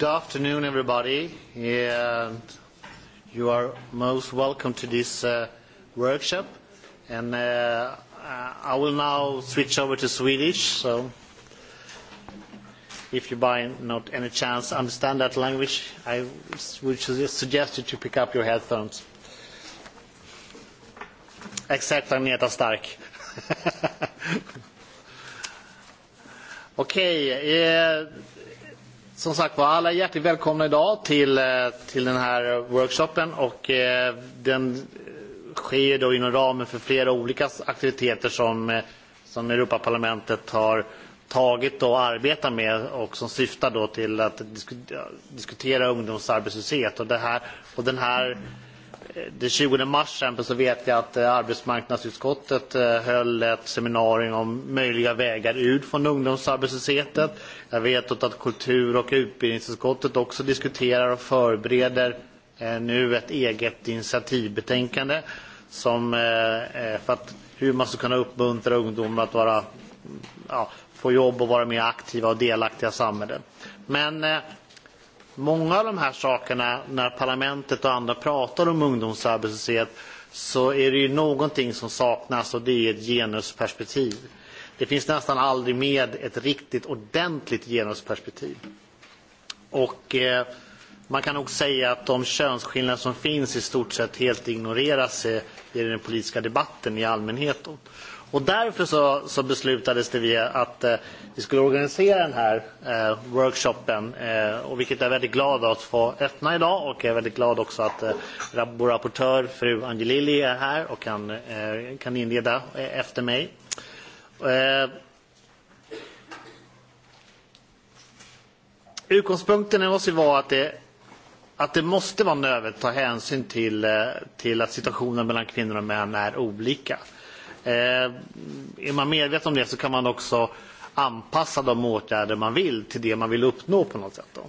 Good afternoon, everybody. Yeah, you are most welcome to this uh, workshop. And uh, uh I will now switch over to Swedish. So if you by not any chance understand that language, I would suggest you to pick up your headphones. Except Agneta Stark. Okej, okay, eh, Som sagt var, alla är hjärtligt välkomna idag till, eh, till den här workshopen och eh, den sker då inom ramen för flera olika aktiviteter som, eh, som Europaparlamentet har tagit och arbetar med och som syftar då till att diskutera ungdomsarbetslöshet och, det här, och den här mm Den 20 mars sedan så vet jag att eh, arbetsmarknadsutskottet eh, höll ett seminarium om möjliga vägar ut från ungdomsarbetslösheten. Jag vet att kultur och utbildningsutskottet också diskuterar och förbereder eh, nu ett eget initiativbetänkande som, för att, hur man ska kunna uppmuntra ungdomar att vara, ja, få jobb och vara mer aktiva och delaktiga i samhället. Men många av de här sakerna när parlamentet och andra pratar om ungdomsarbetslöshet så är det ju någonting som saknas och det är ett genusperspektiv. Det finns nästan aldrig med ett riktigt ordentligt genusperspektiv. Och eh, man kan nog säga att de könsskillnader som finns i stort sett helt ignoreras i, i den politiska debatten i allmänhet. Då. Och därför så, så beslutades det vi att eh, vi skulle organisera den här eh, workshopen, eh, och vilket jag är väldigt glad att få öppna idag. Och jag är väldigt glad också att eh, vår rapportör, fru Angelilli, är här och kan, eh, kan inleda eh, efter mig. Eh, utgångspunkten måste vara att det, att det måste vara nödvändigt att ta hänsyn till, eh, till att situationen mellan kvinnor och män är olika. Eh, Eh, är man medveten om det så kan man också anpassa de åtgärder man vill till det man vill uppnå på något sätt. Då.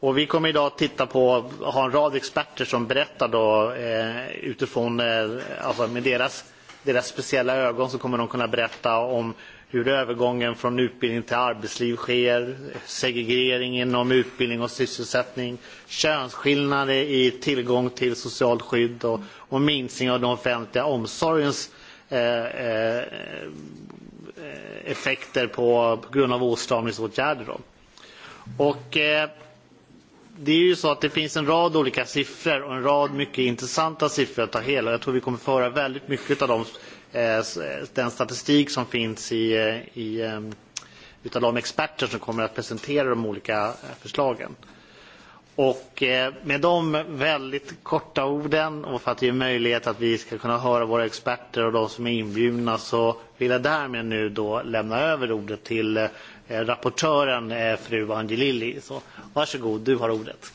Och vi kommer idag att titta på, ha en rad experter som berättar då, eh, utifrån eh, alltså med deras, deras speciella ögon så kommer de kunna berätta om hur övergången från utbildning till arbetsliv sker, segregering inom utbildning och sysselsättning, könsskillnader i tillgång till socialt skydd och, och minskning av den offentliga omsorgens eh, Eh, eh, effekter på, på grund av åstramningsåtgärder. Då. Och, eh, det är ju så att det finns en rad olika siffror och en rad mycket intressanta siffror att ta hela. Jag tror vi kommer föra väldigt mycket av de, eh, den statistik som finns i, eh, i, utav de experter som kommer att presentera de olika förslagen. Eh, Och eh, med de väldigt korta orden och för att ge möjlighet att vi ska kunna höra våra experter och de som är inbjudna så vill jag därmed nu då lämna över ordet till eh, rapportören eh, fru Angelilli. Så varsågod, du har ordet.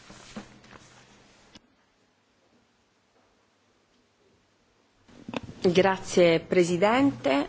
Grazie Presidente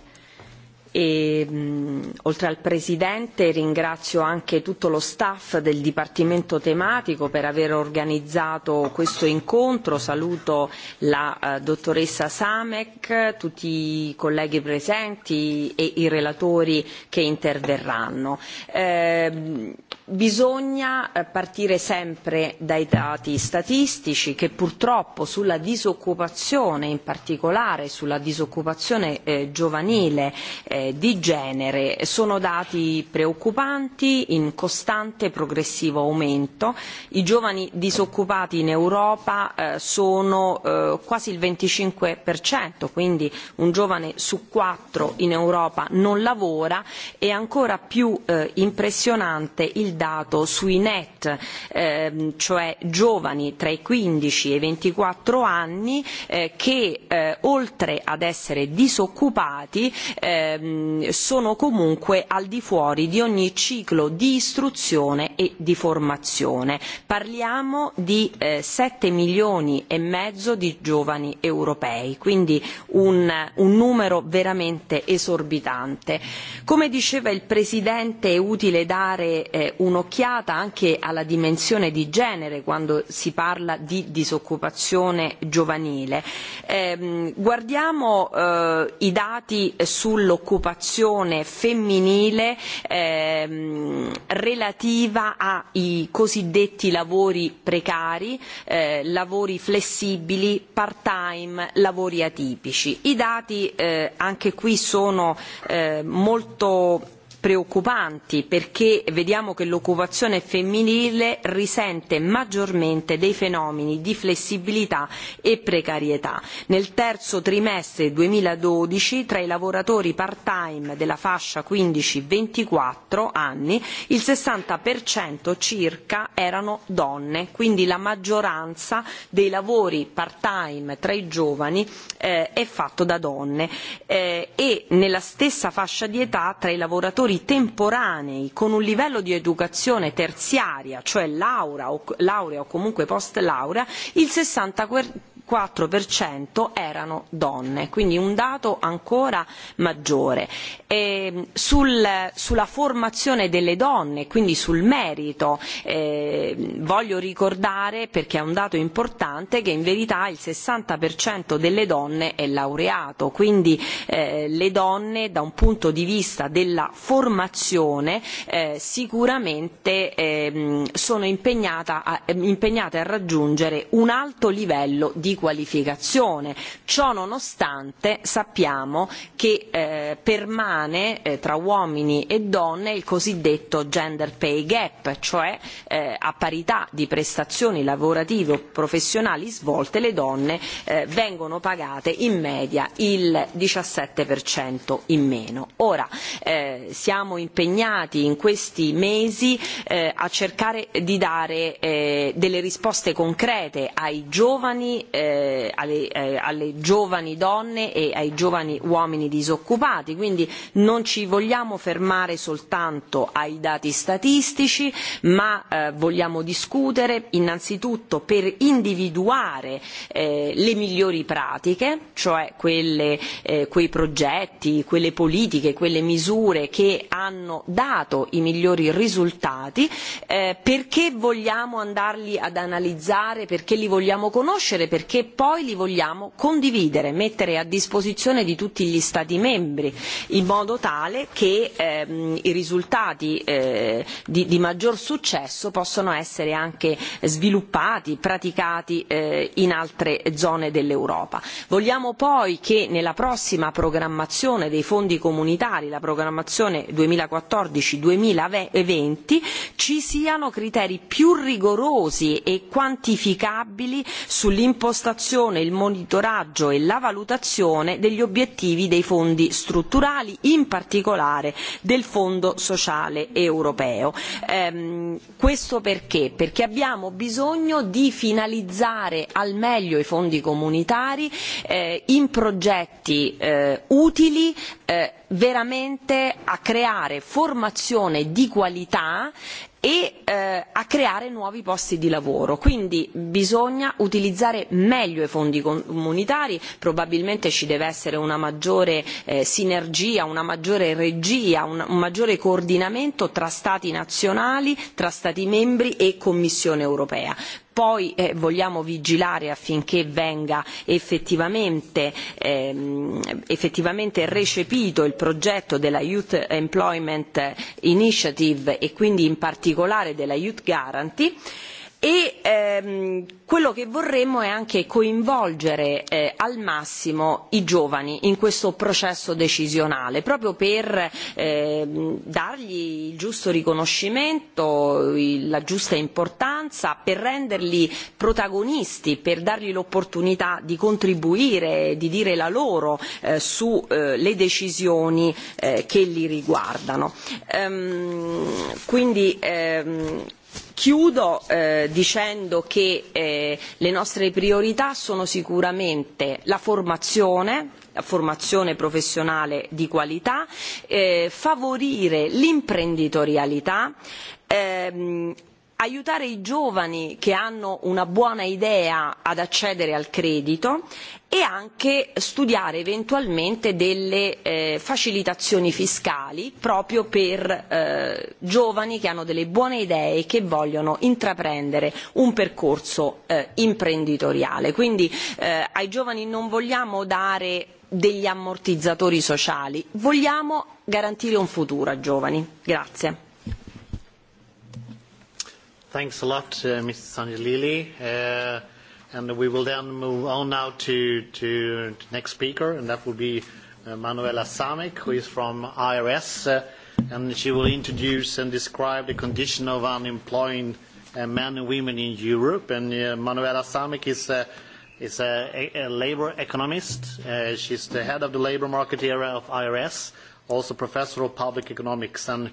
e mh, oltre al Presidente ringrazio anche tutto lo staff del Dipartimento tematico per aver organizzato questo incontro, saluto la eh, dottoressa Samek, tutti i colleghi presenti e i relatori che interverranno. Eh, bisogna eh, partire sempre dai dati statistici che purtroppo sulla disoccupazione, in particolare sulla disoccupazione eh, giovanile, eh, eh, di genere. Sono dati preoccupanti, in costante e progressivo aumento. I giovani disoccupati in Europa eh, sono eh, quasi il 25%, quindi un giovane su quattro in Europa non lavora e ancora più eh, impressionante il dato sui net, eh, cioè giovani tra i 15 e i 24 anni eh, che eh, oltre ad essere disoccupati eh, ehm, sono comunque al di fuori di ogni ciclo di istruzione e di formazione. Parliamo di eh, 7 milioni e mezzo di giovani europei, quindi un, un numero veramente esorbitante. Come diceva il Presidente è utile dare eh, un'occhiata anche alla dimensione di genere quando si parla di disoccupazione giovanile. Eh, guardiamo eh, i dati sull'occupazione preoccupazione femminile ehm, relativa ai cosiddetti lavori precari, eh, lavori flessibili, part-time, lavori atipici. I dati eh, anche qui sono eh, molto preoccupanti perché vediamo che l'occupazione femminile risente maggiormente dei fenomeni di flessibilità e precarietà. Nel terzo trimestre 2012 tra i lavoratori part-time della fascia 15-24 anni il 60% circa erano donne, quindi la maggioranza dei lavori part-time tra i giovani eh, è fatto da donne eh, e nella stessa fascia di età tra i lavoratori lavori temporanei con un livello di educazione terziaria, cioè laurea o, laurea o comunque post laurea, il 60 4% erano donne, quindi un dato ancora maggiore. E sul, sulla formazione delle donne, quindi sul merito, eh, voglio ricordare, perché è un dato importante, che in verità il 60% delle donne è laureato, quindi eh, le donne da un punto di vista della formazione formazione eh, sicuramente ehm, sono impegnata a, ehm, impegnate a raggiungere un alto livello di qualificazione. Ciò nonostante sappiamo che eh, permane eh, tra uomini e donne il cosiddetto gender pay gap, cioè eh, a parità di prestazioni lavorative o professionali svolte le donne eh, vengono pagate in media il 17% in meno. Ora, eh, siamo impegnati in questi mesi eh, a cercare di dare eh, delle risposte concrete ai giovani, eh, alle, eh, alle giovani donne e ai giovani uomini disoccupati. Quindi non ci vogliamo fermare soltanto ai dati statistici, ma eh, vogliamo discutere innanzitutto per individuare eh, le migliori pratiche, cioè quelle, eh, quei progetti, quelle politiche, quelle misure che che hanno dato i migliori risultati, eh, perché vogliamo andarli ad analizzare, perché li vogliamo conoscere, perché poi li vogliamo condividere, mettere a disposizione di tutti gli Stati membri, in modo tale che ehm, i risultati eh, di, di maggior successo possono essere anche sviluppati, praticati eh, in altre zone dell'Europa. Vogliamo poi che nella prossima programmazione dei fondi comunitari, la programmazione 2014-2020 ci siano criteri più rigorosi e quantificabili sull'impostazione, il monitoraggio e la valutazione degli obiettivi dei fondi strutturali, in particolare del Fondo sociale europeo. Ehm, questo perché? Perché abbiamo bisogno di finalizzare al meglio i fondi comunitari eh, in progetti eh, utili eh, veramente a creare creare formazione di qualità e eh, a creare nuovi posti di lavoro. Quindi bisogna utilizzare meglio i fondi comunitari, probabilmente ci deve essere una maggiore eh, sinergia, una maggiore regia, un, un maggiore coordinamento tra Stati nazionali, tra Stati membri e Commissione europea poi eh, vogliamo vigilare affinché venga effettivamente, ehm, effettivamente recepito il progetto della Youth Employment Initiative e quindi in particolare particolare della Youth Guarantee e ehm, quello che vorremmo è anche coinvolgere eh, al massimo i giovani in questo processo decisionale proprio per ehm, dargli il giusto riconoscimento il, la giusta importanza per renderli protagonisti per dargli l'opportunità di contribuire di dire la loro eh, sulle eh, decisioni eh, che li riguardano ehm, quindi ehm, Chiudo eh, dicendo che eh, le nostre priorità sono sicuramente la formazione, la formazione professionale di qualità, eh, favorire l'imprenditorialità, ehm, aiutare i giovani che hanno una buona idea ad accedere al credito e anche studiare eventualmente delle eh, facilitazioni fiscali proprio per eh, giovani che hanno delle buone idee e che vogliono intraprendere un percorso eh, imprenditoriale. Quindi eh, ai giovani non vogliamo dare degli ammortizzatori sociali, vogliamo garantire un futuro a giovani. Grazie. Thanks a lot, uh, Mr. Sanjalili. Uh, and we will then move on now to, to the next speaker, and that will be uh, Manuela Samick, who is from IRS, uh, and she will introduce and describe the condition of unemployed uh, men and women in Europe. And uh, Manuela Samick is, uh, is a, a, a labor economist. Uh, she's the head of the labor market area of IRS, also professor of public economics. And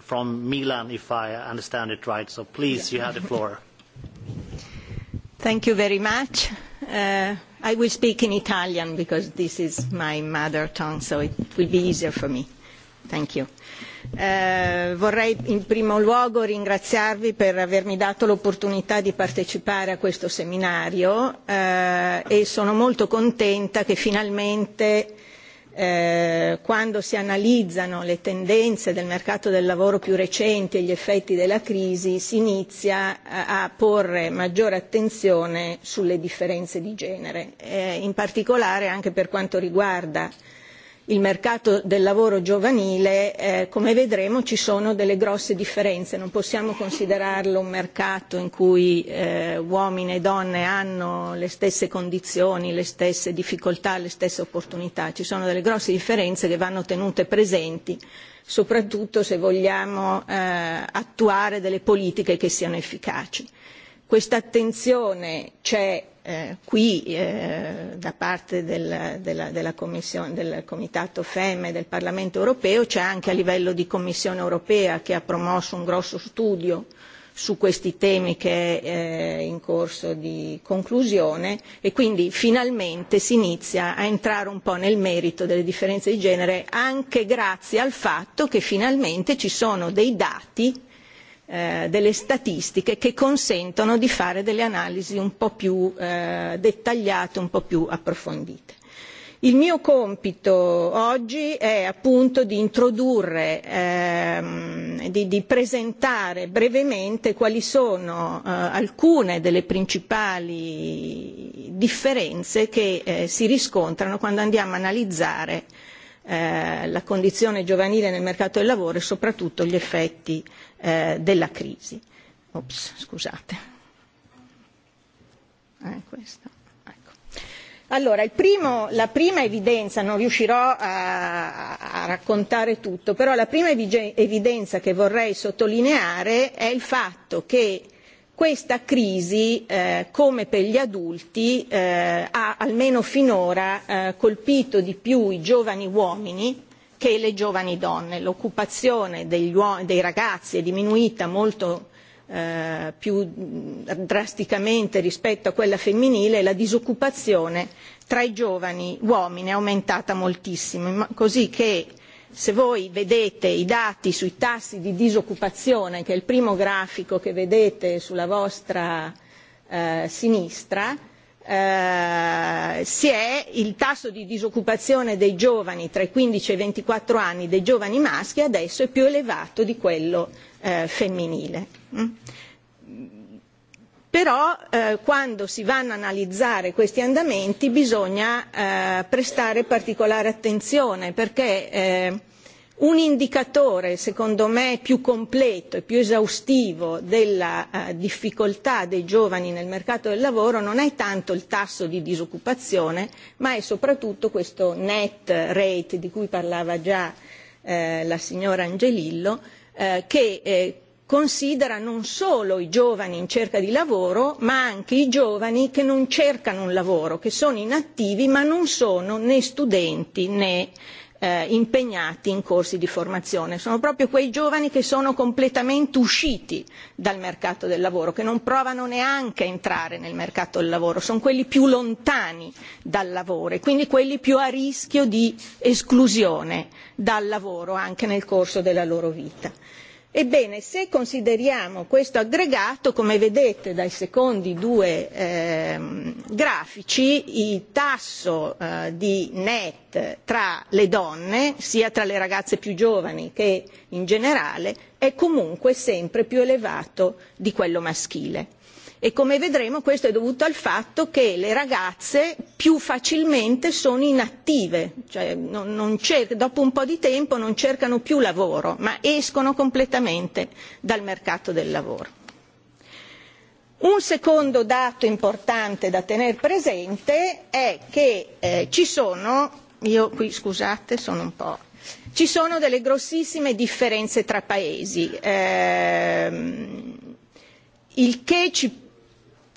from Milan, if I understand it right. So please, you have the floor. Thank you very much. Uh, I will speak in Italian because this is my mother tongue, so it will be easier for me. Thank you. Eh, vorrei in primo luogo ringraziarvi per avermi dato l'opportunità di partecipare a questo seminario eh, e sono molto contenta che finalmente eh, eh, quando si analizzano le tendenze del mercato del lavoro più recenti e gli effetti della crisi, si inizia a, a porre maggiore attenzione sulle differenze di genere, eh, in particolare anche per quanto riguarda eh, il mercato del lavoro giovanile, eh, come vedremo, ci sono delle grosse differenze. Non possiamo considerarlo un mercato in cui eh, uomini e donne hanno le stesse condizioni, le stesse difficoltà, le stesse opportunità. Ci sono delle grosse differenze che vanno tenute presenti, soprattutto se vogliamo eh, attuare delle politiche che siano efficaci. Questa attenzione c'è eh, qui eh, da parte del, della, della commissione, del Comitato FEM e del Parlamento europeo, c'è anche a livello di Commissione europea che ha promosso un grosso studio su questi temi che è eh, in corso di conclusione e quindi finalmente si inizia a entrare un po' nel merito delle differenze di genere anche grazie al fatto che finalmente ci sono dei dati eh, delle statistiche che consentono di fare delle analisi un po' più eh, dettagliate, un po' più approfondite. Il mio compito oggi è appunto di introdurre, ehm, di, di presentare brevemente quali sono eh, alcune delle principali differenze che eh, si riscontrano quando andiamo a analizzare eh, eh, la condizione giovanile nel mercato del lavoro e soprattutto gli effetti eh, della crisi. Ops, scusate. Eh, questa. Allora, il primo, la prima evidenza, non riuscirò eh, a, a raccontare tutto, però la prima evidenza che vorrei sottolineare è il fatto che questa crisi, eh, come per gli adulti, eh, ha almeno finora eh, colpito di più i giovani uomini che le giovani donne. L'occupazione degli uo- dei ragazzi è diminuita molto eh, più drasticamente rispetto a quella femminile e la disoccupazione tra i giovani uomini è aumentata moltissimo, così che se voi vedete i dati sui tassi di disoccupazione, che è il primo grafico che vedete sulla vostra eh, sinistra, eh, si è il tasso di disoccupazione dei giovani tra i 15 e i 24 anni, dei giovani maschi, adesso è più elevato di quello eh, femminile. Mm? però eh, quando si vanno a analizzare questi andamenti bisogna eh, prestare particolare attenzione perché eh, un indicatore secondo me più completo e più esaustivo della eh, difficoltà dei giovani nel mercato del lavoro non è tanto il tasso di disoccupazione ma è soprattutto questo net rate di cui parlava già eh, la signora Angelillo eh, che eh, considera non solo i giovani in cerca di lavoro, ma anche i giovani che non cercano un lavoro, che sono inattivi ma non sono né studenti né eh, impegnati in corsi di formazione. Sono proprio quei giovani che sono completamente usciti dal mercato del lavoro, che non provano neanche a entrare nel mercato del lavoro, sono quelli più lontani dal lavoro e quindi quelli più a rischio di esclusione dal lavoro anche nel corso della loro vita Ebbene, se consideriamo questo aggregato, come vedete dai secondi due ehm, grafici, il tasso eh, di net tra le donne, sia tra le ragazze più giovani che in generale, è comunque sempre più elevato di quello maschile e come vedremo questo è dovuto al fatto che le ragazze più facilmente sono inattive, cioè non, non cer- dopo un po' di tempo non cercano più lavoro, ma escono completamente dal mercato del lavoro. Un secondo dato importante da tenere presente è che eh, ci sono io qui scusate sono un po' ci sono delle grossissime differenze tra paesi. Eh, il che ci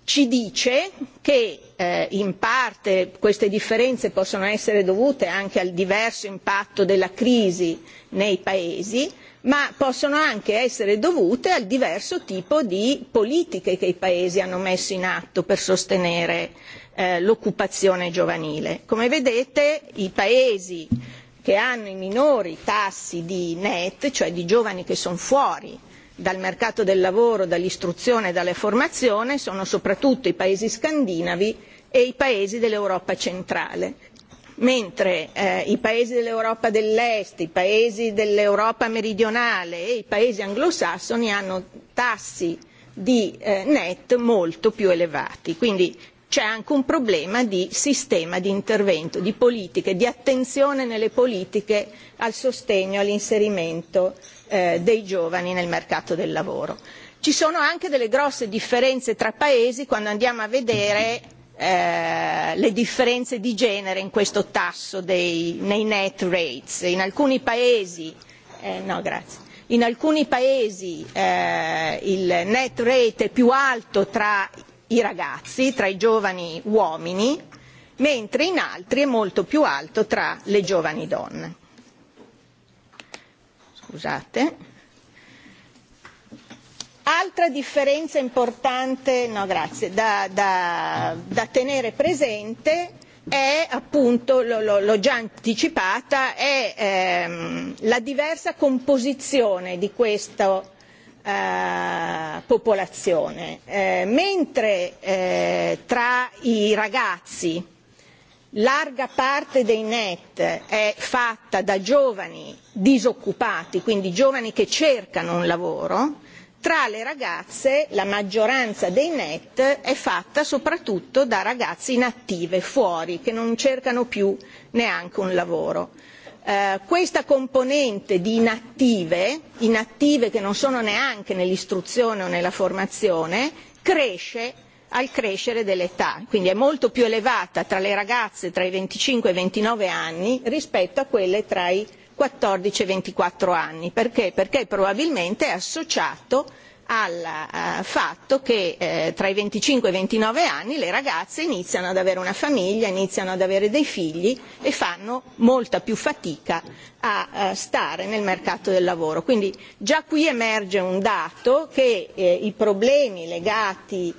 ci dice che eh, in parte queste differenze possono essere dovute anche al diverso impatto della crisi nei paesi, ma possono anche essere dovute al diverso tipo di politiche che i paesi hanno messo in atto per sostenere eh, l'occupazione giovanile. Come vedete i paesi che hanno i minori tassi di net, cioè di giovani che sono fuori dal mercato del lavoro, dall'istruzione e dalla formazione sono soprattutto i paesi scandinavi e i paesi dell'Europa centrale, mentre eh, i paesi dell'Europa dell'Est, i paesi dell'Europa meridionale e i paesi anglosassoni hanno tassi di eh, net molto più elevati. Quindi c'è anche un problema di sistema di intervento, di politiche, di attenzione nelle politiche al sostegno, all'inserimento eh, dei giovani nel mercato del lavoro. Ci sono anche delle grosse differenze tra paesi quando andiamo a vedere eh, le differenze di genere in questo tasso dei, nei net rates. In alcuni paesi, eh, no, grazie. In alcuni paesi eh, il net rate è più alto tra i ragazzi, tra i giovani uomini, mentre in altri è molto più alto tra le giovani donne scusate. Altra differenza importante no, grazie, da, da, da tenere presente è appunto, lo, l'ho già anticipata, è ehm, la diversa composizione di questa eh, popolazione. Eh, mentre eh, tra i ragazzi larga parte dei net è fatta da giovani disoccupati, quindi giovani che cercano un lavoro, tra le ragazze la maggioranza dei net è fatta soprattutto da ragazze inattive, fuori, che non cercano più neanche un lavoro. Eh, questa componente di inattive, inattive che non sono neanche nell'istruzione o nella formazione, cresce al crescere dell'età, quindi è molto più elevata tra le ragazze tra i 25 e i 29 anni rispetto a quelle tra i 14 e 24 anni. Perché? Perché probabilmente è associato al eh, fatto che eh, tra i 25 e i 29 anni le ragazze iniziano ad avere una famiglia, iniziano ad avere dei figli e fanno molta più fatica a eh, stare nel mercato del lavoro. Quindi già qui emerge un dato che eh, i problemi legati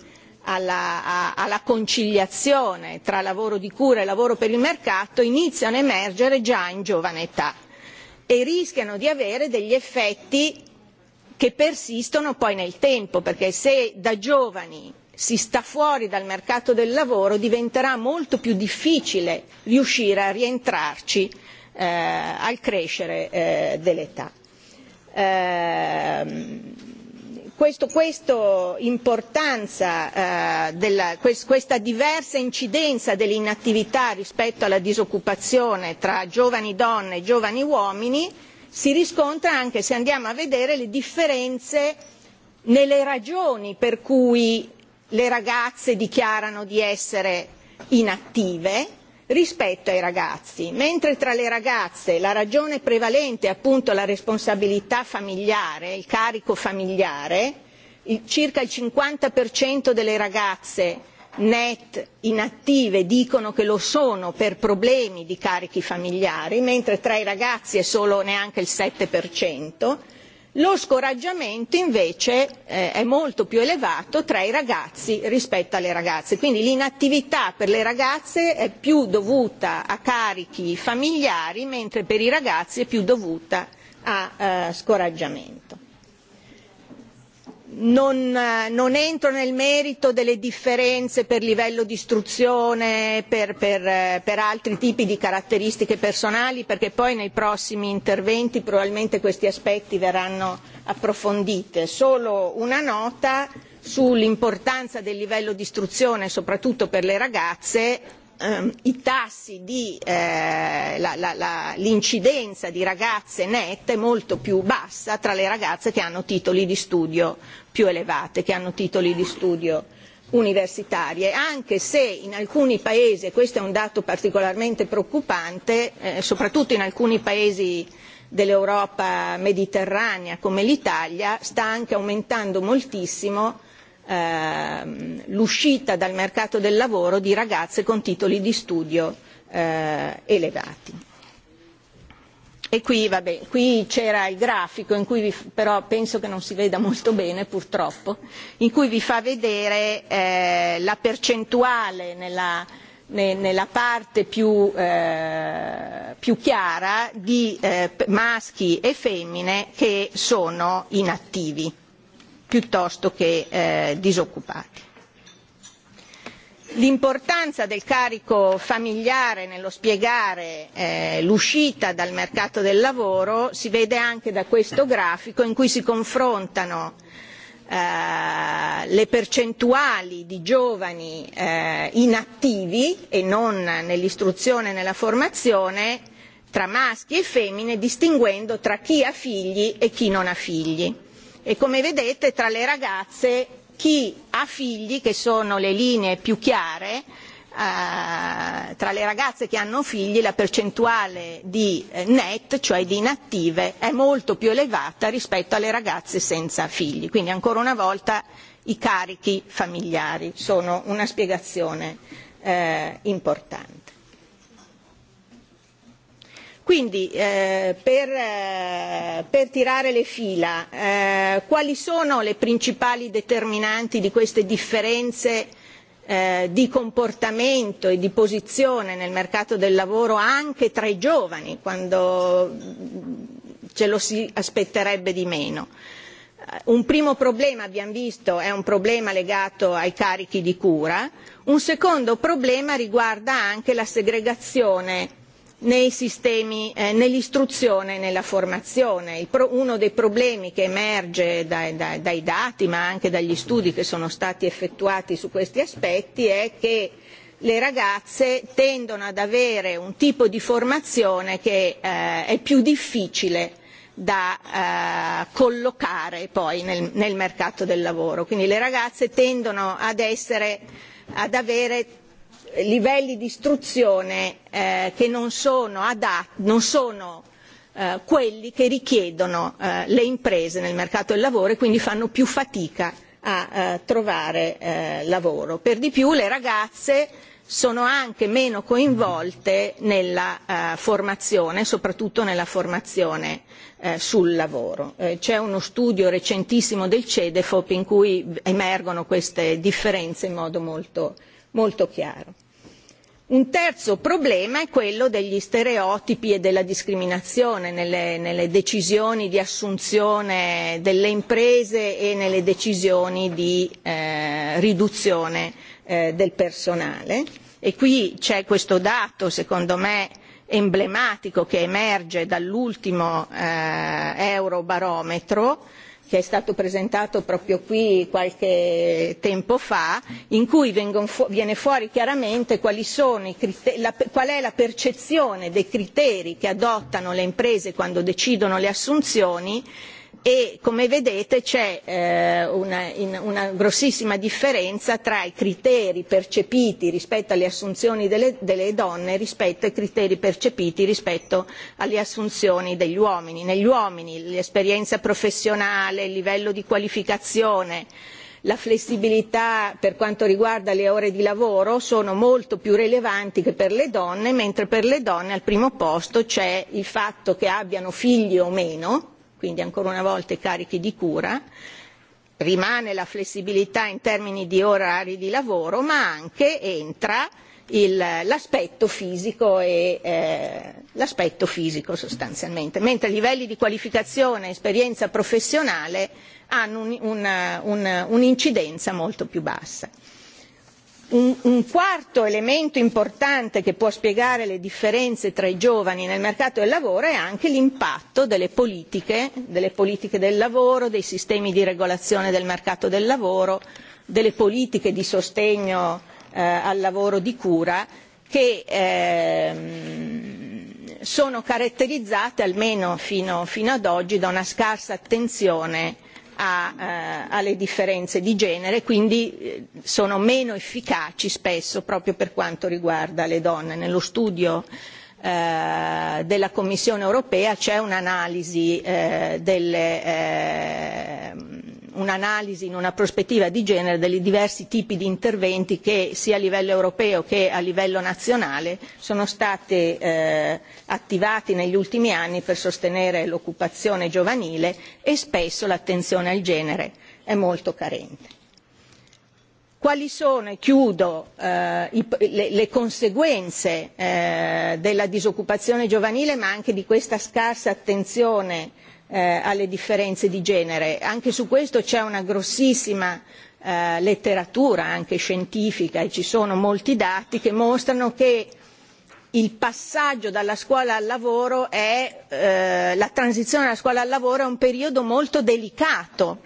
alla, a, alla conciliazione tra lavoro di cura e lavoro per il mercato iniziano a emergere già in giovane età e rischiano di avere degli effetti che persistono poi nel tempo, perché se da giovani si sta fuori dal mercato del lavoro diventerà molto più difficile riuscire a rientrarci eh, al crescere eh, dell'età. Eh, questo, questo importanza, eh, della, quest, questa diversa incidenza dell'inattività rispetto alla disoccupazione tra giovani donne e giovani uomini si riscontra anche se andiamo a vedere le differenze nelle ragioni per cui le ragazze dichiarano di essere inattive rispetto ai ragazzi. Mentre tra le ragazze la ragione prevalente è appunto la responsabilità familiare, il carico familiare, il, circa il 50% delle ragazze net inattive dicono che lo sono per problemi di carichi familiari, mentre tra i ragazzi è solo neanche il 7%, Lo scoraggiamento invece eh, è molto più elevato tra i ragazzi rispetto alle ragazze, quindi l'inattività per le ragazze è più dovuta a carichi familiari, mentre per i ragazzi è più dovuta a eh, scoraggiamento non, eh, non entro nel merito delle differenze per livello di istruzione, per, per, eh, per altri tipi di caratteristiche personali, perché poi nei prossimi interventi probabilmente questi aspetti verranno approfonditi. Solo una nota sull'importanza del livello di istruzione, soprattutto per le ragazze, ehm, i tassi di eh, la, la, la, l'incidenza di ragazze nette molto più bassa tra le ragazze che hanno titoli di studio più elevate, che hanno titoli di studio universitarie, anche se in alcuni paesi, e questo è un dato particolarmente preoccupante, eh, soprattutto in alcuni paesi dell'Europa mediterranea come l'Italia, sta anche aumentando moltissimo ehm, l'uscita dal mercato del lavoro di ragazze con titoli di studio eh, elevati. E qui, vabbè, qui c'era il grafico, in cui vi, però penso che non si veda molto bene purtroppo, in cui vi fa vedere eh, la percentuale nella, ne, nella parte più, eh, più chiara di eh, maschi e femmine che sono inattivi piuttosto che eh, disoccupati. L'importanza del carico familiare nello spiegare eh, l'uscita dal mercato del lavoro si vede anche da questo grafico in cui si confrontano eh, le percentuali di giovani eh, inattivi e non nell'istruzione e nella formazione tra maschi e femmine distinguendo tra chi ha figli e chi non ha figli e come vedete tra le ragazze chi ha figli, che sono le linee più chiare, eh, tra le ragazze che hanno figli la percentuale di eh, net, cioè di inattive, è molto più elevata rispetto alle ragazze senza figli. Quindi ancora una volta i carichi familiari sono una spiegazione eh, importante. Quindi eh, per, eh, per tirare le fila, eh, quali sono le principali determinanti di queste differenze eh, di comportamento e di posizione nel mercato del lavoro anche tra i giovani, quando mm, ce lo si aspetterebbe di meno? Eh, un primo problema, abbiamo visto, è un problema legato ai carichi di cura, un secondo problema riguarda anche la segregazione nei sistemi, eh, nell'istruzione e nella formazione. Il pro, uno dei problemi che emerge dai, dai, dai dati, ma anche dagli studi che sono stati effettuati su questi aspetti, è che le ragazze tendono ad avere un tipo di formazione che eh, è più difficile da eh, collocare poi nel, nel mercato del lavoro. Quindi le ragazze tendono ad, essere, ad avere livelli di istruzione eh, che non sono, adat- non sono eh, quelli che richiedono eh, le imprese nel mercato del lavoro e quindi fanno più fatica a eh, trovare eh, lavoro. Per di più le ragazze sono anche meno coinvolte nella eh, formazione, soprattutto nella formazione eh, sul lavoro. Eh, c'è uno studio recentissimo del CEDEFOP in cui emergono queste differenze in modo molto, molto chiaro. Un terzo problema è quello degli stereotipi e della discriminazione nelle, nelle decisioni di assunzione delle imprese e nelle decisioni di eh, riduzione eh, del personale. E qui c'è questo dato, secondo me, emblematico che emerge dall'ultimo eh, Eurobarometro, eh, che è stato presentato proprio qui qualche tempo fa, in cui vengono fu- viene fuori chiaramente quali sono i criteri, la, qual è la percezione dei criteri che adottano le imprese quando decidono le assunzioni e come vedete c'è eh, una, in, una grossissima differenza tra i criteri percepiti rispetto alle assunzioni delle, delle donne rispetto ai criteri percepiti rispetto alle assunzioni degli uomini. Negli uomini l'esperienza professionale, il livello di qualificazione, la flessibilità per quanto riguarda le ore di lavoro sono molto più rilevanti che per le donne, mentre per le donne al primo posto c'è il fatto che abbiano figli o meno, quindi ancora una volta i carichi di cura, rimane la flessibilità in termini di orari di lavoro, ma anche entra il, l'aspetto, fisico e, eh, l'aspetto fisico sostanzialmente, mentre i livelli di qualificazione e esperienza professionale hanno un'incidenza un, un, un molto più bassa. Un, un quarto elemento importante che può spiegare le differenze tra i giovani nel mercato del lavoro è anche l'impatto delle politiche, delle politiche del lavoro, dei sistemi di regolazione del mercato del lavoro, delle politiche di sostegno eh, al lavoro di cura che ehm, sono caratterizzate almeno fino, fino ad oggi da una scarsa attenzione eh, a, eh, alle differenze di genere, quindi eh, sono meno efficaci spesso proprio per quanto riguarda le donne. Nello studio eh, della Commissione europea c'è un'analisi eh, delle eh, un'analisi in una prospettiva di genere dei diversi tipi di interventi che sia a livello europeo che a livello nazionale sono stati eh, attivati negli ultimi anni per sostenere l'occupazione giovanile e spesso l'attenzione al genere è molto carente. Quali sono, e chiudo, eh, i, le, le conseguenze eh, della disoccupazione giovanile ma anche di questa scarsa attenzione eh, alle differenze di genere. Anche su questo c'è una grossissima eh, letteratura anche scientifica e ci sono molti dati che mostrano che il passaggio dalla scuola al lavoro è eh, la transizione dalla scuola al lavoro è un periodo molto delicato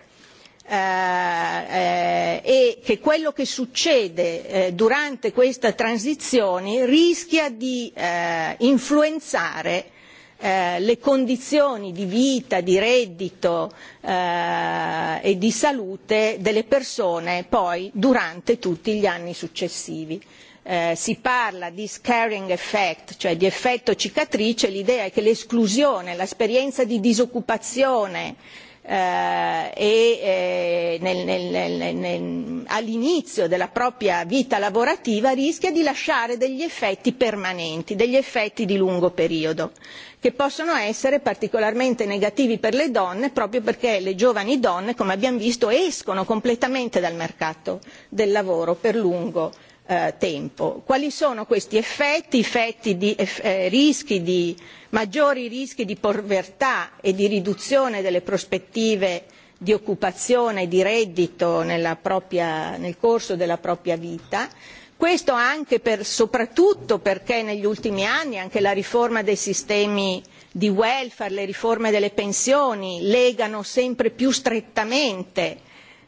eh, eh, e che quello che succede eh, durante questa transizione rischia di eh, influenzare eh, le condizioni di vita, di reddito eh, e di salute delle persone poi durante tutti gli anni successivi. Eh, si parla di scarring effect, cioè di effetto cicatrice, l'idea è che l'esclusione, l'esperienza di disoccupazione eh, e eh, nel, nel, nel, nel, all'inizio della propria vita lavorativa rischia di lasciare degli effetti permanenti, degli effetti di lungo periodo. Eh, che possono essere particolarmente negativi per le donne proprio perché le giovani donne, come abbiamo visto, escono completamente dal mercato del lavoro per lungo eh, tempo. Quali sono questi effetti? Effetti di eh, rischi di maggiori rischi di povertà e di riduzione delle prospettive di occupazione e di reddito nella propria, nel corso della propria vita Questo anche per, soprattutto perché negli ultimi anni anche la riforma dei sistemi di welfare, le riforme delle pensioni legano sempre più strettamente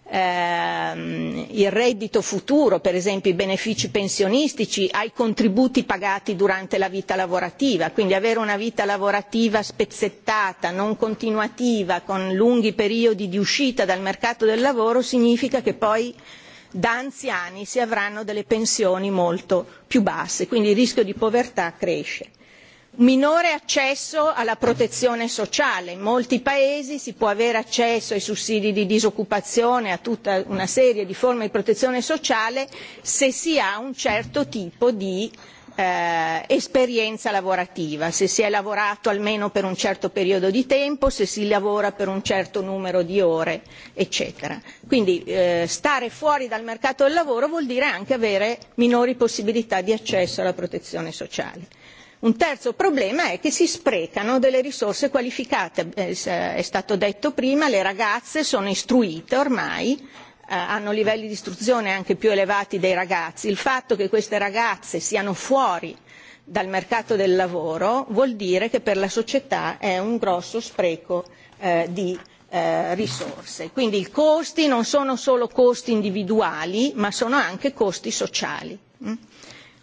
ehm, il reddito futuro, per esempio i benefici pensionistici, ai contributi pagati durante la vita lavorativa. Quindi avere una vita lavorativa spezzettata, non continuativa, con lunghi periodi di uscita dal mercato del lavoro significa che poi da anziani si avranno delle pensioni molto più basse, quindi il rischio di povertà cresce. Minore accesso alla protezione sociale. In molti paesi si può avere accesso ai sussidi di disoccupazione, a tutta una serie di forme di protezione sociale, se si ha un certo tipo di eh, esperienza lavorativa, se si è lavorato almeno per un certo periodo di tempo, se si lavora per un certo numero di ore, eccetera. Quindi eh, stare fuori dal mercato del lavoro vuol dire anche avere minori possibilità di accesso alla protezione sociale. Un terzo problema è che si sprecano delle risorse qualificate, eh, è stato detto prima, le ragazze sono istruite ormai, eh, hanno livelli di istruzione anche più elevati dei ragazzi, il fatto che queste ragazze siano fuori dal mercato del lavoro vuol dire che per la società è un grosso spreco eh, di eh, risorse. Quindi i costi non sono solo costi individuali, ma sono anche costi sociali. Mm?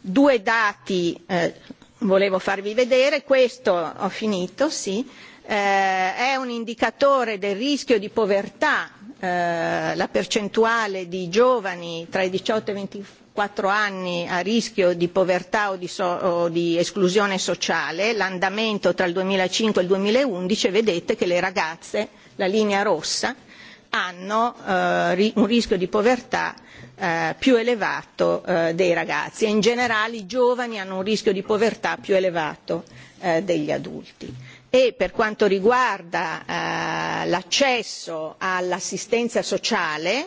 Due dati eh, volevo farvi vedere, questo ho finito, sì, eh, è un indicatore del rischio di povertà eh, la percentuale di giovani tra i 18 e i 24 anni a rischio di povertà o di, so, o di esclusione sociale, l'andamento tra il 2005 e il 2011, vedete che le ragazze, la linea rossa, hanno eh, ri, un rischio di povertà eh, più elevato eh, dei ragazzi e in generale i giovani hanno un rischio di povertà più elevato eh, degli adulti e per quanto riguarda eh, l'accesso all'assistenza sociale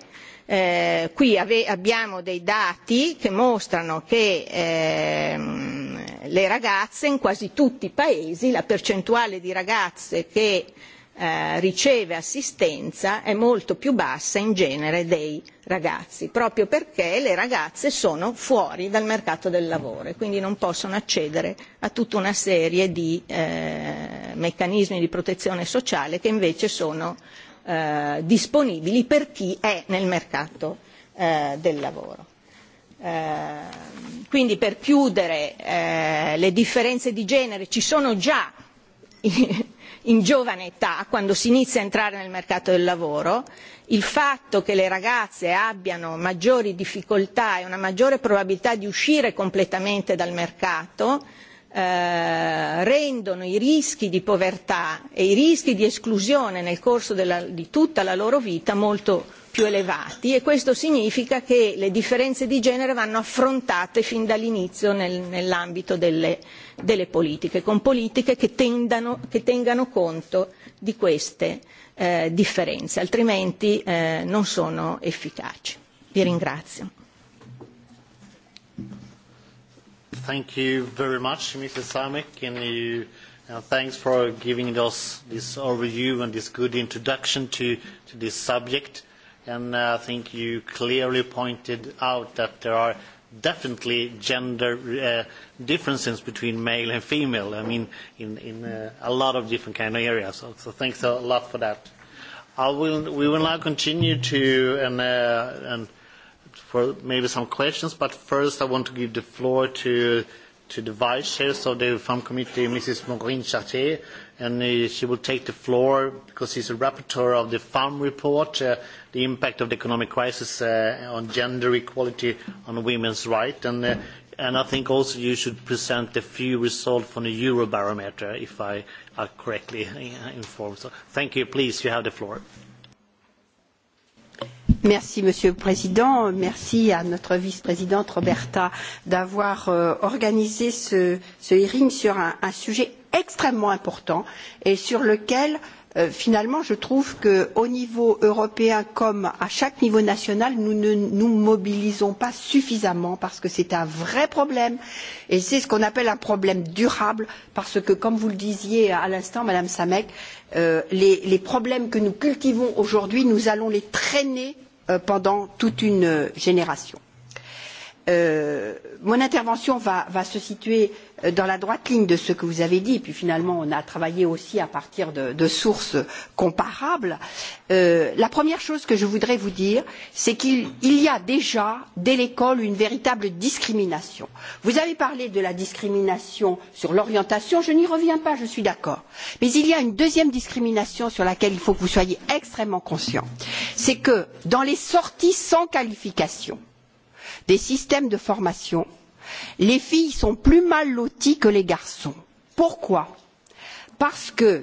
eh, qui ave- abbiamo dei dati che mostrano che ehm, le ragazze in quasi tutti i paesi la percentuale di ragazze che eh, eh, riceve assistenza è molto più bassa in genere dei ragazzi, proprio perché le ragazze sono fuori dal mercato del lavoro e quindi non possono accedere a tutta una serie di eh, meccanismi di protezione sociale che invece sono eh, disponibili per chi è nel mercato eh, del lavoro. Eh, quindi per chiudere eh, le differenze di genere ci sono già in giovane età, quando si inizia a entrare nel mercato del lavoro, il fatto che le ragazze abbiano maggiori difficoltà e una maggiore probabilità di uscire completamente dal mercato eh, rendono i rischi di povertà e i rischi di esclusione nel corso della, di tutta la loro vita molto più elevati e questo significa che le differenze di genere vanno affrontate fin dall'inizio nel, nell'ambito delle, delle politiche, con politiche che, tendano, che tengano conto di queste eh, differenze, altrimenti eh, non sono efficaci. Vi ringrazio. Thank you very much, Mr. Samek, and you, uh, thanks for giving us this overview and this good introduction to, to this subject. And uh, I think you clearly pointed out that there are definitely gender uh, differences between male and female. I mean, in, in uh, a lot of different kind of areas. So, so thanks a lot for that. I will, we will now continue to and, uh, and for maybe some questions, but first I want to give the floor to to the vice chair of the farm committee, Mrs. Maureen Chartier, and uh, she will take the floor because she's a rapporteur of the farm report, uh, the impact of the economic crisis uh, on gender equality on women's rights, and, uh, and I think also you should present the few results from the Eurobarometer, if I are correctly informed. So thank you. Please, you have the floor. Uh, Merci, Monsieur le Président. Merci à notre vice-présidente Roberta d'avoir euh, organisé ce, ce hearing sur un, un sujet extrêmement important et sur lequel euh, finalement je trouve qu'au niveau européen comme à chaque niveau national nous ne nous mobilisons pas suffisamment parce que c'est un vrai problème et c'est ce qu'on appelle un problème durable parce que comme vous le disiez à l'instant madame Samek euh, les, les problèmes que nous cultivons aujourd'hui nous allons les traîner Euh, pendant toute une euh, génération. Euh, mon intervention va, va se situer euh, dans la droite ligne de ce que vous avez dit, et puis finalement on a travaillé aussi à partir de, de sources comparables. Euh, la première chose que je voudrais vous dire, c'est qu'il y a déjà dès l'école une véritable discrimination. Vous avez parlé de la discrimination sur l'orientation, je n'y reviens pas, je suis d'accord. Mais il y a une deuxième discrimination sur laquelle il faut que vous soyez extrêmement conscient. C'est que dans les sorties sans qualification, des systèmes de formation, les filles sont plus mal loties que les garçons. Pourquoi Parce qu'elles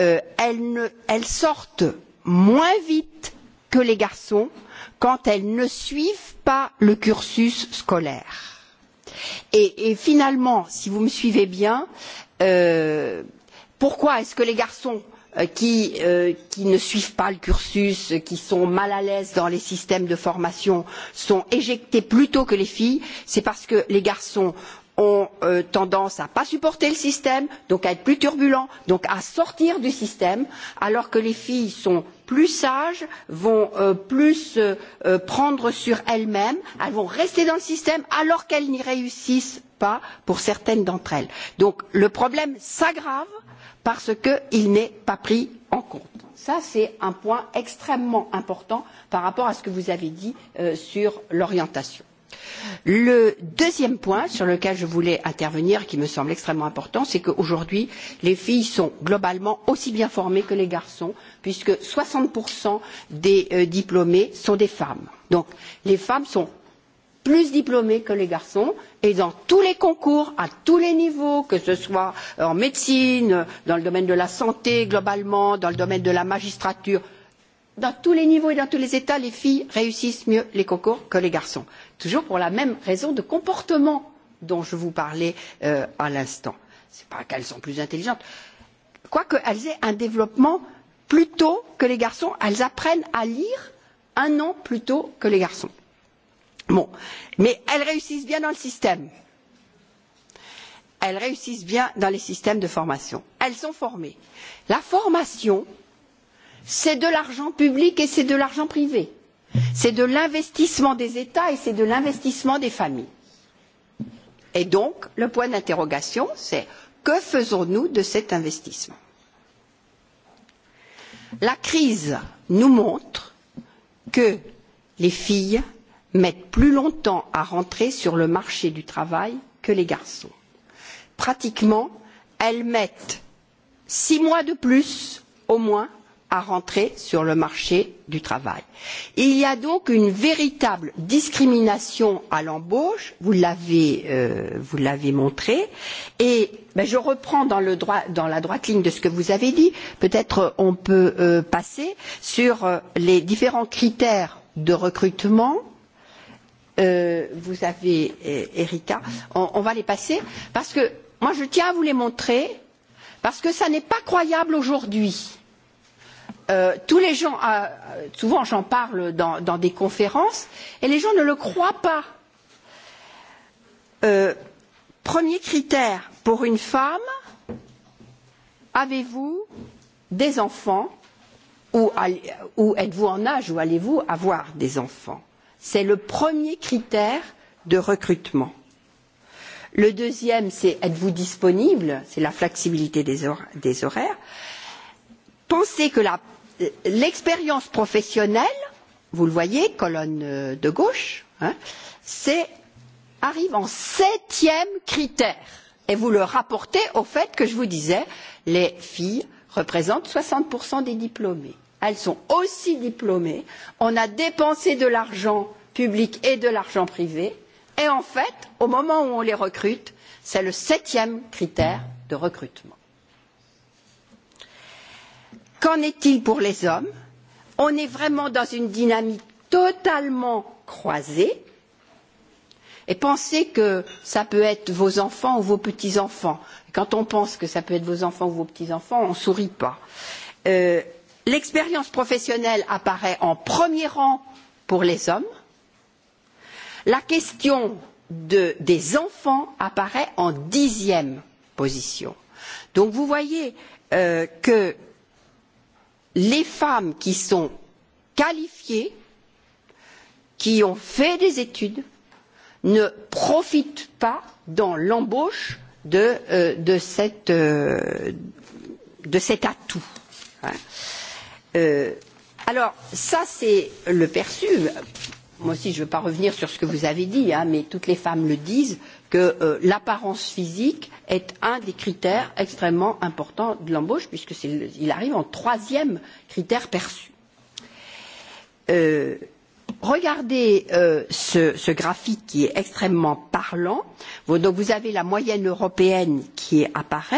euh, ne, elles sortent moins vite que les garçons quand elles ne suivent pas le cursus scolaire. Et, et finalement, si vous me suivez bien, euh, pourquoi est-ce que les garçons euh, Euh, qui, euh, qui ne suivent pas le cursus, qui sont mal à l'aise dans les systèmes de formation, sont éjectés plus tôt que les filles, c'est parce que les garçons ont euh, tendance à ne pas supporter le système, donc à être plus turbulents, donc à sortir du système, alors que les filles sont plus sages, vont euh, plus euh, euh prendre sur elles-mêmes, elles vont rester dans le système alors qu'elles n'y réussissent pas pour certaines d'entre elles. Donc le problème s'aggrave parce qu'il n'est pas pris en compte. Ça, c'est un point extrêmement important par rapport à ce que vous avez dit euh, sur l'orientation. Le deuxième point sur lequel je voulais intervenir, qui me semble extrêmement important, c'est qu'aujourd'hui, les filles sont globalement aussi bien formées que les garçons, puisque 60% des euh, diplômés sont des femmes. Donc, les femmes sont plus diplômés que les garçons et dans tous les concours, à tous les niveaux, que ce soit en médecine, dans le domaine de la santé globalement, dans le domaine de la magistrature, dans tous les niveaux et dans tous les états, les filles réussissent mieux les concours que les garçons. Toujours pour la même raison de comportement dont je vous parlais euh, à l'instant. Ce n'est pas qu'elles sont plus intelligentes. Quoique elles aient un développement plus tôt que les garçons, elles apprennent à lire un an plus tôt que les garçons Bon. Mais elles réussissent bien dans le système. Elles réussissent bien dans les systèmes de formation. Elles sont formées. La formation, c'est de l'argent public et c'est de l'argent privé. C'est de l'investissement des États et c'est de l'investissement des familles. Et donc, le point d'interrogation, c'est que faisons-nous de cet investissement La crise nous montre que les filles mettent plus longtemps à rentrer sur le marché du travail que les garçons. Pratiquement, elles mettent six mois de plus au moins à rentrer sur le marché du travail. Il y a donc une véritable discrimination à l'embauche, vous l'avez euh, vous l'avez montré, et ben, je reprends dans, le droit, dans la droite ligne de ce que vous avez dit, peut-être on peut euh, passer sur euh, les différents critères de recrutement euh, vous avez euh, Erika, on, on va les passer parce que moi je tiens à vous les montrer parce que ça n'est pas croyable aujourd'hui. Euh, tous les gens, euh, souvent j'en parle dans, dans des conférences, et les gens ne le croient pas. Euh, premier critère pour une femme, avez-vous des enfants ou, ou êtes-vous en âge ou allez-vous avoir des enfants c'est le premier critère de recrutement. Le deuxième, c'est êtes-vous disponible C'est la flexibilité des, hor des horaires. Pensez que l'expérience professionnelle, vous le voyez, colonne euh, de gauche, hein, c'est arrive en septième critère. Et vous le rapportez au fait que je vous disais, les filles représentent 60% des diplômés elles sont aussi diplômées on a dépensé de l'argent public et de l'argent privé et en fait au moment où on les recrute c'est le septième critère de recrutement. qu'en est il pour les hommes? on est vraiment dans une dynamique totalement croisée et pensez que ça peut être vos enfants ou vos petits enfants. Quand on pense que ça peut être vos enfants ou vos petits enfants, on ne sourit pas. Euh, l'expérience professionnelle apparaît en premier rang pour les hommes la question de, des enfants apparaît en dixième position. donc vous voyez euh, que les femmes qui sont qualifiées qui ont fait des études ne profitent pas dans l'embauche de, euh, de, cette, euh, de cet atout. Hein. Euh, Euh, alors, ça, c'est le perçu. Moi aussi, je ne veux pas revenir sur ce que vous avez dit, hein, mais toutes les femmes le disent, que euh, l'apparence physique est un des critères extrêmement importants de l'embauche, puisqu'il arrive en troisième critère perçu. Euh, regardez euh, ce, ce graphique qui est extrêmement parlant. Vous, donc vous avez la moyenne européenne qui apparaît.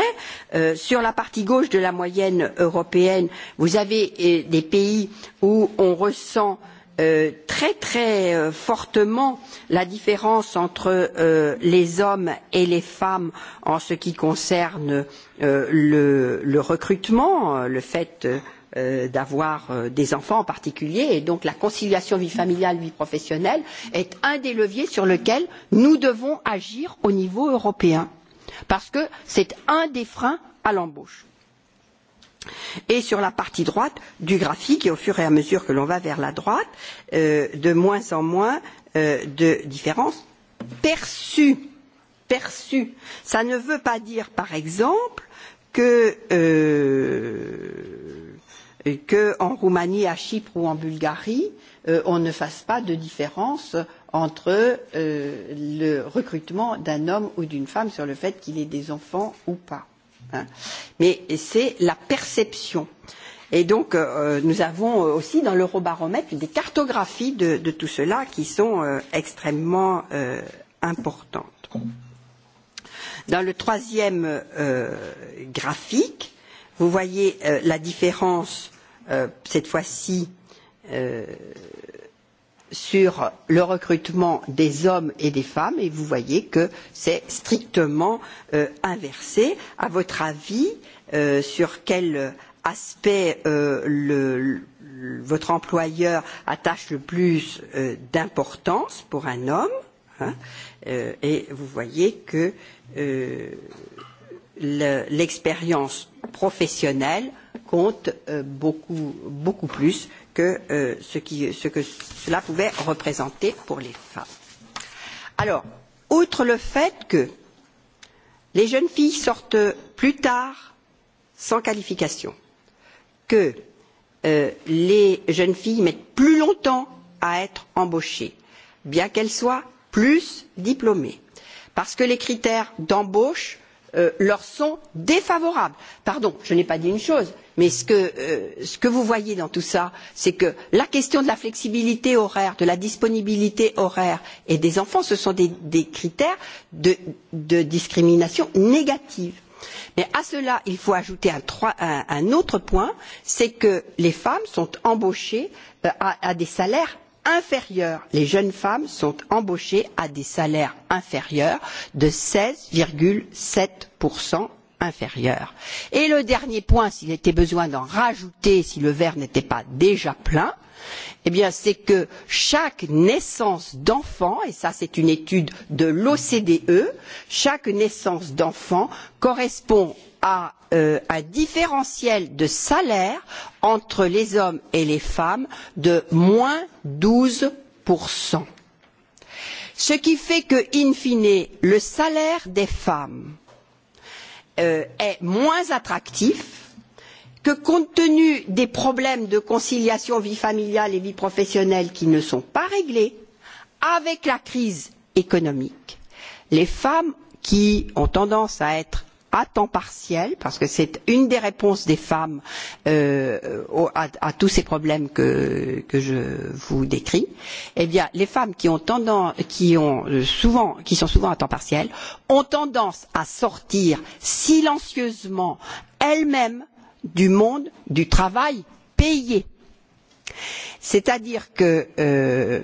Euh, sur la partie gauche de la moyenne européenne, vous avez euh, des pays où on ressent euh, très très euh, fortement la différence entre euh, les hommes et les femmes en ce qui concerne euh, le, le recrutement, euh, le fait euh, euh, d'avoir euh, des enfants en particulier et donc la conciliation vie familiale vie professionnelle est un des leviers sur lequel nous devons agir au niveau européen parce que c'est un des freins à l'embauche. Et sur la partie droite du graphique, et au fur et à mesure que l'on va vers la droite, euh, de moins en moins euh, de différences perçues. perçues. Ça ne veut pas dire, par exemple, que euh, qu'en Roumanie, à Chypre ou en Bulgarie, euh, on ne fasse pas de différence entre euh, le recrutement d'un homme ou d'une femme sur le fait qu'il ait des enfants ou pas. Hein. Mais c'est la perception. Et donc, euh, nous avons aussi dans l'eurobaromètre des cartographies de, de tout cela qui sont euh, extrêmement euh, importantes. Dans le troisième euh, graphique, euh, Vous voyez euh, la différence, euh, cette fois-ci, euh, sur le recrutement des hommes et des femmes, et vous voyez que c'est strictement euh, inversé. À votre avis, euh, sur quel aspect euh, le, le votre employeur attache le plus euh, d'importance pour un homme, hein, euh, et vous voyez que euh, l'expérience professionnel compte euh, beaucoup, beaucoup plus que, euh, ce qui, ce que cela pouvait représenter pour les femmes. Alors, outre le fait que les jeunes filles sortent plus tard sans qualification, que euh, les jeunes filles mettent plus longtemps à être embauchées, bien qu'elles soient plus diplômées, parce que les critères d'embauche euh, leur sont défavorables. Pardon, je n'ai pas dit une chose, mais ce que, euh, ce que vous voyez dans tout ça, c'est que la question de la flexibilité horaire, de la disponibilité horaire et des enfants, ce sont des, des critères de, de discrimination négative. Mais à cela, il faut ajouter un, un, un autre point, c'est que les femmes sont embauchées euh, à, à des salaires inférieures les jeunes femmes sont embauchées à des salaires inférieurs de seize sept inférieurs. et le dernier point s'il était besoin d'en rajouter si le verre n'était pas déjà plein eh c'est que chaque naissance d'enfant et ça c'est une étude de l'ocde chaque naissance d'enfant correspond à euh, un différentiel de salaire entre les hommes et les femmes de moins douze ce qui fait que, in fine, le salaire des femmes euh, est moins attractif que compte tenu des problèmes de conciliation vie familiale et vie professionnelle qui ne sont pas réglés avec la crise économique, les femmes qui ont tendance à être à temps partiel parce que c'est une des réponses des femmes euh, au, à, à tous ces problèmes que, que je vous décris eh bien les femmes qui ont tendance qui ont euh, souvent qui sont souvent à temps partiel ont tendance à sortir silencieusement elles mêmes du monde du travail payé c'est à dire que euh,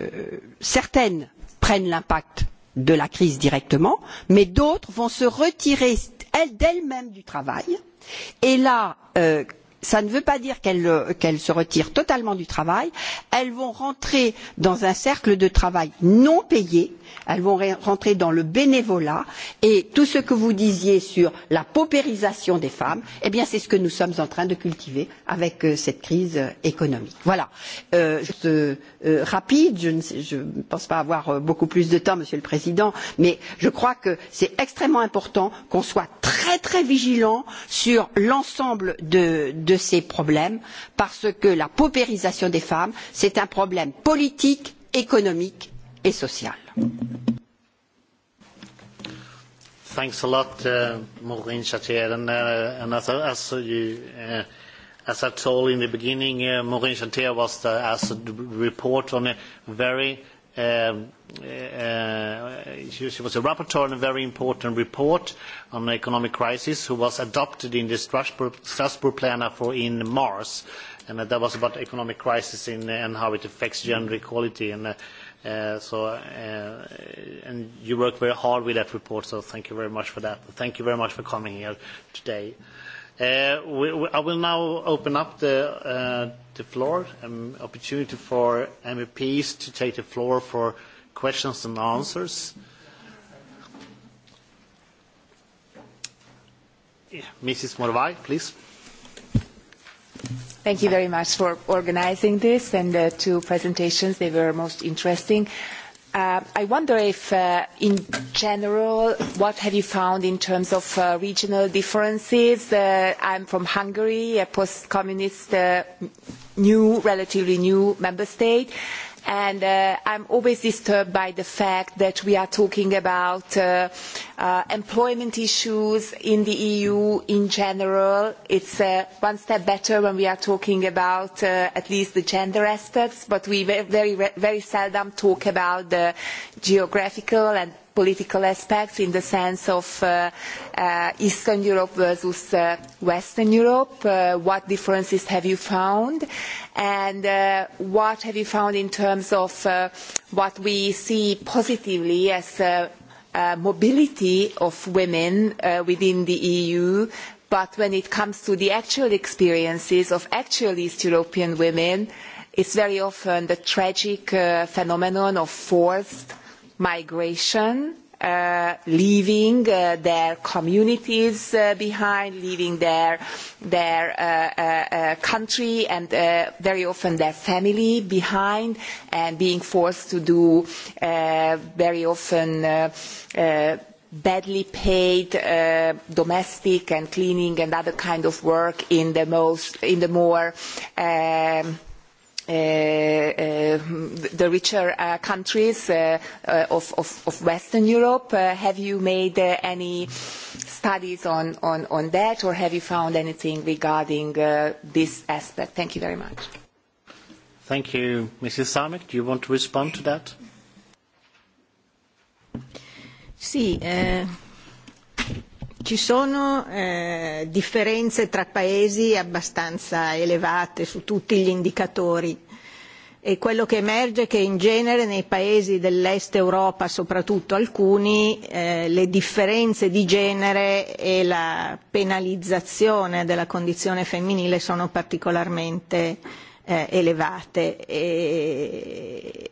certaines prennent l'impact de la crise directement, mais d'autres vont se retirer d'elles-mêmes du travail. Et là, euh, ça ne veut pas dire qu'elles euh, qu se retirent totalement du travail. Elles vont rentrer dans un cercle de travail non payé elles vont rentrer dans le bénévolat et tout ce que vous disiez sur la paupérisation des femmes, eh bien c'est ce que nous sommes en train de cultiver avec euh, cette crise euh, économique. Voilà. Euh, juste, euh, euh, rapide, je ne sais, je pense pas avoir euh, beaucoup plus de temps, Monsieur le Président, mais je crois que c'est extrêmement important qu'on soit très très vigilant sur l'ensemble de, de ces problèmes parce que la paupérisation des femmes, c'est un problème politique, économique et sociale. Thanks a lot, uh, Maureen Chatier. And, uh, and as, as, you, uh, as I told in the beginning, uh, Maureen Chatier was the, as a report on a very Um, uh, she, she was a rapporteur on a very important report on the economic crisis who was adopted in the Strasbourg, Strasbourg Planner for in Mars and uh, that was about economic crisis in, uh, and how it affects gender equality and uh, Uh, so, uh, and you work very hard with that report, so thank you very much for that. Thank you very much for coming here today. Uh, we, we, I will now open up the, uh, the floor, um, opportunity for MEPs to take the floor for questions and answers. Yeah, Mrs. Morvai, please. Thank you very much for organizing this and the uh, two presentations. They were most interesting. Uh, I wonder if, uh, in general, what have you found in terms of uh, regional differences? Uh, I'm from Hungary, a post-communist, uh, new, relatively new member state and uh, I'm always disturbed by the fact that we are talking about uh, uh, employment issues in the EU in general. It's uh, one step better when we are talking about uh, at least the gender aspects, but we very, very seldom talk about the geographical and political aspects in the sense of uh, uh, Eastern Europe versus uh, Western Europe? Uh, what differences have you found? And uh, what have you found in terms of uh, what we see positively as uh, uh, mobility of women uh, within the EU but when it comes to the actual experiences of actual east european women it is very often the tragic uh, phenomenon of forced migration, uh, leaving uh, their communities uh, behind, leaving their, their uh, uh, uh, country and uh, very often their family behind and being forced to do uh, very often uh, uh, badly paid uh, domestic and cleaning and other kind of work in the most in the more um, uh, uh, the richer uh, countries uh, uh, of, of, of Western Europe. Uh, have you made uh, any studies on, on, on that or have you found anything regarding uh, this aspect? Thank you very much. Thank you. Mrs. Samek, do you want to respond to that? Sí. Uh ci sono eh, differenze tra paesi abbastanza elevate su tutti gli indicatori e quello che emerge è che in genere nei paesi dell'est Europa, soprattutto alcuni, eh, le differenze di genere e la penalizzazione della condizione femminile sono particolarmente eh, elevate e,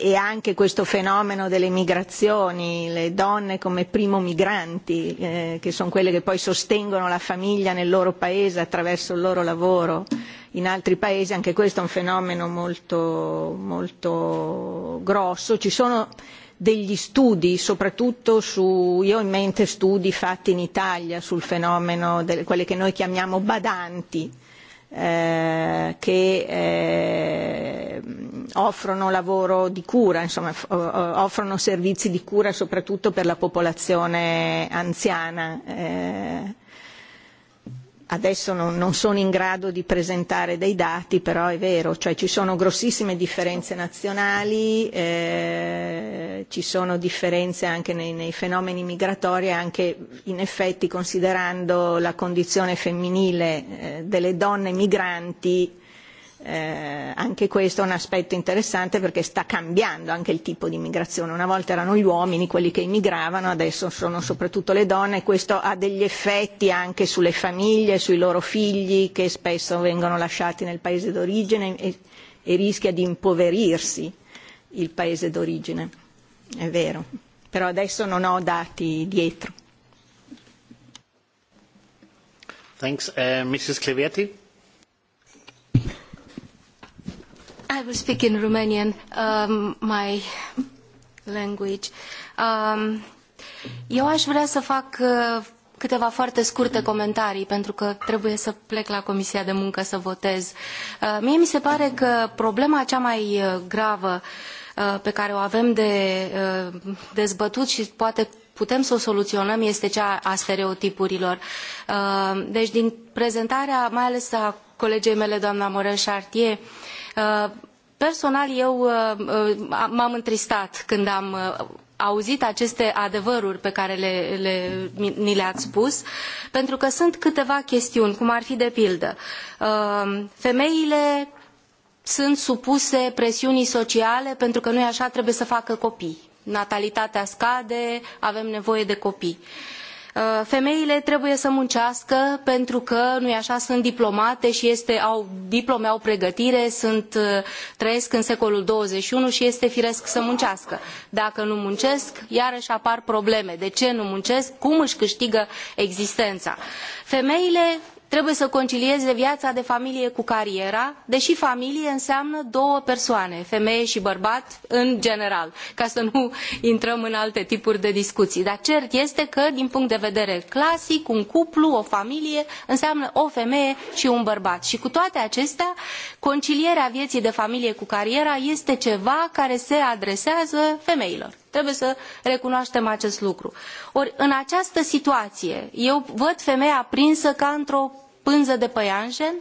e anche questo fenomeno delle migrazioni, le donne come primo migranti, eh, che sono quelle che poi sostengono la famiglia nel loro paese attraverso il loro lavoro in altri paesi, anche questo è un fenomeno molto, molto grosso. Ci sono degli studi, soprattutto su, io ho in mente studi fatti in Italia sul fenomeno, delle, quelle che noi chiamiamo badanti, eh, che eh, offrono lavoro di cura, insomma, eh, eh, offrono servizi di cura soprattutto per la popolazione anziana. Eh, adesso non, non sono in grado di presentare dei dati, però è vero, cioè ci sono grossissime differenze nazionali, eh, ci sono differenze anche nei, nei fenomeni migratori, anche in effetti considerando la condizione femminile eh, delle donne migranti eh, anche questo è un aspetto interessante perché sta cambiando anche il tipo di migrazione. Una volta erano gli uomini quelli che immigravano, adesso sono soprattutto le donne e questo ha degli effetti anche sulle famiglie, sui loro figli che spesso vengono lasciati nel paese d'origine e, e rischia di impoverirsi il paese d'origine. È vero, però adesso non ho dati dietro. Thanks, uh, eh, Mrs. Cleverti. I will speak in Romanian, um, my language. Um, eu aș vrea să fac uh, câteva foarte scurte comentarii, pentru că trebuie să plec la Comisia de Muncă să votez. Uh, mie mi se pare că problema cea mai uh, gravă uh, pe care o avem de uh, dezbătut și poate putem să o soluționăm este cea a stereotipurilor. Uh, deci din prezentarea, mai ales a colegei mele, doamna Morel Chartier, uh, Uh, personal, eu uh, uh, m-am întristat când am auzit aceste adevăruri pe care le, le, ni le-ați spus, pentru că sunt câteva chestiuni, cum ar fi de pildă. Femeile sunt supuse presiunii sociale pentru că nu-i e așa trebuie să facă copii. Natalitatea scade, avem nevoie de copii. Uh, Uh, femeile trebuie să muncească pentru că, nu-i așa, sunt diplomate și este, au diplome, au pregătire, sunt, uh, trăiesc în secolul 21 și este firesc să muncească. Dacă nu muncesc, iarăși apar probleme. De ce nu muncesc? Cum își câștigă existența? Femeile trebuie să concilieze viața de familie cu cariera, deși familie înseamnă două persoane, femeie și bărbat în general, ca să nu intrăm în alte tipuri de discuții. Dar cert este că, din punct de vedere clasic, un cuplu, o familie, înseamnă o femeie și un bărbat. Și cu toate acestea, concilierea vieții de familie cu cariera este ceva care se adresează femeilor Trebuie să recunoaștem acest lucru. Ori, în această situație, eu văd femeia prinsă ca într-o pânză de păianjen,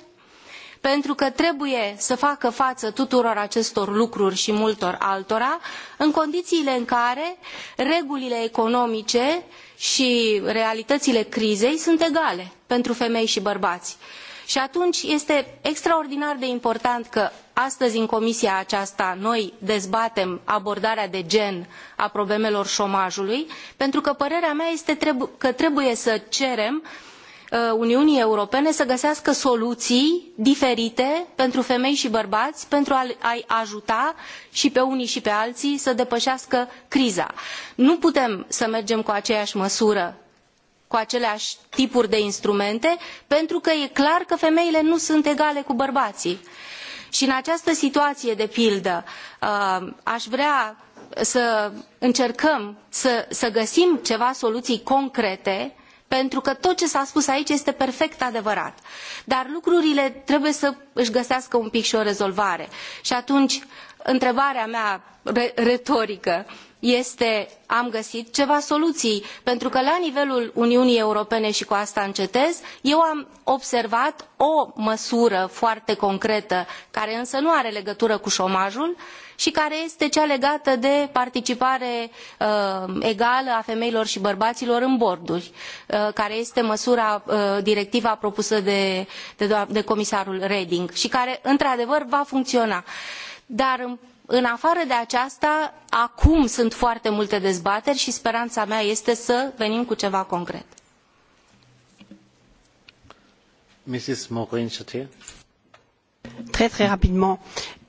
pentru că trebuie să facă față tuturor acestor lucruri și multor altora, în condițiile în care regulile economice și realitățile crizei sunt egale pentru femei și bărbați. Uh, Și atunci este extraordinar de important că astăzi în comisia aceasta noi dezbatem abordarea de gen a problemelor șomajului, pentru că părerea mea este trebu că trebuie să cerem uh, Uniunii Europene să găsească soluții diferite pentru femei și bărbați pentru a-i ajuta și pe unii și pe alții să depășească criza. Nu putem să mergem cu aceeași măsură cu aceleași tipuri de instrumente, pentru că e clar că femeile nu sunt egale cu bărbații. Și în această situație, de pildă, uh, aș vrea să încercăm să, să găsim ceva soluții concrete pentru că tot ce s-a spus aici este perfect adevărat. Dar lucrurile trebuie să își găsească un pic și o rezolvare. Și atunci, întrebarea mea retorică este am găsit ceva soluții, pentru că la nivelul Uniunii Europene și cu asta încetez, eu am observat o măsură foarte concretă, care însă nu are legătură cu șomajul și care este cea legată de participare uh, egală a femeilor și bărbaților în borduri, uh, care este măsura, uh, directiva propusă de, de, de comisarul Reding și care, într-adevăr, va funcționa. Dar În afară de aceasta, acum sunt foarte multe dezbateri și speranța mea este să venim cu ceva concret. Mrs. Morin Chatier. Très très rapidement.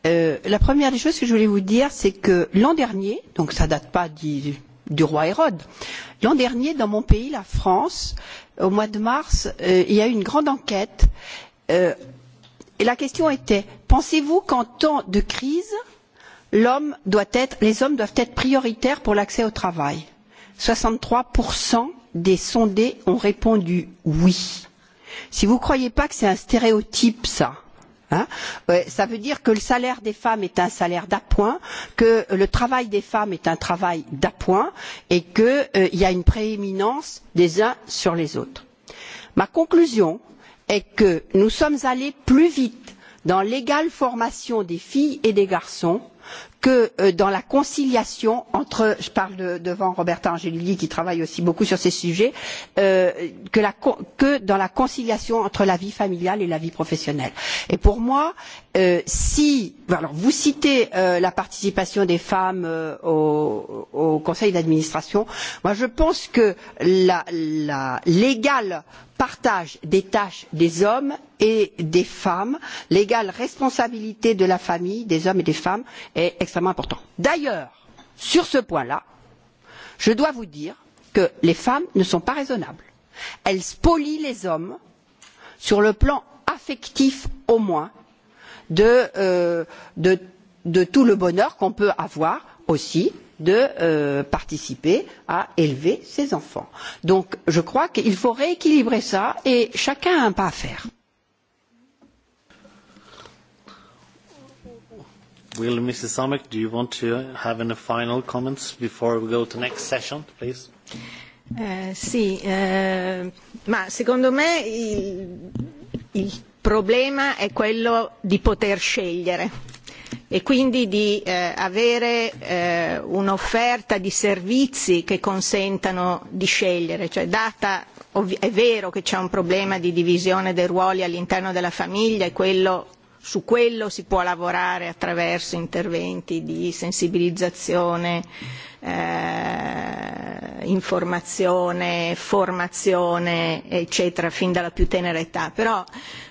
Euh, la première des choses que je voulais vous dire, c'est que l'an dernier, donc ça date pas du, du roi Hérode, l'an dernier, dans mon pays, la France, au mois de mars, euh, il y a eu une grande enquête. Euh, et la question était, pensez-vous qu'en temps de crise, euh, l'homme doit être, les hommes doivent être prioritaires pour l'accès au travail. 63% des sondés ont répondu oui. Si vous ne croyez pas que c'est un stéréotype, ça, hein, ouais, ça veut dire que le salaire des femmes est un salaire d'appoint, que le travail des femmes est un travail d'appoint et qu'il euh, y a une prééminence des uns sur les autres. Ma conclusion est que nous sommes allés plus vite dans l'égale formation des filles et des garçons que euh, dans la conciliation entre je parle de, devant Roberta Angelilli qui travaille aussi beaucoup sur ces sujets euh, que, la, que dans la conciliation entre la vie familiale et la vie professionnelle. Et pour moi, euh, si alors vous citez euh, la participation des femmes euh, au, au conseil d'administration, moi je pense que la, la l'égale partage des tâches des hommes et des femmes, l'égale responsabilité de la famille des hommes et des femmes est extrêmement important. D'ailleurs, sur ce point là, je dois vous dire que les femmes ne sont pas raisonnables. Elles spolient les hommes sur le plan affectif au moins de, euh, de, de tout le bonheur qu'on peut avoir aussi de euh, participer à élever ses enfants. Donc je crois qu'il faut rééquilibrer ça et chacun a un pas à faire. Will Mrs. Samek, do you want to have any final comments before we go to next session, please? Eh, sì, eh, ma secondo me il, il problema è quello di poter scegliere e quindi di eh, avere eh, un'offerta di servizi che consentano di scegliere, cioè data è vero che c'è un problema di divisione dei ruoli all'interno della famiglia e quello su quello si può lavorare attraverso interventi di sensibilizzazione, eh, informazione, formazione, eccetera, fin dalla più tenera età. Però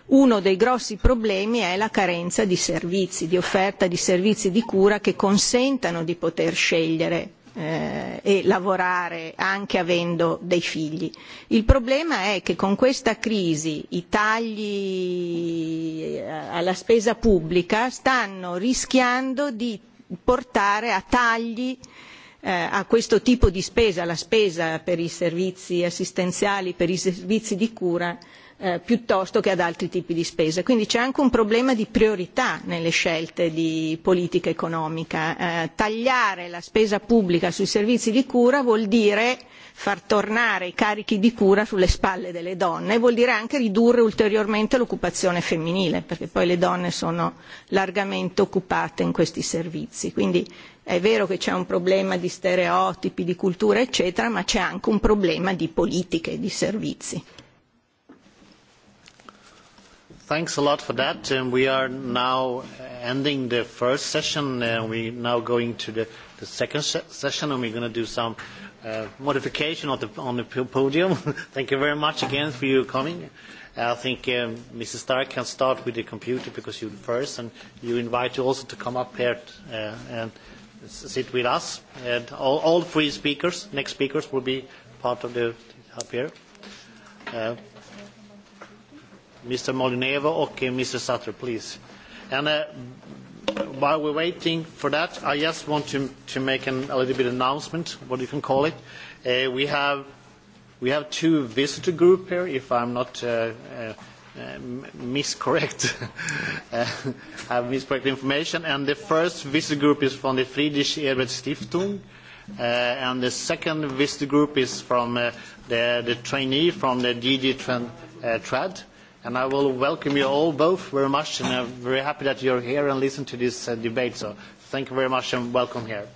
uno dei grossi problemi è la carenza di servizi, di offerta di servizi di cura che consentano di poter scegliere eh, e lavorare anche avendo dei figli. Il problema è che con questa crisi i tagli eh, alla spesa pubblica stanno rischiando di portare a tagli eh, a questo tipo di spesa, la spesa per i servizi assistenziali, per i servizi di cura, eh, piuttosto che ad altri tipi di spesa. Quindi c'è anche un problema di priorità nelle scelte di politica economica. Eh, tagliare la spesa pubblica sui servizi di cura vuol dire far tornare i carichi di cura sulle spalle delle donne e vuol dire anche ridurre ulteriormente l'occupazione femminile, perché poi le donne sono largamente occupate in questi servizi. Quindi è vero che c'è un problema di stereotipi, di cultura, eccetera, ma c'è anche un problema di politiche, di servizi thanks a lot for that. And we are now ending the first session, and we're now going to the, the second se session, and we're going to do some uh, modification on the, on the podium. Thank you very much again for your coming. I think um, Mrs. Stark can start with the computer because you're first, and you invite you also to come up here uh, and sit with us. And all, all three speakers, next speakers, will be part of the up here. Uh, Mr. Molineva och Mr. Sutter, please. And uh, while we're waiting for that, I just want to, to make an, a little bit announcement, what you can call it. Uh, we, have, we have two visitor group here, if I'm not uh, uh, Uh, miscorrect uh, have miscorrect information and the first visitor group is from the Friedrich Ebert Stiftung uh, and the second visitor group is from uh, the, the trainee from the DG Tran, uh, Trad and I will welcome you all both very much, and I'm very happy that you're here and listen to this uh, debate. So thank you very much and welcome here.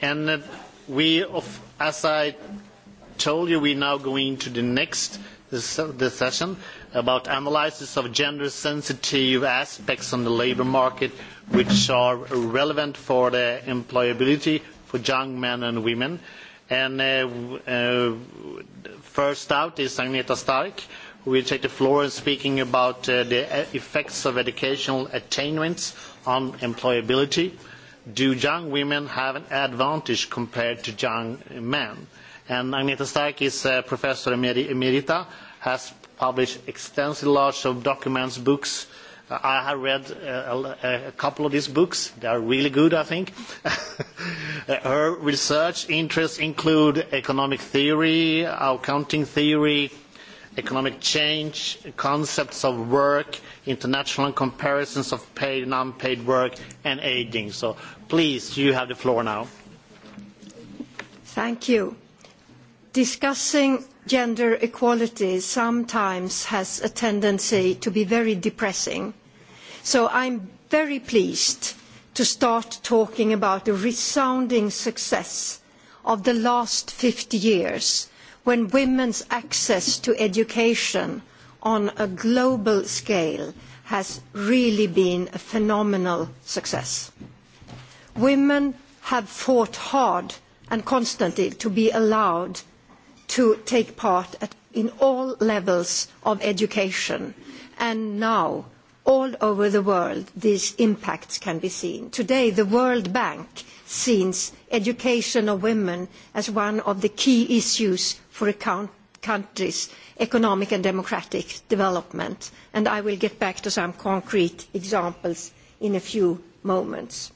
And uh, we, of, as I told you, we're now going to the next this, this session about analysis of gender sensitive aspects on the labour market which are relevant for the employability for young men and women. And uh, uh, first out is Agneta Stark, who will take the floor and speaking about uh, the e, effects of educational attainments on employability. Do young women have an advantage compared to young men? Uh, And Agneta Stark is uh, Professor Emerita, has published extensive lots of documents, books. Uh, I have read uh, a, a couple of these books. They are really good, I think. Her research interests include economic theory, accounting theory, economic change, concepts of work, international comparisons of paid and unpaid work, and aging. So please, you have the floor now. Thank you discussing gender equality sometimes has a tendency to be very depressing. So I'm very pleased to start talking about the resounding success of the last 50 years when women's access to education on a global scale has really been a phenomenal success. Women have fought hard and constantly to be allowed to take part at, in all levels of education. And now, all over the world, these impacts can be seen. Today, the World Bank sees education of women as one of the key issues for a count, country's economic and democratic development. And I will get back to some concrete examples in a few moments.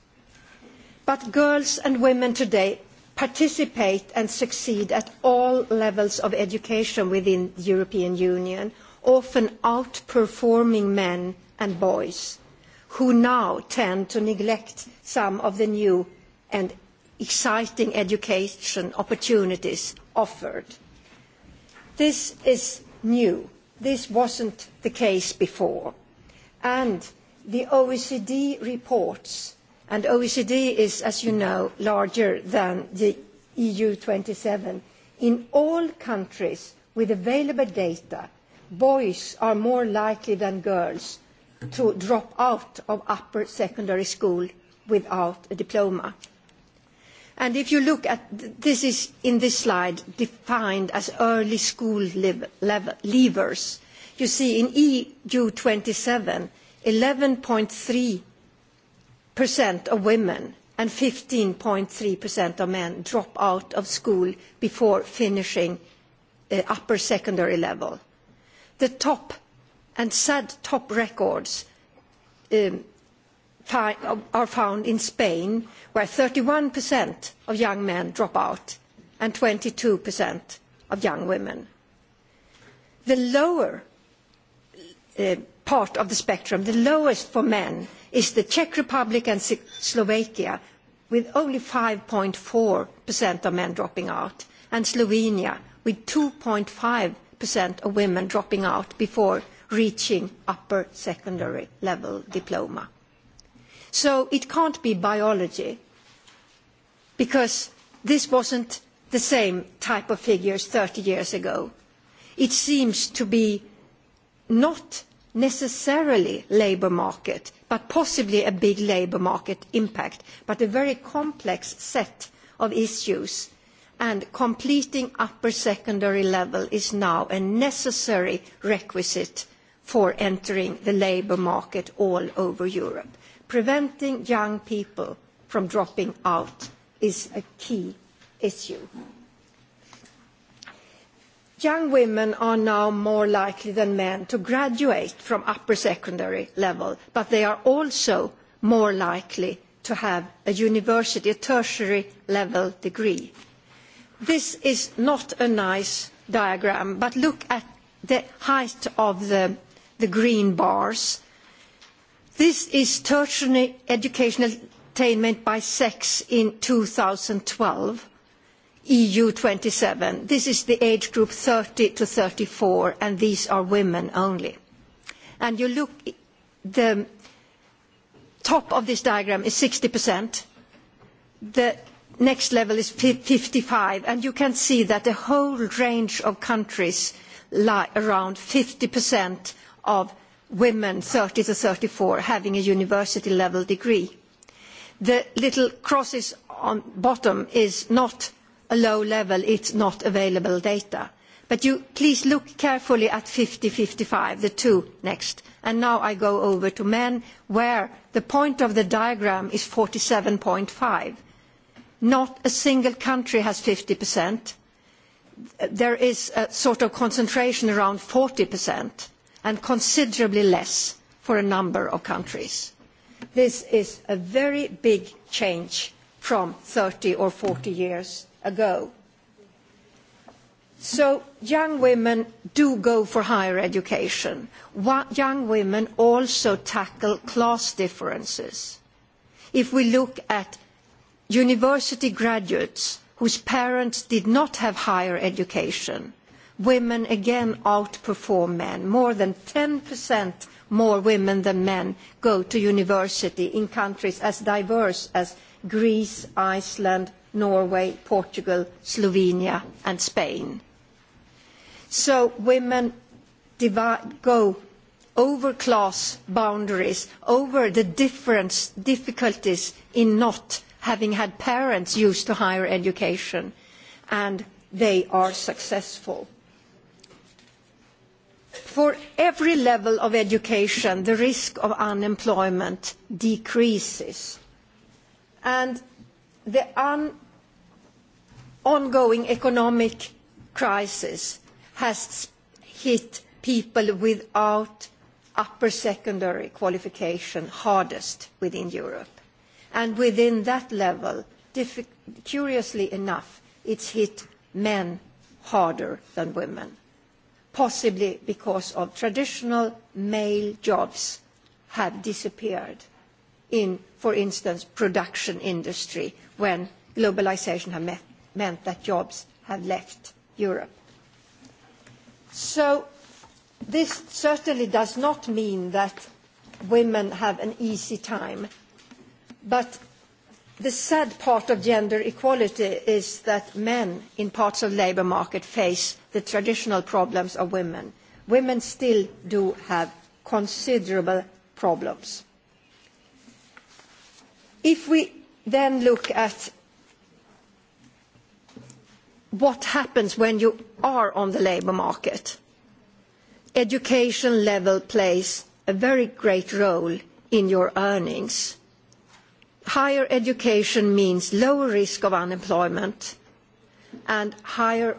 But girls and women today participate and succeed at all levels of education within the European Union, often outperforming men and boys, who now tend to neglect some of the new and exciting education opportunities offered. This is new. This wasn't the case before. And the OECD reports and OECD is, as you know, larger than the EU27. In all countries with available data, boys are more likely than girls to drop out of upper secondary school without a diploma. And if you look at this is in this slide defined as early school leave, leave, leavers. You see in EU27, 11.3 percent of women and 15.3% of men drop out of school before finishing uh, upper secondary level. The top and sad top records um, fi are found in Spain, where 31% of young men drop out and 22% of young women. The lower uh, part of the spectrum, the lowest for men, is the Czech Republic and Slovakia, with only 5.4% of men dropping out, and Slovenia, with 2.5% of women dropping out before reaching upper secondary level diploma. So it can't be biology, because this wasn't the same type of figures 30 years ago. It seems to be not necessarily labour market, but possibly a big labour market impact, but a very complex set of issues. And completing upper secondary level is now a necessary requisite for entering the labour market all over Europe. Preventing young people from dropping out is a key issue. Mm young women are now more likely than men to graduate from upper secondary level, but they are also more likely to have a university, a tertiary level degree. This is not a nice diagram, but look at the height of the, the green bars. This is tertiary educational attainment by sex in 2012 EU27. This is the age group 30 to 34, and these are women only. And you look, the top of this diagram is 60%. The next level is 55, and you can see that the whole range of countries lie around 50% of women 30 to 34 having a university level degree. The little crosses on bottom is not a low level, it's not available data. But you please look carefully at 50/55, the two next. And now I go over to men, where the point of the diagram is 47.5. Not a single country has 50%. There is a sort of concentration around 40%, and considerably less for a number of countries. This is a very big change from 30 or 40 years ago. So young women do go for higher education. Young women also tackle class differences. If we look at university graduates whose parents did not have higher education, women again outperform men. More than 10% more women than men go to university in countries as diverse as Greece, Iceland, Norway, Portugal, Slovenia and Spain. So women divide, go over class boundaries, over the difference, difficulties in not having had parents used to higher education, and they are successful. For every level of education, the risk of unemployment decreases. And the un ongoing economic crisis has hit people without upper secondary qualification hardest within Europe. And within that level, curiously enough, it's hit men harder than women, possibly because of traditional male jobs have disappeared in, for instance, production industry when globalization have met, meant that jobs have left Europe. So this certainly does not mean that women have an easy time. But the sad part of gender equality is that men in parts of the labour market face the traditional problems of women. Women still do have considerable problems. If we then look at what happens when you are on the labour market. Education level plays a very great role in your earnings. Higher education means lower risk of unemployment, and higher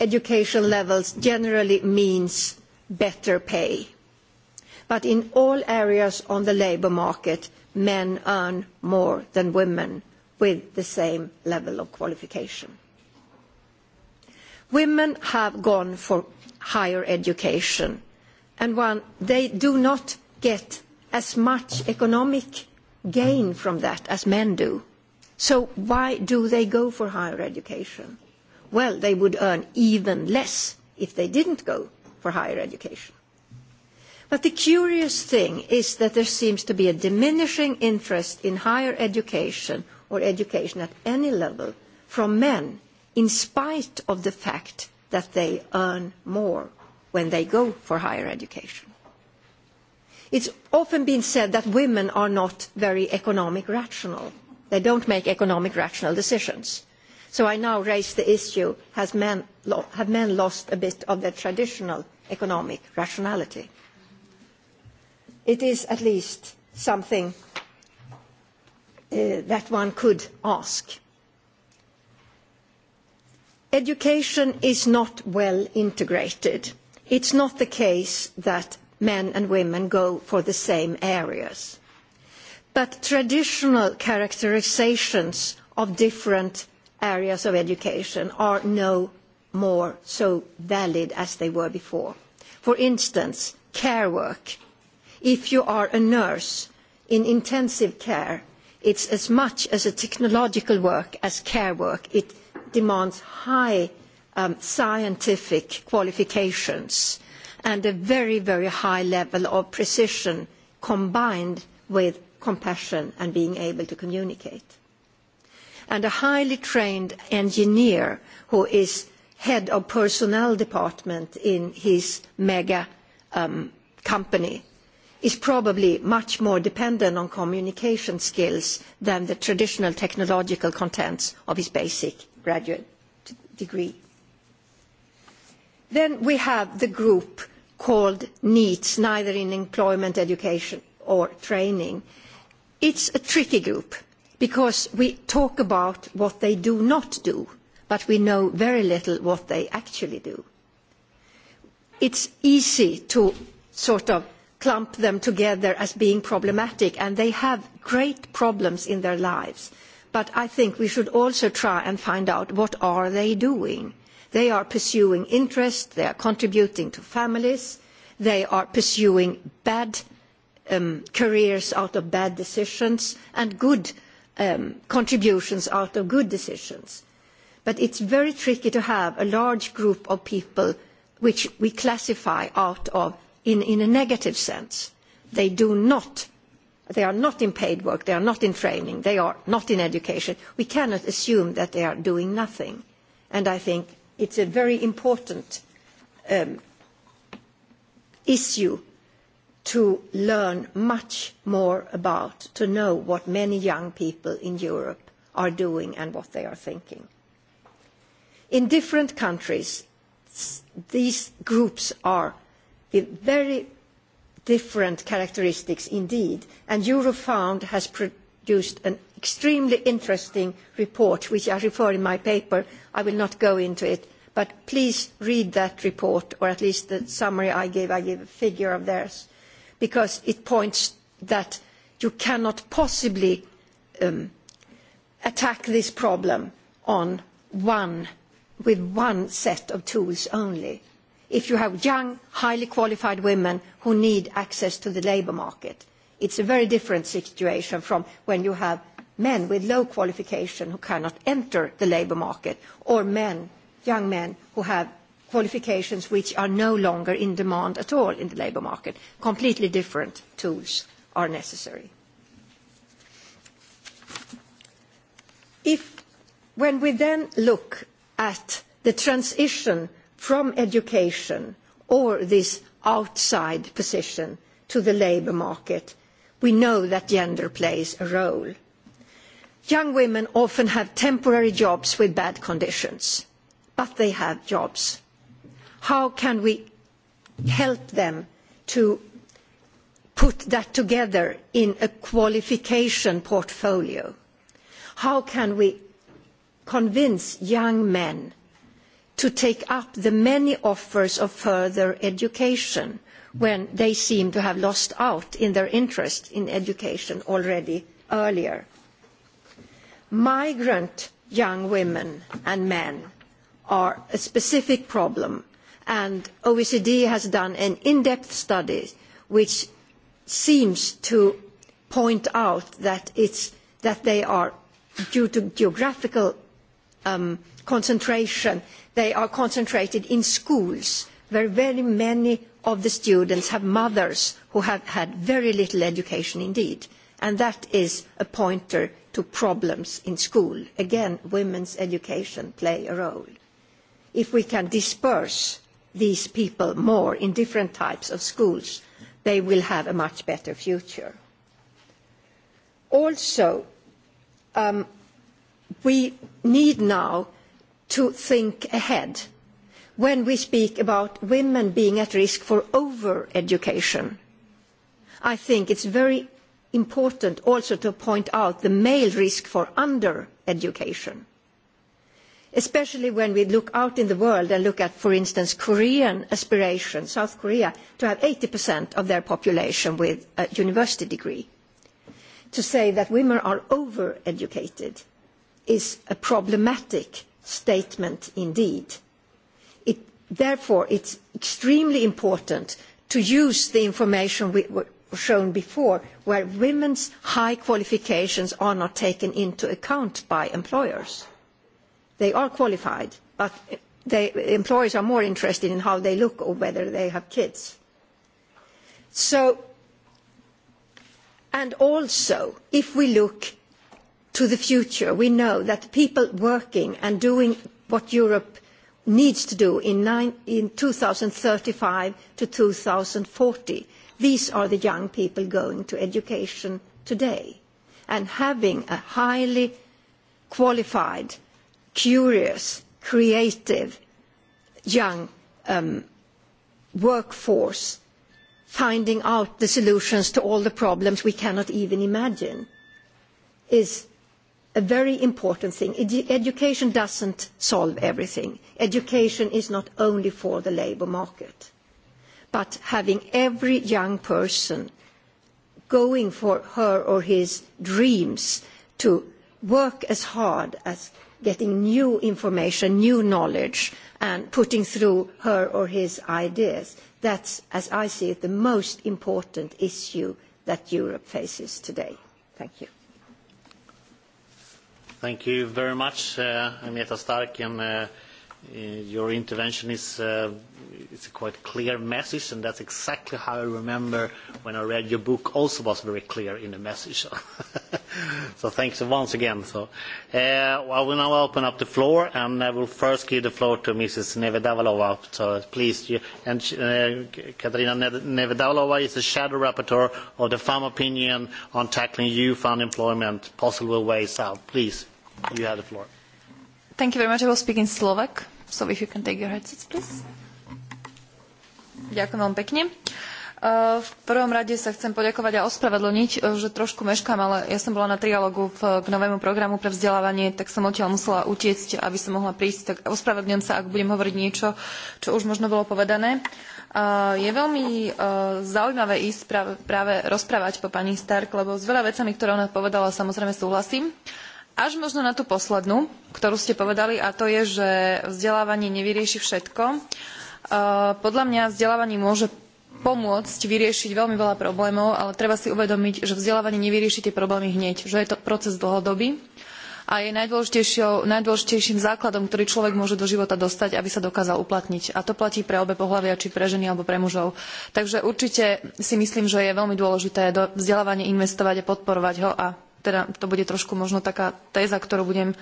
education levels generally means better pay. But in all areas on the labour market, men earn more than women with the same level of qualification women have gone for higher education and one, they do not get as much economic gain from that as men do. So why do they go for higher education? Well, they would earn even less if they didn't go for higher education. But the curious thing is that there seems to be a diminishing interest in higher education or education at any level from men in spite of the fact that they earn more when they go for higher education. It's often been said that women are not very economic rational. They don't make economic rational decisions. So I now raise the issue, has men, lo- have men lost a bit of their traditional economic rationality? It is at least something uh, that one could ask Education is not well integrated. It's not the case that men and women go for the same areas. But traditional characterizations of different areas of education are no more so valid as they were before. For instance, care work. If you are a nurse in intensive care, it's as much as a technological work as care work. It demands high um, scientific qualifications and a very, very high level of precision combined with compassion and being able to communicate. And a highly trained engineer who is head of personnel department in his mega um, company is probably much more dependent on communication skills than the traditional technological contents of his basic graduate degree. Then we have the group called NEETs, neither in employment, education or training. It's a tricky group because we talk about what they do not do, but we know very little what they actually do. It's easy to sort of clump them together as being problematic, and they have great problems in their lives But I think we should also try and find out what are they doing. They are pursuing interest, they are contributing to families, they are pursuing bad um, careers out of bad decisions and good um, contributions out of good decisions. But it's very tricky to have a large group of people which we classify out of in, in a negative sense. They do not they are not in paid work, they are not in training, they are not in education. We cannot assume that they are doing nothing. And I think it's a very important um, issue to learn much more about, to know what many young people in Europe are doing and what they are thinking. In different countries, these groups are very different characteristics indeed, and Eurofound has produced an extremely interesting report, which I refer in my paper. I will not go into it, but please read that report, or at least the summary I gave. I gave a figure of theirs, because it points that you cannot possibly um, attack this problem on one, with one set of tools only if you have young, highly qualified women who need access to the labour market. It's a very different situation from when you have men with low qualification who cannot enter the labour market, or men, young men who have qualifications which are no longer in demand at all in the labour market. Completely different tools are necessary. If, when we then look at the transition from education or this outside position to the labour market, we know that gender plays a role. Young women often have temporary jobs with bad conditions, but they have jobs. How can we help them to put that together in a qualification portfolio? How can we convince young men to take up the many offers of further education when they seem to have lost out in their interest in education already earlier. Migrant young women and men are a specific problem and OECD has done an in-depth study which seems to point out that, it's, that they are due to geographical um, concentration they are concentrated in schools where very many of the students have mothers who have had very little education indeed. And that is a pointer to problems in school. Again, women's education play a role. If we can disperse these people more in different types of schools, they will have a much better future. Also, um, we need now to think ahead when we speak about women being at risk for over-education. I think it's very important also to point out the male risk for under-education, especially when we look out in the world and look at, for instance, Korean aspiration, South Korea, to have 80% of their population with a university degree. To say that women are over-educated is a problematic statement indeed. It, therefore, it's extremely important to use the information we were shown before, where women's high qualifications are not taken into account by employers. They are qualified, but they, employers are more interested in how they look or whether they have kids. So, and also, if we look to the future, we know that people working and doing what Europe needs to do in, nine, in 2035 to 2040, these are the young people going to education today. And having a highly qualified, curious, creative, young um, workforce finding out the solutions to all the problems we cannot even imagine is a very important thing. Edu education doesn't solve everything. Education is not only for the labour market. But having every young person going for her or his dreams to work as hard as getting new information, new knowledge, and putting through her or his ideas. That's, as I see it, the most important issue that Europe faces today. Thank you. Thank you very much, uh, Agneta Stark and uh, uh, your intervention is uh, it's a quite clear message, and that's exactly how I remember when I read your book. Also, was very clear in the message. so thanks once again. So, uh, I will now open up the floor, and I will first give the floor to Mrs. Nevedavalova. So please, you, and uh, Katarina Nevedavalova is the shadow rapporteur of the Farm Opinion on tackling youth unemployment, possible ways out. Please, you have the floor. Thank you very much. I will speak in Slovak. So if you can take your headsets, please. Ďakujem veľmi pekne. Uh, v prvom rade sa chcem poďakovať a ospravedlniť, e, že trošku meškám, ale ja som bola na trialogu v, k novému programu pre vzdelávanie, tak som odtiaľ musela utiecť, aby som mohla prísť. Tak ospravedlňujem sa, ak budem hovoriť niečo, čo už možno bolo povedané. Uh, je veľmi uh, zaujímavé ísť práve, práve rozprávať po pani Stark, lebo s veľa vecami, ktoré ona povedala, samozrejme súhlasím. Uh, Až možno na tú poslednú, ktorú ste povedali, a to je, že vzdelávanie nevyrieši všetko. Uh, podľa mňa vzdelávanie môže pomôcť vyriešiť veľmi veľa problémov, ale treba si uvedomiť, že vzdelávanie nevyrieši tie problémy hneď, že je to proces dlhodobý a je najdôležitejším základom, ktorý človek môže do života dostať, aby sa dokázal uplatniť. A to platí pre obe pohľavia, či pre ženy alebo pre mužov. Takže určite si myslím, že je veľmi dôležité do vzdelávania investovať a podporovať ho a teda to bude trošku možno taká téza, ktorú budem e,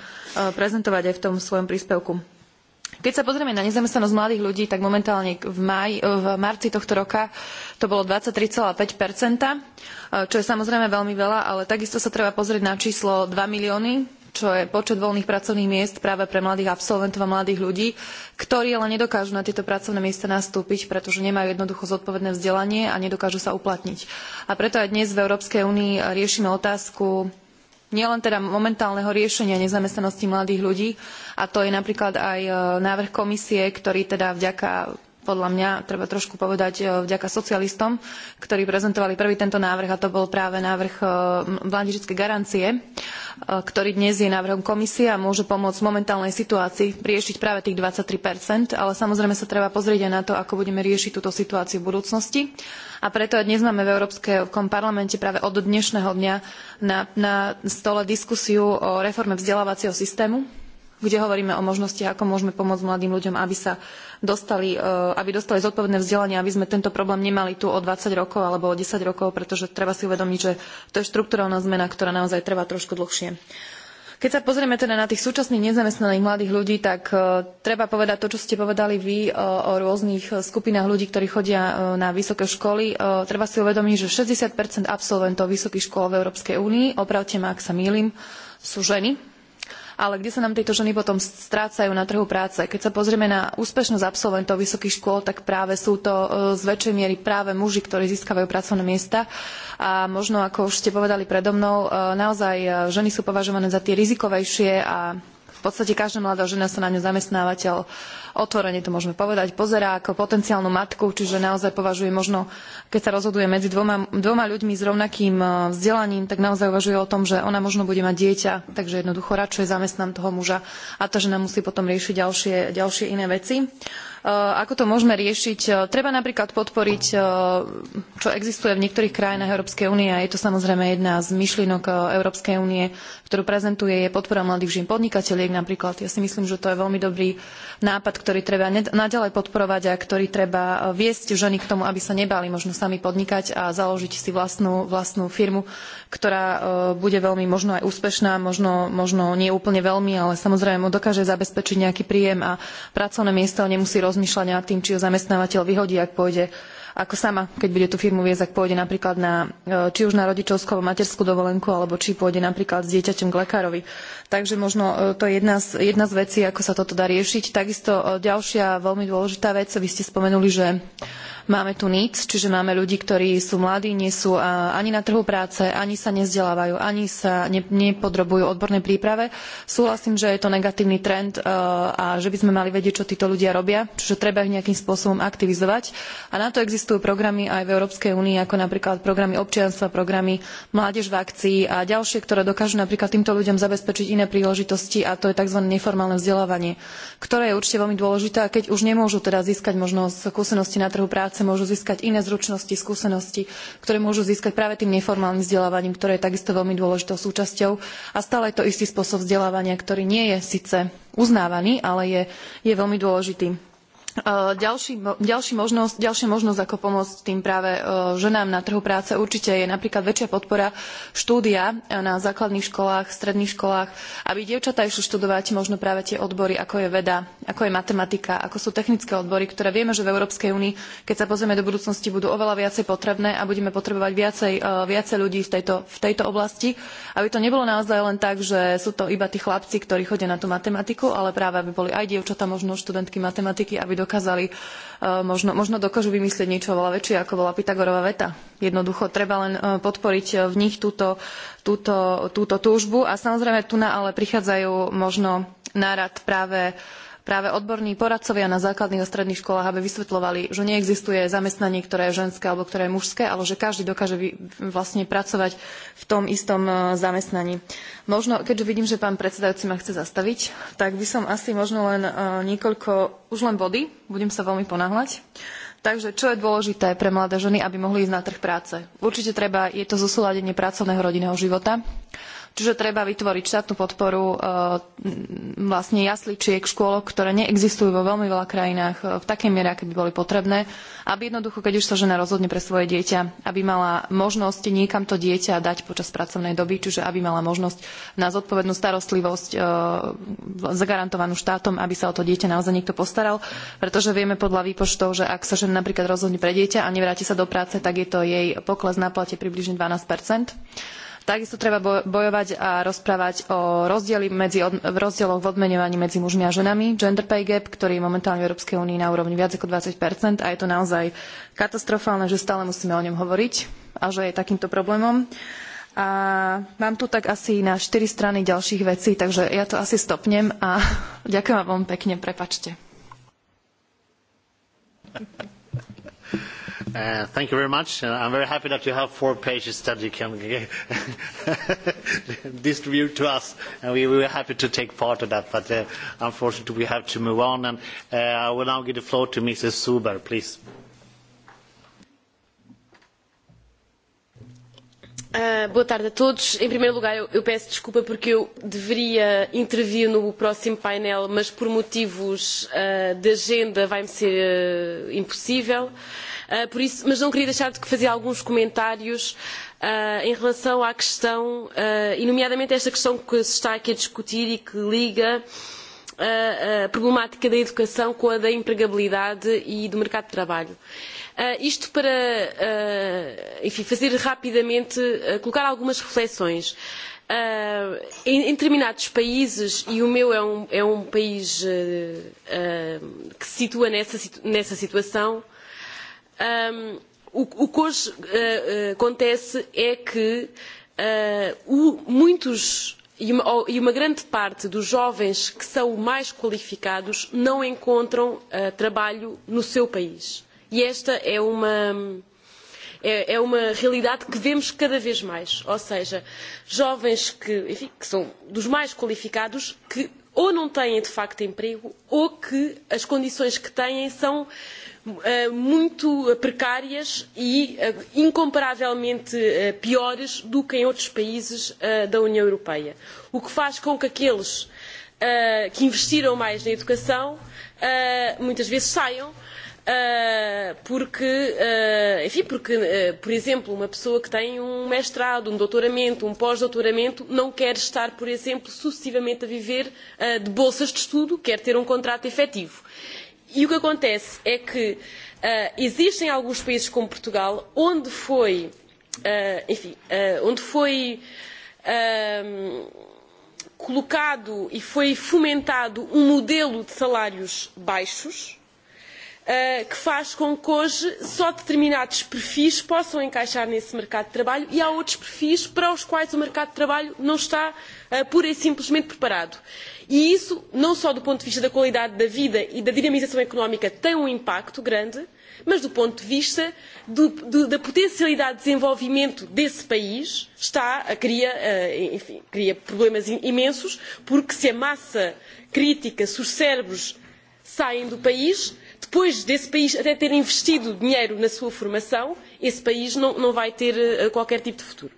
prezentovať aj v tom svojom príspevku. Keď sa pozrieme na nezamestnanosť mladých ľudí, tak momentálne v, maj, e, v marci tohto roka to bolo 23,5 e, čo je samozrejme veľmi veľa, ale takisto sa treba pozrieť na číslo 2 milióny čo je počet voľných pracovných miest práve pre mladých absolventov a mladých ľudí, ktorí ale nedokážu na tieto pracovné miesta nastúpiť, pretože nemajú jednoducho zodpovedné vzdelanie a nedokážu sa uplatniť. A preto aj dnes v Európskej únii riešime otázku nielen teda momentálneho riešenia nezamestnanosti mladých ľudí, a to je napríklad aj e, návrh komisie, ktorý teda vďaka podľa mňa, treba trošku povedať, e, vďaka socialistom, ktorí prezentovali prvý tento návrh a to bol práve návrh e, mládežické garancie, e, ktorý dnes je návrhom komisie a môže pomôcť v momentálnej situácii riešiť práve tých 23%, ale samozrejme sa treba pozrieť aj na to, ako budeme riešiť túto situáciu v budúcnosti. A preto aj dnes máme v Európskom parlamente práve od dnešného dňa na, na stole diskusiu o reforme vzdelávacieho systému, kde hovoríme o možnostiach, ako môžeme pomôcť mladým ľuďom, aby, sa dostali, e, aby dostali zodpovedné vzdelanie, aby sme tento problém nemali tu o 20 rokov alebo o 10 rokov, pretože treba si uvedomiť, že to je štruktúrálna zmena, ktorá naozaj trvá trošku dlhšie. Keď sa pozrieme teda na tých súčasných nezamestnaných mladých ľudí, tak uh, treba povedať to, čo ste povedali vy uh, o rôznych skupinách ľudí, ktorí chodia uh, na vysoké školy. Treba si uvedomiť, že 60 absolventov vysokých škôl v Európskej únii, opravte ma, ak sa mýlim, sú ženy ale kde sa nám tieto ženy potom strácajú na trhu práce? Keď sa pozrieme na úspešnosť absolventov vysokých škôl, tak práve sú to e, z väčšej miery práve muži, ktorí získavajú pracovné miesta. A možno, ako už ste povedali predo mnou, e, naozaj e, ženy sú považované za tie rizikovejšie a v podstate každá mladá žena sa na ňu zamestnávateľ otvorene to môžeme povedať pozerá ako potenciálnu matku, čiže naozaj považuje možno, keď sa rozhoduje medzi dvoma, dvoma ľuďmi s rovnakým e, vzdelaním, tak naozaj uvažuje o tom, že ona možno bude mať dieťa, takže jednoducho radšej zamestnám toho muža a tá žena musí potom riešiť ďalšie, ďalšie iné veci. Uh, Eh, ako to môžeme riešiť? Eh, treba napríklad podporiť, eh, čo existuje v niektorých krajinách Európskej únie a je to samozrejme jedna z myšlienok Európskej únie, ktorú prezentuje je podpora mladých žien podnikateľiek napríklad. Ja si myslím, že to je veľmi dobrý nápad, ktorý treba naďalej podporovať a ktorý treba viesť ženy k tomu, aby sa nebali možno sami podnikať a založiť si vlastnú, vlastnú firmu, ktorá bude veľmi možno aj úspešná, možno, možno nie úplne veľmi, ale samozrejme mu dokáže zabezpečiť nejaký príjem a pracovné miesto nemusí rozmýšľať rozmýšľa nad tým, či ho zamestnávateľ vyhodí, ak pôjde ako sama, keď bude tú firmu viesť, ak pôjde napríklad na, e, či už na rodičovskú alebo materskú dovolenku, alebo či pôjde napríklad s dieťaťom k lekárovi. Takže možno e, to je jedna z, jedna z vecí, ako sa toto dá riešiť. Takisto e, ďalšia veľmi dôležitá vec, vy ste spomenuli, že máme tu NEET, čiže máme ľudí, ktorí sú mladí, nie sú ani na trhu práce, ani sa nevzdelávajú, ani sa ne, nepodrobujú odbornej príprave. Súhlasím, že je to negatívny trend a že by sme mali vedieť, čo títo ľudia robia, čiže treba ich nejakým spôsobom aktivizovať. A na to existujú existujú programy aj v Európskej únii, ako napríklad programy občianstva, programy Mládež v akcii a ďalšie, ktoré dokážu napríklad týmto ľuďom zabezpečiť iné príležitosti a to je tzv. neformálne vzdelávanie, ktoré je určite veľmi dôležité a keď už nemôžu teda získať možnosť skúsenosti na trhu práce, môžu získať iné zručnosti, skúsenosti, ktoré môžu získať práve tým neformálnym vzdelávaním, ktoré je takisto veľmi dôležitou súčasťou a stále je to istý spôsob vzdelávania, ktorý nie je síce uznávaný, ale je, je veľmi dôležitý Eh, ďalší, ďalší možnosť, ďalšia možnosť, ako pomôcť tým práve eh, ženám na trhu práce určite je napríklad väčšia podpora štúdia eh, na základných školách, stredných školách, aby dievčatá išli študovať možno práve tie odbory, ako je veda, ako je matematika, ako sú technické odbory, ktoré vieme, že v Európskej únii, keď sa pozrieme do budúcnosti, budú oveľa viacej potrebné a budeme potrebovať viacej, viacej ľudí v tejto, v tejto oblasti, aby to nebolo naozaj len tak, že sú to iba tí chlapci, ktorí chodia na tú matematiku, ale práve aby boli aj dievčatá, možno študentky matematiky, aby do dokázali, eh, možno, možno dokážu vymyslieť niečo veľa väčšie, ako bola Pythagorová veta. Jednoducho treba len eh, podporiť eh, v nich túto, túto, túto túžbu a samozrejme tu na ale prichádzajú možno nárad práve uh, práve odborní poradcovia na základných a stredných školách, aby vysvetľovali, že neexistuje zamestnanie, ktoré je ženské alebo ktoré je mužské, ale že každý dokáže vy, vlastne pracovať v tom istom e, zamestnaní. Možno, keďže vidím, že pán predsedajúci ma chce zastaviť, tak by som asi možno len e, niekoľko, už len body, budem sa veľmi ponáhľať. Takže čo je dôležité pre mladé ženy, aby mohli ísť na trh práce? Určite treba, je to zosúladenie pracovného rodinného života. Uh, Čiže treba vytvoriť štátnu podporu e, vlastne jasličiek, škôlok, ktoré neexistujú vo veľmi veľa krajinách e, v takej miere, aké by boli potrebné, aby jednoducho, keď už sa žena rozhodne pre svoje dieťa, aby mala možnosť niekam to dieťa dať počas pracovnej doby, čiže aby mala možnosť na zodpovednú starostlivosť e, zagarantovanú štátom, aby sa o to dieťa naozaj niekto postaral, pretože vieme podľa výpočtov, že ak sa žena napríklad rozhodne pre dieťa a nevráti sa do práce, tak je to jej pokles na plate približne 12 Takisto treba bojovať a rozprávať o rozdieli medzi, rozdieloch v odmenovaní medzi mužmi a ženami, gender pay gap, ktorý je momentálne v Európskej únii na úrovni viac ako 20 a je to naozaj katastrofálne, že stále musíme o ňom hovoriť a že je takýmto problémom. A mám tu tak asi na 4 strany ďalších vecí, takže ja to asi stopnem a ďakujem vám pekne, prepačte. Thank you. Uh, thank you very much. Uh, I'm very happy that you have four pages that you can distribute to us, and we, we were happy to take part of that. But uh, unfortunately, we have to move on, and uh, I will now give the floor to Mrs. Suber, please. Uh, boa tarde a todos. Em primeiro lugar, eu, eu peço desculpa porque eu deveria intervir no próximo painel, mas por motivos uh, de agenda vai-me ser uh, impossível. Uh, Uh, por isso, mas não queria deixar de fazer alguns comentários uh, em relação à questão, uh, e nomeadamente esta questão que se está aqui a discutir e que liga a, a problemática da educação com a da empregabilidade e do mercado de trabalho. Uh, isto para uh, enfim, fazer rapidamente, uh, colocar algumas reflexões. Uh, em, em determinados países, e o meu é um, é um país uh, uh, que se situa nessa, nessa situação, uh, um, o, o que hoje uh, uh, acontece é que uh, o, muitos e uma, e uma grande parte dos jovens que são mais qualificados não encontram uh, trabalho no seu país. E esta é uma, é, é uma realidade que vemos cada vez mais. Ou seja, jovens que, enfim, que são dos mais qualificados que ou não têm de facto emprego ou que as condições que têm são Eh, muito eh, precárias e eh, incomparavelmente piores do que em outros países da União Europeia. O que faz com que aqueles que investiram mais na educação muitas vezes saiam porque, enfim, porque, por exemplo, uma pessoa que tem um mestrado, um doutoramento, um pós-doutoramento, não quer estar, por exemplo, sucessivamente a viver de bolsas de estudo, quer ter um contrato efetivo. E o que acontece é que uh, existem alguns países como Portugal onde foi, uh, enfim, uh, onde foi uh, colocado e foi fomentado um modelo de salários baixos uh, que faz com que hoje só determinados perfis possam encaixar nesse mercado de trabalho e há outros perfis para os quais o mercado de trabalho não está uh, pura e simplesmente preparado. Uh, E isso, não só do ponto de vista da qualidade da vida e da dinamização económica, tem um impacto grande, mas do ponto de vista do, do, da potencialidade de desenvolvimento desse país, está, cria, eh, enfim, cria problemas imensos, porque se a massa crítica, se os cérebros saem do país, depois desse país até ter investido dinheiro na sua formação, esse país não, não vai ter eh, qualquer tipo de futuro.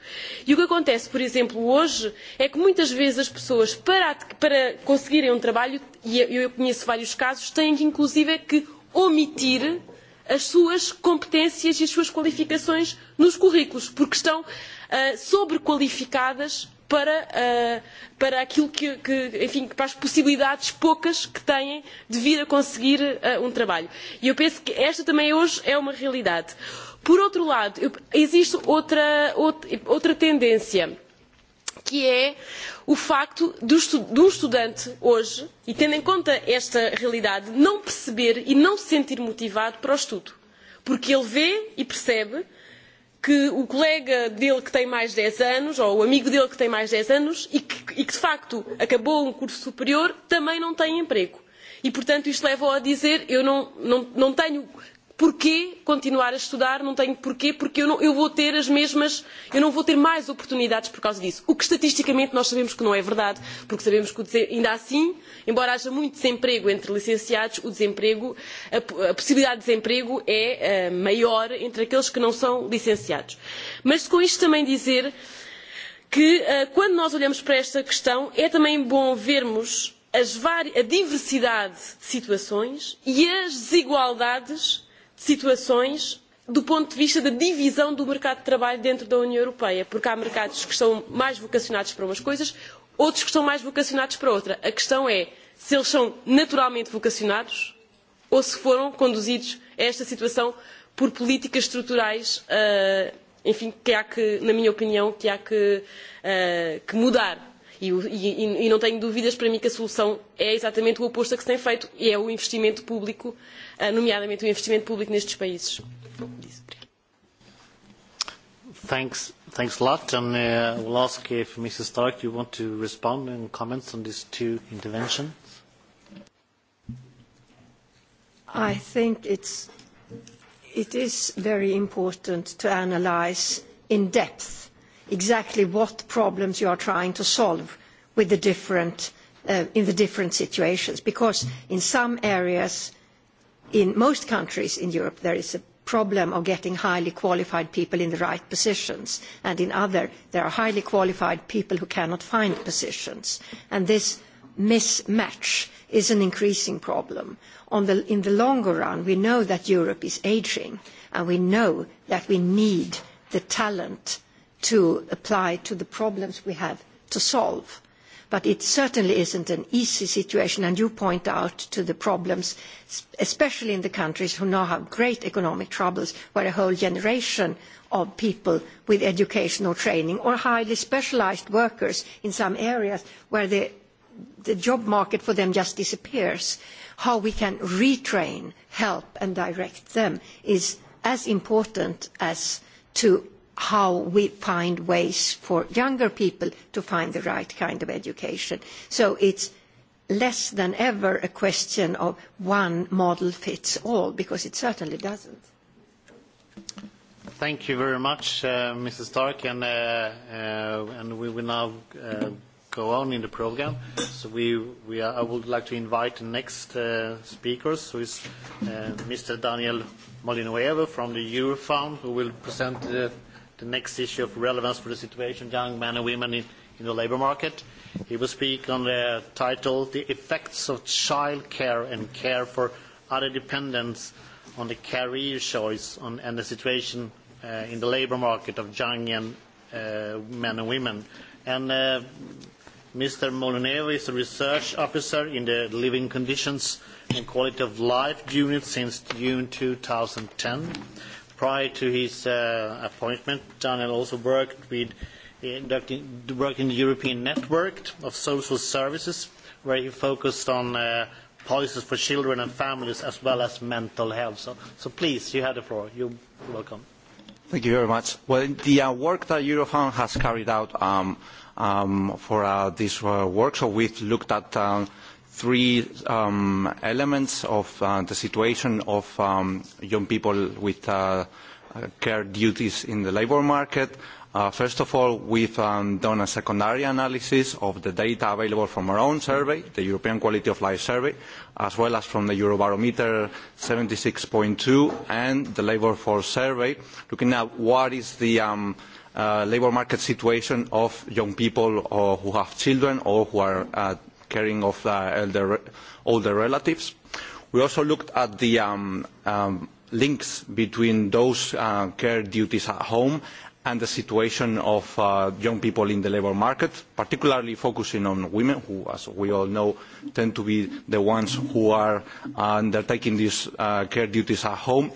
E o que acontece, por exemplo, hoje, é que muitas vezes as pessoas, para, para conseguirem um trabalho, e eu conheço vários casos, têm que, inclusive, é que omitir as suas competências e as suas qualificações nos currículos, porque estão uh, sobrequalificadas para, uh, para aquilo que, que, enfim, para as possibilidades poucas que têm de vir a conseguir uh, um trabalho. E eu penso que esta também hoje é uma realidade. Por outro lado, eu, existe outra, outra, outra tendência, que é o facto de um estudante hoje, e tendo em conta esta realidade, não perceber e não se sentir motivado para o estudo. Porque ele vê e percebe que o colega dele que tem mais 10 anos, ou o amigo dele que tem mais 10 anos, e que, e que de facto acabou um curso superior, também não tem emprego. E, portanto, isto leva-o a dizer, eu não, não, não tenho porquê continuar a estudar, não tenho porquê, porque eu, não, eu vou ter as mesmas, eu não vou ter mais oportunidades por causa disso. O que estatisticamente nós sabemos que não é verdade, porque sabemos que o, ainda assim, embora haja muito desemprego entre licenciados, o desemprego, a, a possibilidade de desemprego é uh, maior entre aqueles que não são licenciados. Mas com isto também dizer que uh, quando nós olhamos para esta questão é também bom vermos as a diversidade de situações e as desigualdades situações do ponto de vista da divisão do mercado de trabalho dentro da União Europeia, porque há mercados que são mais vocacionados para umas coisas, outros que são mais vocacionados para outra. A questão é se eles são naturalmente vocacionados ou se foram conduzidos a esta situação por políticas estruturais, uh, enfim, que há que, na minha opinião, que há que, uh, que mudar. E, e, e, e não tenho dúvidas para mim que a solução é exatamente o oposto a que se tem feito, e é o investimento público uh, Eh, nomeadamente o investimento público nestes países. Thanks. Thanks a lot. And uh, we'll ask if Mrs. Stark, you want to respond and comment on these two interventions? I think it's, it is very important to analyze in depth exactly what problems you are trying to solve with the different, uh, in the different situations, because in some areas in most countries in Europe, there is a problem of getting highly qualified people in the right positions. And in other, there are highly qualified people who cannot find positions. And this mismatch is an increasing problem. On the, in the longer run, we know that Europe is aging, and we know that we need the talent to apply to the problems we have to solve But it certainly isn't an easy situation, and you point out to the problems, especially in the countries who now have great economic troubles, where a whole generation of people with educational training or highly specialized workers in some areas where the, the job market for them just disappears. How we can retrain, help, and direct them is as important as to how we find ways for younger people to find the right kind of education. So it's less than ever a question of one model fits all, because it certainly doesn't. Thank you very much, uh, Mrs. Stark, and, uh, uh, and we will now uh, go on in the program. So we, we are, I would like to invite the next uh, speakers, who is uh, Mr. Daniel Molinueva from the Eurofound, who will present the uh, the next issue of relevance for the situation of young men and women in, in the labour market. He will speak on the title The Effects of Child Care and Care for Other Dependents on the Career Choice on, and the Situation uh, in the Labour Market of Young and, uh, Men and Women. And uh, Mr. Molinero is a research officer in the Living Conditions and Quality of Life unit since June 2010 Prior to his uh, appointment, Daniel also worked with uh, in, worked in the European network of social services, where he focused on uh, policies for children and families as well as mental health. So, so please, you have the floor. You're welcome. Thank you very much. Well, the uh, work that Eurofound has carried out um, um, for uh, this uh, workshop, we've looked at um, three um, elements of uh, the situation of um, young people with uh, care duties in the labor market. Uh, first of all, we've um, done a secondary analysis of the data available from our own survey, the European Quality of Life Survey, as well as from the Eurobarometer 76.2 and the Labour Force Survey, looking at what is the um, uh, labour market situation of young people or who have children or who are uh, caring of uh, elder, older relatives. We also looked at the um, um, links between those uh, care duties at home and the situation of uh, young people in the labour market, particularly focusing on women, who, as we all know, tend to be the ones who are uh, undertaking these uh, care duties at home.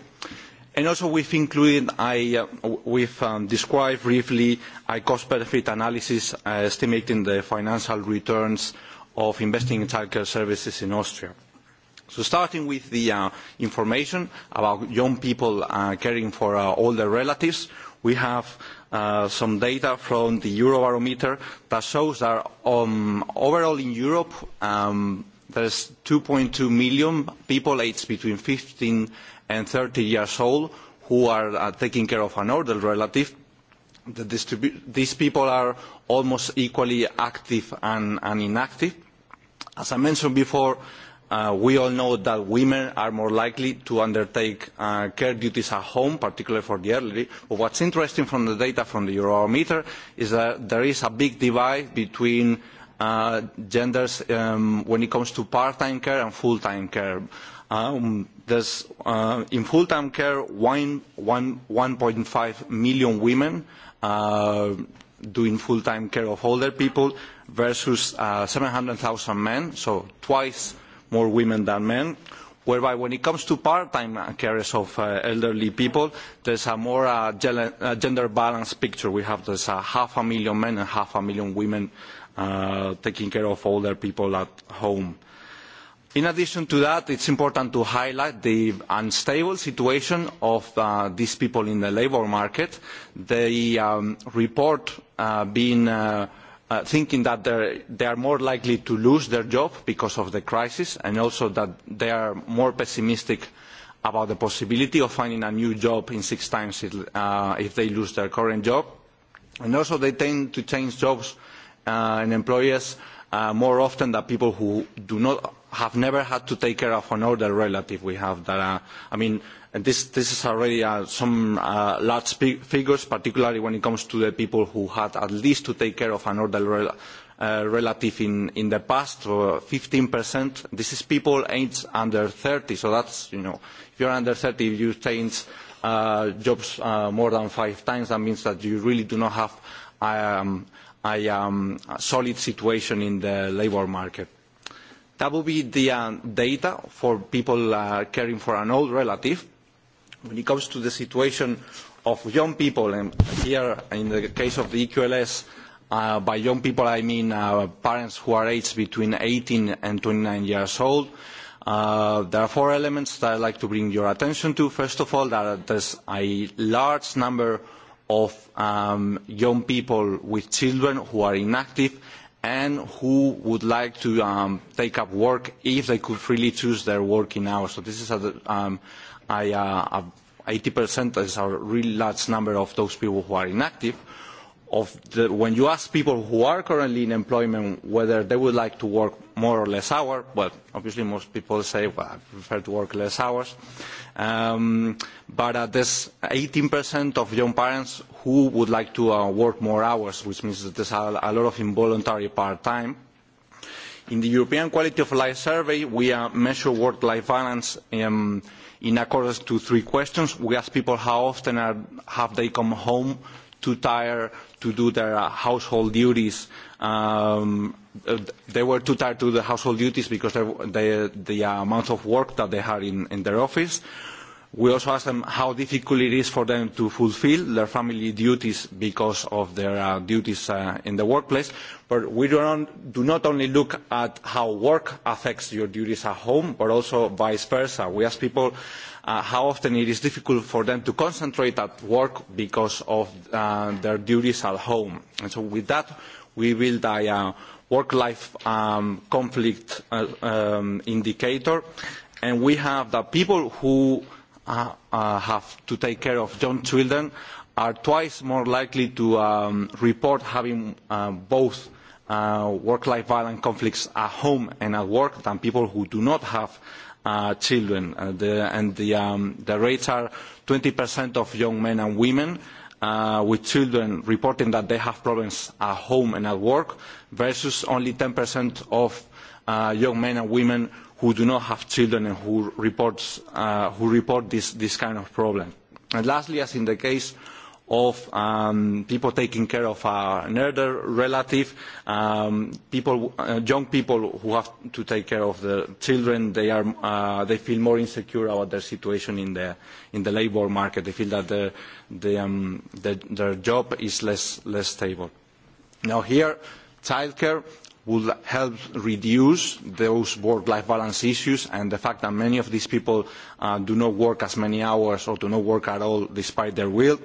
And also we've included, I, uh, we've um, described briefly a cost-benefit analysis uh, estimating the financial returns uh, of investing in childcare services in Austria. So starting with the uh, information about young people uh, caring for uh, older relatives, we have uh, some data from the Eurobarometer that shows that um, overall in Europe, um, there's 2.2 million people aged between 15 and 30 years old who are uh, taking care of an older relative, the these people are almost equally active and, and inactive. As I mentioned before, uh, we all know that women are more likely to undertake uh, care duties at home, particularly for the elderly. But what's interesting from the data from the Eurometer is that there is a big divide between uh, genders um, when it comes to part-time care and full-time care. Um, there's, uh, in full-time care, 1.5 million women uh, doing full-time care of older people versus uh, 700,000 men, so twice more women than men, whereby when it comes to part-time carers of uh, elderly people, there's a more uh, uh gender-balanced picture. We have this uh, half a million men and half a million women uh, taking care of older people at home. Uh, In addition to that, it's important to highlight the unstable situation of uh, these people in the labour market. They um, report uh, being uh, uh, thinking that they are more likely to lose their job because of the crisis and also that they are more pessimistic about the possibility of finding a new job in six times it, uh, if they lose their current job. And also they tend to change jobs uh, and employers uh, more often than people who do not have never had to take care of an older relative we have that uh, I mean and this this is already uh, some uh, large figures particularly when it comes to the people who had at least to take care of an older re uh, relative in in the past uh, 15% this is people aged under 30 so that's you know if you're under 30 you change uh, jobs uh, more than five times that means that you really do not have um, a, um, a solid situation in the labor market That would be the um, data for people uh, caring for an old relative. When it comes to the situation of young people, and here in the case of the EQLS, uh, by young people I mean uh, parents who are aged between 18 and 29 years old, uh, there are four elements that I'd like to bring your attention to. First of all, that there's a large number of um, young people with children who are inactive and who would like to um, take up work if they could freely choose their working hours. So this is a, um, I, uh, a 80% is a really large number of those people who are inactive. Of the, when you ask people who are currently in employment whether they would like to work more or less hours, well, obviously most people say, well, I prefer to work less hours. Uh, Um, but uh, there's 18% of young parents who would like to uh, work more hours, which means that there's a, a lot of involuntary part-time. In the European Quality of Life Survey, we uh, measure work-life balance um, in accordance to three questions. We ask people how often are, have they come home too tired to do their uh, household duties um, uh, they were too tired to do the household duties because they, the amount of work that they had in, in their office. We also asked them how difficult it is for them to fulfill their family duties because of their uh, duties uh, in the workplace. But we do not, do not only look at how work affects your duties at home, but also vice versa. We ask people uh, how often it is difficult for them to concentrate at work because of uh, their duties at home. And so with that, we build a uh, work-life um, conflict uh, um, indicator, and we have the people who uh, uh, have to take care of young children are twice more likely to um, report having uh, both uh, work-life violence conflicts at home and at work than people who do not have uh, children. Uh, the, and the, um, the rates are 20% of young men and women, uh, with children reporting that they have problems at home and at work versus only 10% of uh, young men and women who do not have children and who, reports, uh, who report this, this kind of problem. And lastly, as in the case of um, people taking care of uh, an elder relative, um, people, uh, young people who have to take care of their children. They, are, uh, they feel more insecure about their situation in the, in the labor market. They feel that the, the, um, the, their job is less, less stable. Now here, childcare would help reduce those work-life balance issues and the fact that many of these people uh, do not work as many hours or do not work at all despite their will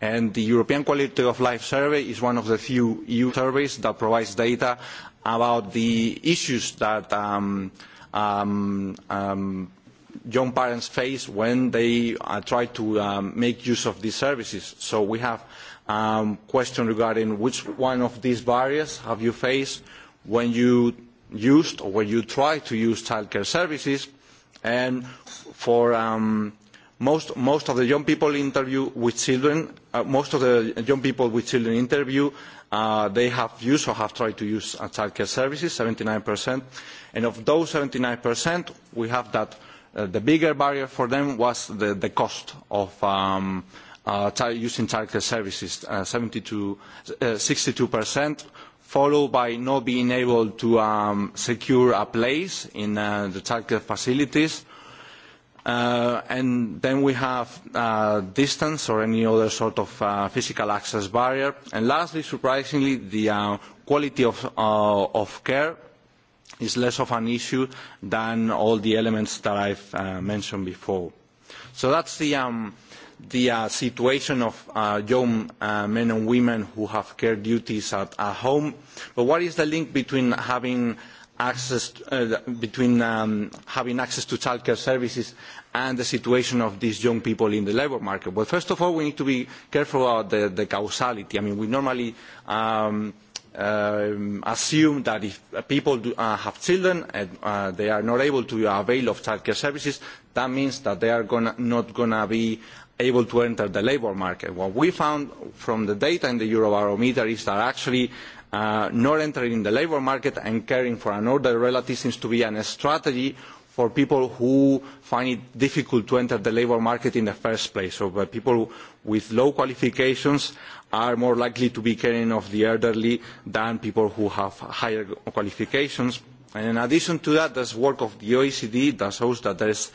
And the European Quality of Life Survey is one of the few EU surveys that provides data about the issues that um, um, um, young parents face when they uh, try to um, make use of these services. So we have a um, question regarding which one of these barriers have you faced when you used or when you try to use childcare services. And for um, most, most of the young people interviewed with children uh, most of the young people with children interview, uh, they have used or have tried to use uh, childcare services, 79%. And of those 79%, we have that uh, the bigger barrier for them was the, the cost of um, uh, child, using childcare services, uh, 72, uh, 62%, followed by not being able to um, secure a place in uh, the childcare facilities, uh, Uh, and then we have uh, distance or any other sort of uh, physical access barrier. And lastly, surprisingly, the uh, quality of, uh, of care is less of an issue than all the elements that I've uh, mentioned before. So that's the, um, the uh, situation of uh, young uh, men and women who have care duties at, at home. But what is the link between having access uh, between um, having access to childcare services and the situation of these young people in the labour market. Well, first of all, we need to be careful about the, the causality. I mean, we normally um, um, assume that if people do, uh, have children and uh, they are not able to avail of childcare services, that means that they are gonna, not going to be able to enter the labour market. What we found from the data in the Eurobarometer is that actually uh, uh, nor entering the labour market and caring for an older relative seems to be a strategy for people who find it difficult to enter the labour market in the first place. So uh, people with low qualifications are more likely to be caring of the elderly than people who have higher qualifications. And in addition to that, there's work of the OECD that shows that there's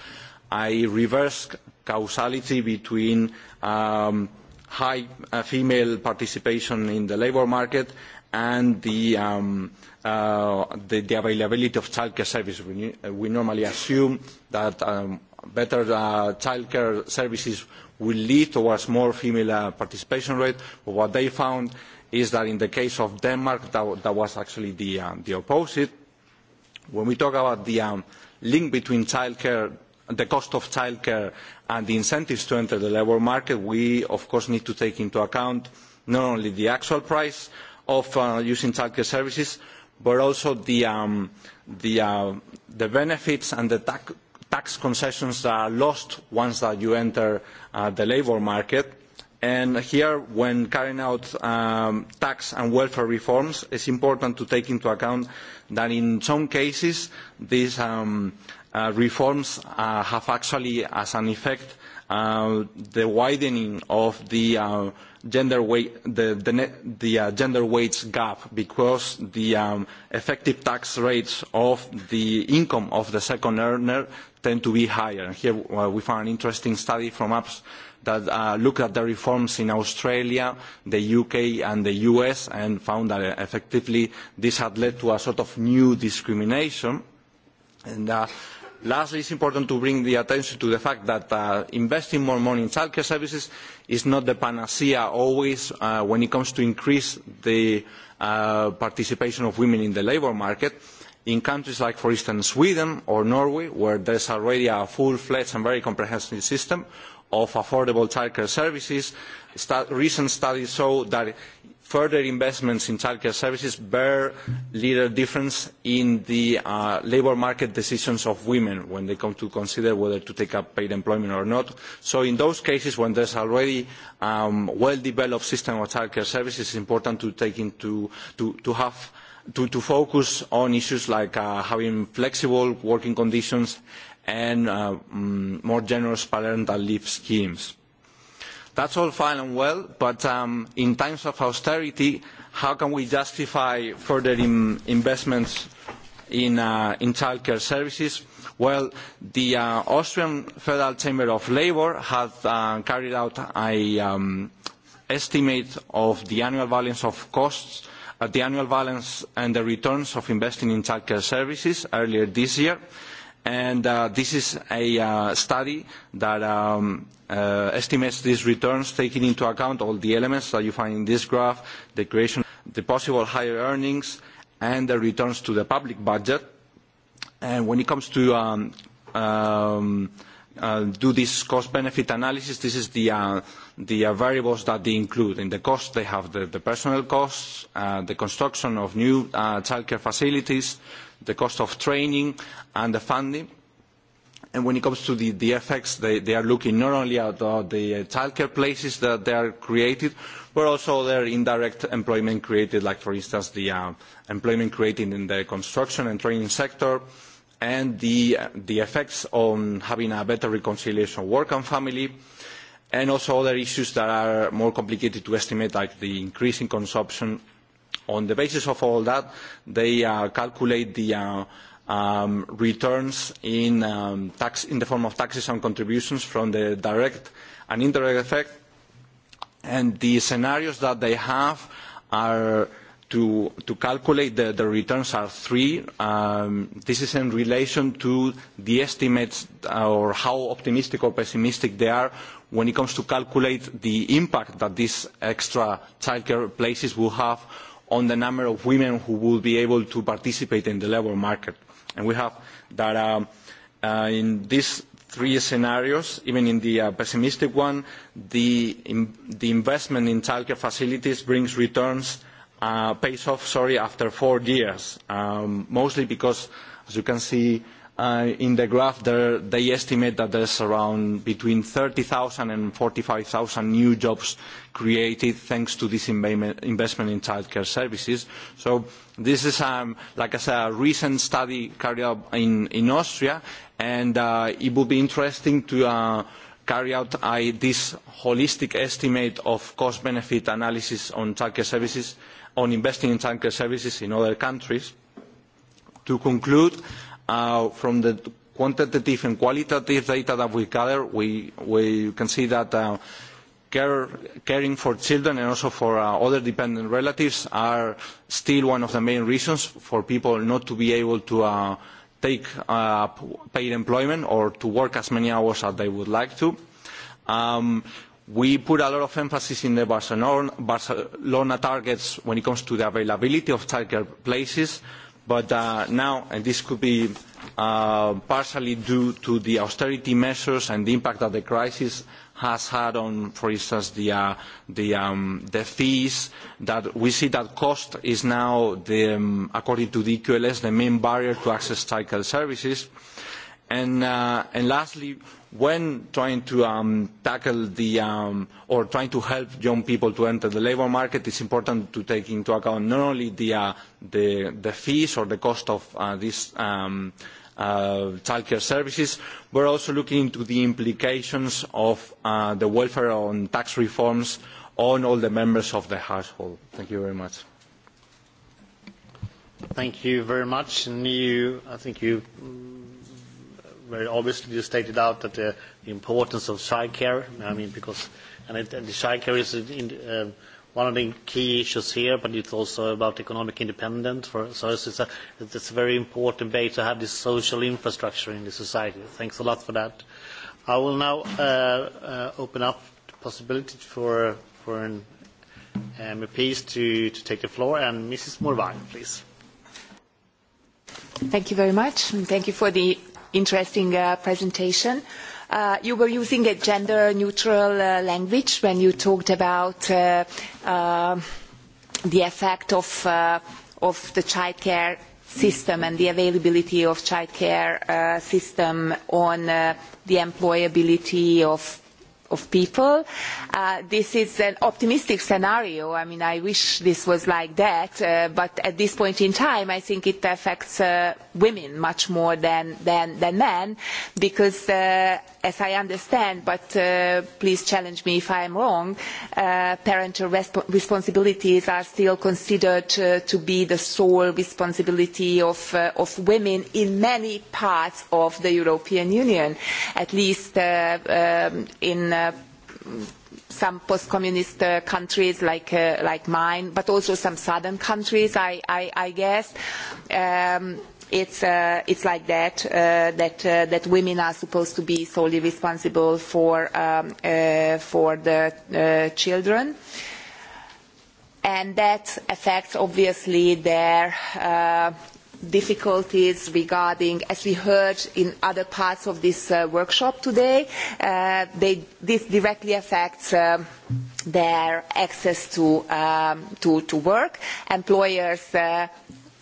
a reverse causality between um, high uh, female participation in the labour market and the, um, uh, the, the availability of childcare services. We, we normally assume that um, better uh, childcare services will lead towards more female uh, participation rate. But what they found is that in the case of Denmark, that, that was actually the, um, the opposite. When we talk about the um, link between childcare the cost of childcare and the incentives to enter the labour market, we of course need to take into account not only the actual price of uh, using childcare services, but also the, um, the, uh, the benefits and the tax, tax concessions that are lost once that you enter uh, the labour market. And here, when carrying out um, tax and welfare reforms, it's important to take into account that in some cases, these um, uh, reforms uh, have actually, as an effect, uh, the widening of the uh, gender weight, the, the, the uh, gender weights gap because the um, effective tax rates of the income of the second earner tend to be higher. Here uh, we found an interesting study from apps that uh, looked at the reforms in Australia, the UK and the US and found that uh, effectively this had led to a sort of new discrimination. And uh, Lastly, it's important to bring the attention to the fact that uh, investing more money in childcare services is not the panacea always uh, when it comes to increase the uh, participation of women in the labour market. In countries like, for instance, Sweden or Norway, where there's already a full-fledged and very comprehensive system of affordable childcare services, st recent studies show that further investments in childcare services bear little difference in the uh, labour market decisions of women when they come to consider whether to take up paid employment or not. So in those cases when there's already a um, well-developed system of childcare services, it's important to take into, to, to have to, to focus on issues like uh, having flexible working conditions and uh, um, more generous parental leave schemes That's all fine and well, but um, in times of austerity, how can we justify further in investments in, uh, in childcare services? Well, the uh, Austrian Federal Chamber of Labour has uh, carried out an um, estimate of the annual balance of costs, uh, the annual balance and the returns of investing in childcare services earlier this year. Uh, and uh, this is a uh, study that um, uh, estimates these returns taking into account all the elements that you find in this graph, the creation, the possible higher earnings, and the returns to the public budget. And when it comes to um, um, uh, do this cost-benefit analysis, this is the, uh, the uh, variables that they include. In the cost, they have the, the personnel costs, uh, the construction of new uh, childcare facilities, uh, the cost of training and the funding. And when it comes to the, the FX, they, they are looking not only at uh, the childcare places that they are created, but also their indirect employment created, like, for instance, the uh, employment created in the construction and training sector, and the, the effects on having a better reconciliation of work and family, and also other issues that are more complicated to estimate, like the increasing consumption On the basis of all that, they uh, calculate the uh, um, returns in, um, tax, in the form of taxes and contributions from the direct and indirect effect. And the scenarios that they have are to, to calculate the, the returns are three. Um, this is in relation to the estimates uh, or how optimistic or pessimistic they are when it comes to calculate the impact that these extra childcare places will have on the number of women who will be able to participate in the labour market. And we have that um, uh, in these three scenarios, even in the uh, pessimistic one, the, in, the investment in childcare facilities brings returns, uh, pays off, sorry, after four years, um, mostly because, as you can see, uh, Uh, in the graph, there, they estimate that there's around between 30,000 and 45,000 new jobs created thanks to this investment in childcare services. So this is, um, like I said, a recent study carried out in, in Austria, and uh, it would be interesting to uh, carry out I, uh, this holistic estimate of cost-benefit analysis on childcare services, on investing in childcare services in other countries. To conclude, uh, from the quantitative and qualitative data that we gather, we, we can see that uh, care, caring for children and also for uh, other dependent relatives are still one of the main reasons for people not to be able to uh, take uh, paid employment or to work as many hours as they would like to. Um, we put a lot of emphasis in the Barcelona, Barcelona targets when it comes to the availability of childcare places, but uh, now, and this could be uh, partially due to the austerity measures and the impact that the crisis has had on, for instance, the, uh, the, um, the fees, that we see that cost is now, the, um, according to the EQLS, the main barrier to access cycle services. And, uh, and lastly, when trying to um, tackle the um, or trying to help young people to enter the labour market, it's important to take into account not only the uh, the, the fees or the cost of uh, these um, uh, childcare services, but also looking into the implications of uh, the welfare and tax reforms on all the members of the household. Thank you very much. Thank you very much, and you, I think you very obviously you stated out that the, the importance of child care. I mean, because and, it, and the child care is in, uh, one of the key issues here, but it's also about economic independence. For, so it's, it's, a, it's a very important way to have this social infrastructure in the society. Thanks a lot for that. I will now uh, uh, open up the possibility for, for an uh, MEPs to, to take the floor, and Mrs. Morvan, please. Thank you very much, and thank you for the interesting uh, presentation. Uh, you were using a gender-neutral uh, language when you talked about uh, uh, the effect of, uh, of the childcare system and the availability of childcare uh, system on uh, the employability of of people. Uh, this is an optimistic scenario. I mean, I wish this was like that, uh, but at this point in time, I think it affects uh, women much more than, than, than men because uh, as I understand, but uh, please challenge me if I am wrong, uh, parental resp- responsibilities are still considered uh, to be the sole responsibility of, uh, of women in many parts of the European Union, at least uh, um, in uh, some post-communist uh, countries like uh, like mine, but also some southern countries, I, I, I guess. Um, it's uh, it's like that uh, that uh, that women are supposed to be solely responsible for um, uh, for the uh, children. And that affects obviously their uh, difficulties regarding, as we heard in other parts of this uh, workshop today, uh, they, this directly affects um, their access to, um, to, to work. Employers uh,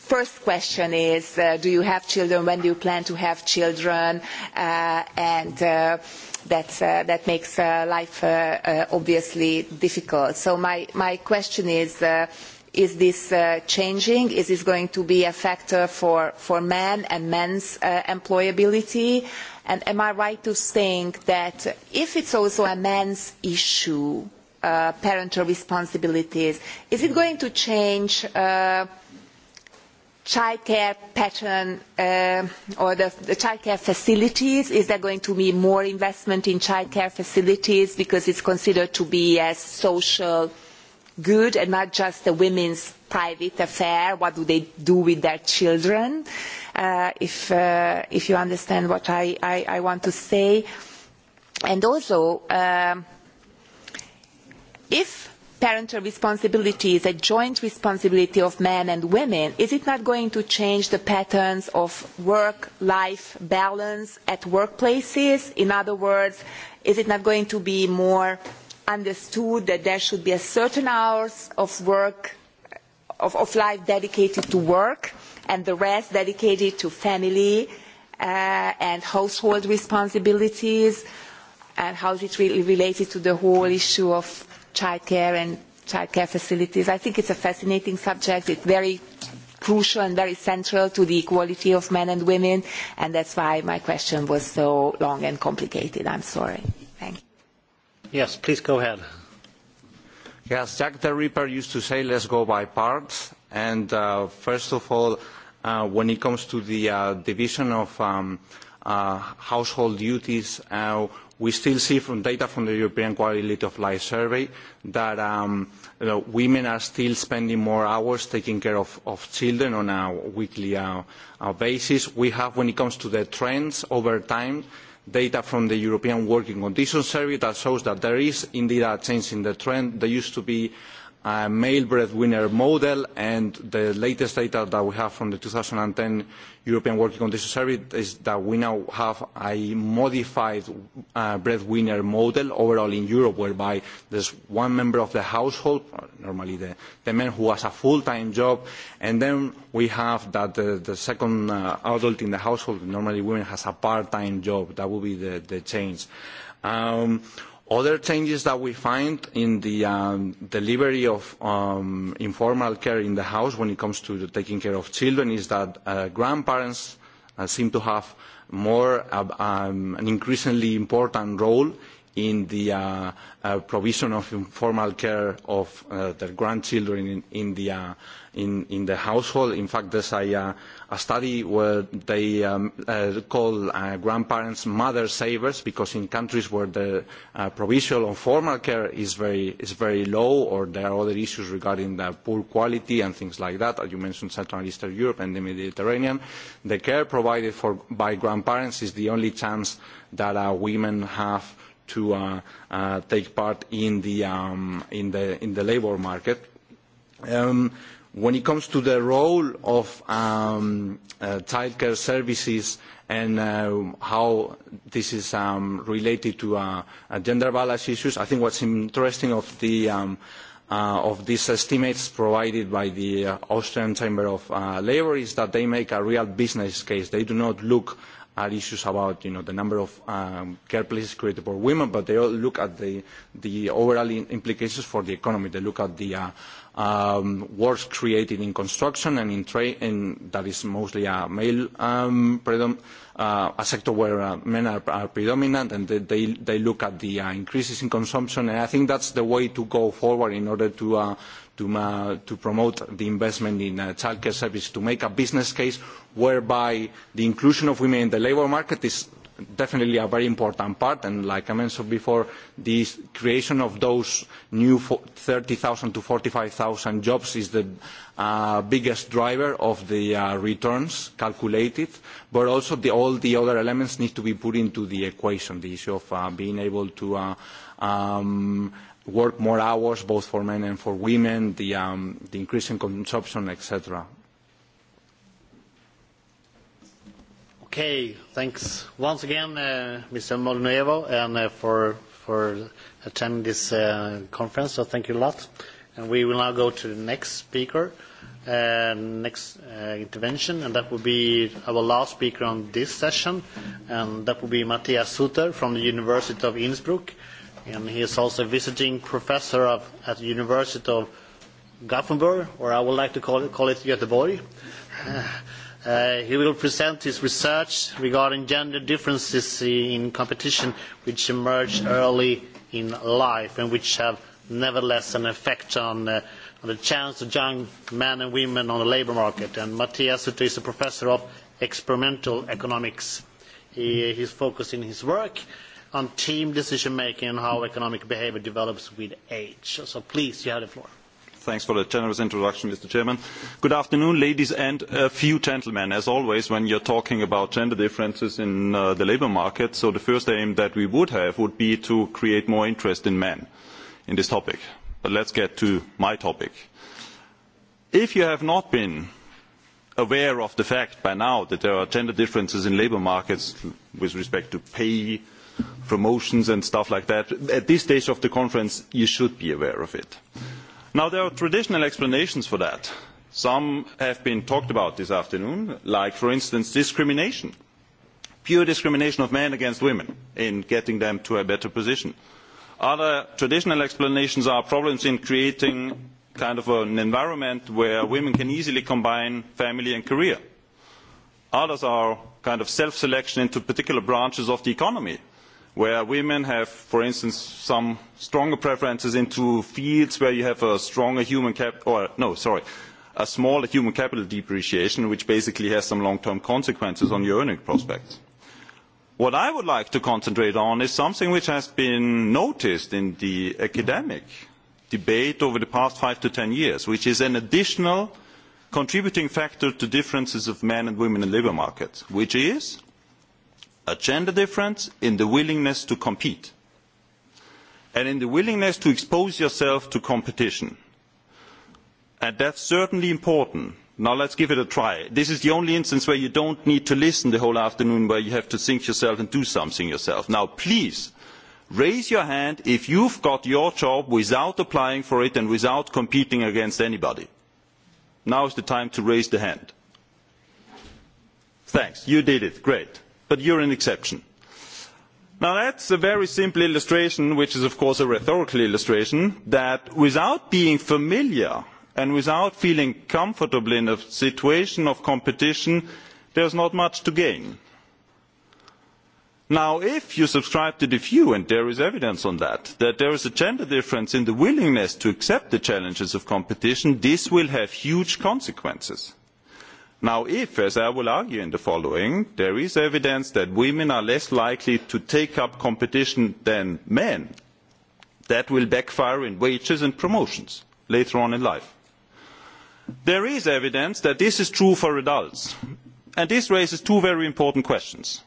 first question is uh, do you have children when do you plan to have children uh, and uh, that's, uh, that makes uh, life uh, uh, obviously difficult so my, my question is uh, is this uh, changing? Is this going to be a factor for, for men and men's uh, employability? And am I right to think that if it's also a men's issue, uh, parental responsibilities, is it going to change uh, childcare pattern uh, or the, the childcare facilities? Is there going to be more investment in childcare facilities because it's considered to be a social good and not just a women's private affair? What do they do with their children? Uh, if, uh, if you understand what I, I, I want to say. And also, um, if parental responsibility is a joint responsibility of men and women, is it not going to change the patterns of work-life balance at workplaces? In other words, is it not going to be more understood that there should be a certain hours of work, of, of life dedicated to work and the rest dedicated to family uh, and household responsibilities? And how is it really related to the whole issue of childcare and childcare facilities. I think it's a fascinating subject. It's very crucial and very central to the equality of men and women, and that's why my question was so long and complicated. I'm sorry. Thank you. Yes, please go ahead. Yes, Jack the Ripper used to say, let's go by parts. And uh, first of all, uh, when it comes to the uh, division of um, uh, uh, household duties. Uh, we still see from data from the European Quality of Life Survey that um, you know, women are still spending more hours taking care of, of children on a weekly uh, uh, basis. We have, when it comes to the trends over time, data from the European Working Conditions Survey that shows that there is indeed a change in the trend. There used to be a male breadwinner model and the latest data that we have from the 2010 European Working Conditions Survey is that we now have a modified uh, breadwinner model overall in Europe whereby there's one member of the household, normally the, the man who has a full-time job, and then we have that the, the second uh, adult in the household, normally women, has a part-time job. That would be the, the change. Um, uh, Other changes that we find in the um, delivery of um, informal care in the house when it comes to taking care of children is that uh, grandparents uh, seem to have more uh, um, an increasingly important role in the uh, uh, provision of informal care of uh, their grandchildren in, in, the, uh, in, in the household. In fact, there's a uh, a study where they um, uh, call uh, grandparents mother savers because in countries where the uh, provision of formal care is very, is very low or there are other issues regarding the poor quality and things like that, as you mentioned Central and Eastern Europe and the Mediterranean, the care provided for, by grandparents is the only chance that uh, women have to uh, uh, take part in the, um, in the, in the labour market. Um, when it comes to the role of um, uh, childcare services and uh, how this is um, related to uh, uh, gender balance issues, I think what's interesting of, the, um, uh, of these estimates provided by the uh, Austrian Chamber of uh, Labour is that they make a real business case. They do not look at issues about you know, the number of um, care places created for women, but they all look at the, the overall implications for the economy. They look at the uh, um, works created in construction and in trade, and that is mostly a male um, predom- uh, a sector where uh, men are, are predominant, and they, they look at the uh, increases in consumption, and I think that's the way to go forward in order to uh, to, uh, to promote the investment in uh, childcare service, to make a business case whereby the inclusion of women in the labour market is definitely a very important part and like I mentioned before, the creation of those new 30,000 to 45,000 jobs is the uh, biggest driver of the uh, returns calculated, but also the, all the other elements need to be put into the equation, the issue of uh, being able to uh, um, work more hours both for men and for women, the, um, the increase in consumption, etc. Okay, thanks once again, uh, Mr. Molnuevo, and uh, for for attending this uh, conference. So thank you a lot. And we will now go to the next speaker, uh, next uh, intervention, and that will be our last speaker on this session, and that will be Matthias Suter from the University of Innsbruck, and he is also visiting professor of, at the University of Gothenburg, or I would like to call it, call it Göteborg. Uh, he will present his research regarding gender differences in competition which emerge early in life and which have nevertheless an effect on, uh, on the chance of young men and women on the labour market. And Matthias Utte is a professor of experimental economics. He, he's focused in his work on team decision making and how economic behaviour develops with age. So please, you have the floor. Thanks for the generous introduction, Mr. Chairman. Good afternoon, ladies and a few gentlemen, as always, when you're talking about gender differences in uh, the labor market. So the first aim that we would have would be to create more interest in men in this topic. But let's get to my topic. If you have not been aware of the fact by now that there are gender differences in labor markets with respect to pay, promotions and stuff like that, at this stage of the conference, you should be aware of it. Mm-hmm Now, there are traditional explanations for that. Some have been talked about this afternoon, like, for instance, discrimination. Pure discrimination of men against women in getting them to a better position. Other traditional explanations are problems in creating kind of an environment where women can easily combine family and career. Others are kind of self-selection into particular branches of the economy, where women have, for instance, some stronger preferences into fields where you have a stronger human cap or no, sorry, a smaller human capital depreciation, which basically has some long-term consequences on your earning prospects. What I would like to concentrate on is something which has been noticed in the academic debate over the past five to ten years, which is an additional contributing factor to differences of men and women in labour markets, which is a gender difference in the willingness to compete and in the willingness to expose yourself to competition. And that's certainly important. Now let's give it a try. This is the only instance where you don't need to listen the whole afternoon, where you have to think yourself and do something yourself. Now please, raise your hand if you've got your job without applying for it and without competing against anybody. Now is the time to raise the hand. Thanks. You did it. Great but you are an exception. Now that's a very simple illustration, which is of course a rhetorical illustration, that without being familiar and without feeling comfortable in a situation of competition, there's not much to gain. Now, if you subscribe to the view, and there is evidence on that, that there is a gender difference in the willingness to accept the challenges of competition, this will have huge consequences. Now, if, as I will argue in the following, there is evidence that women are less likely to take up competition than men, that will backfire in wages and promotions later on in life. There is evidence that this is true for adults, and this raises two very important questions.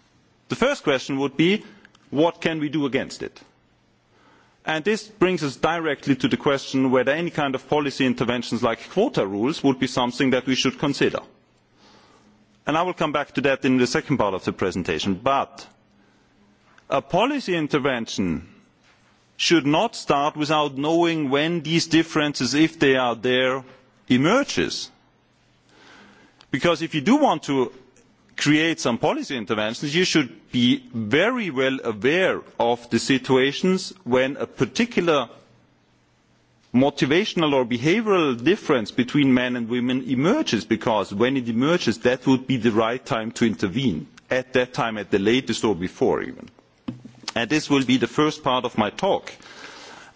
The first question would be, what can we do against it? And this brings us directly to the question whether any kind of policy interventions like quota rules would be something that we should consider and i will come back to that in the second part of the presentation but a policy intervention should not start without knowing when these differences if they are there emerge because if you do want to create some policy interventions you should be very well aware of the situations when a particular motivational or behavioral difference between men and women emerges because when it emerges that would be the right time to intervene at that time at the latest or before even and this will be the first part of my talk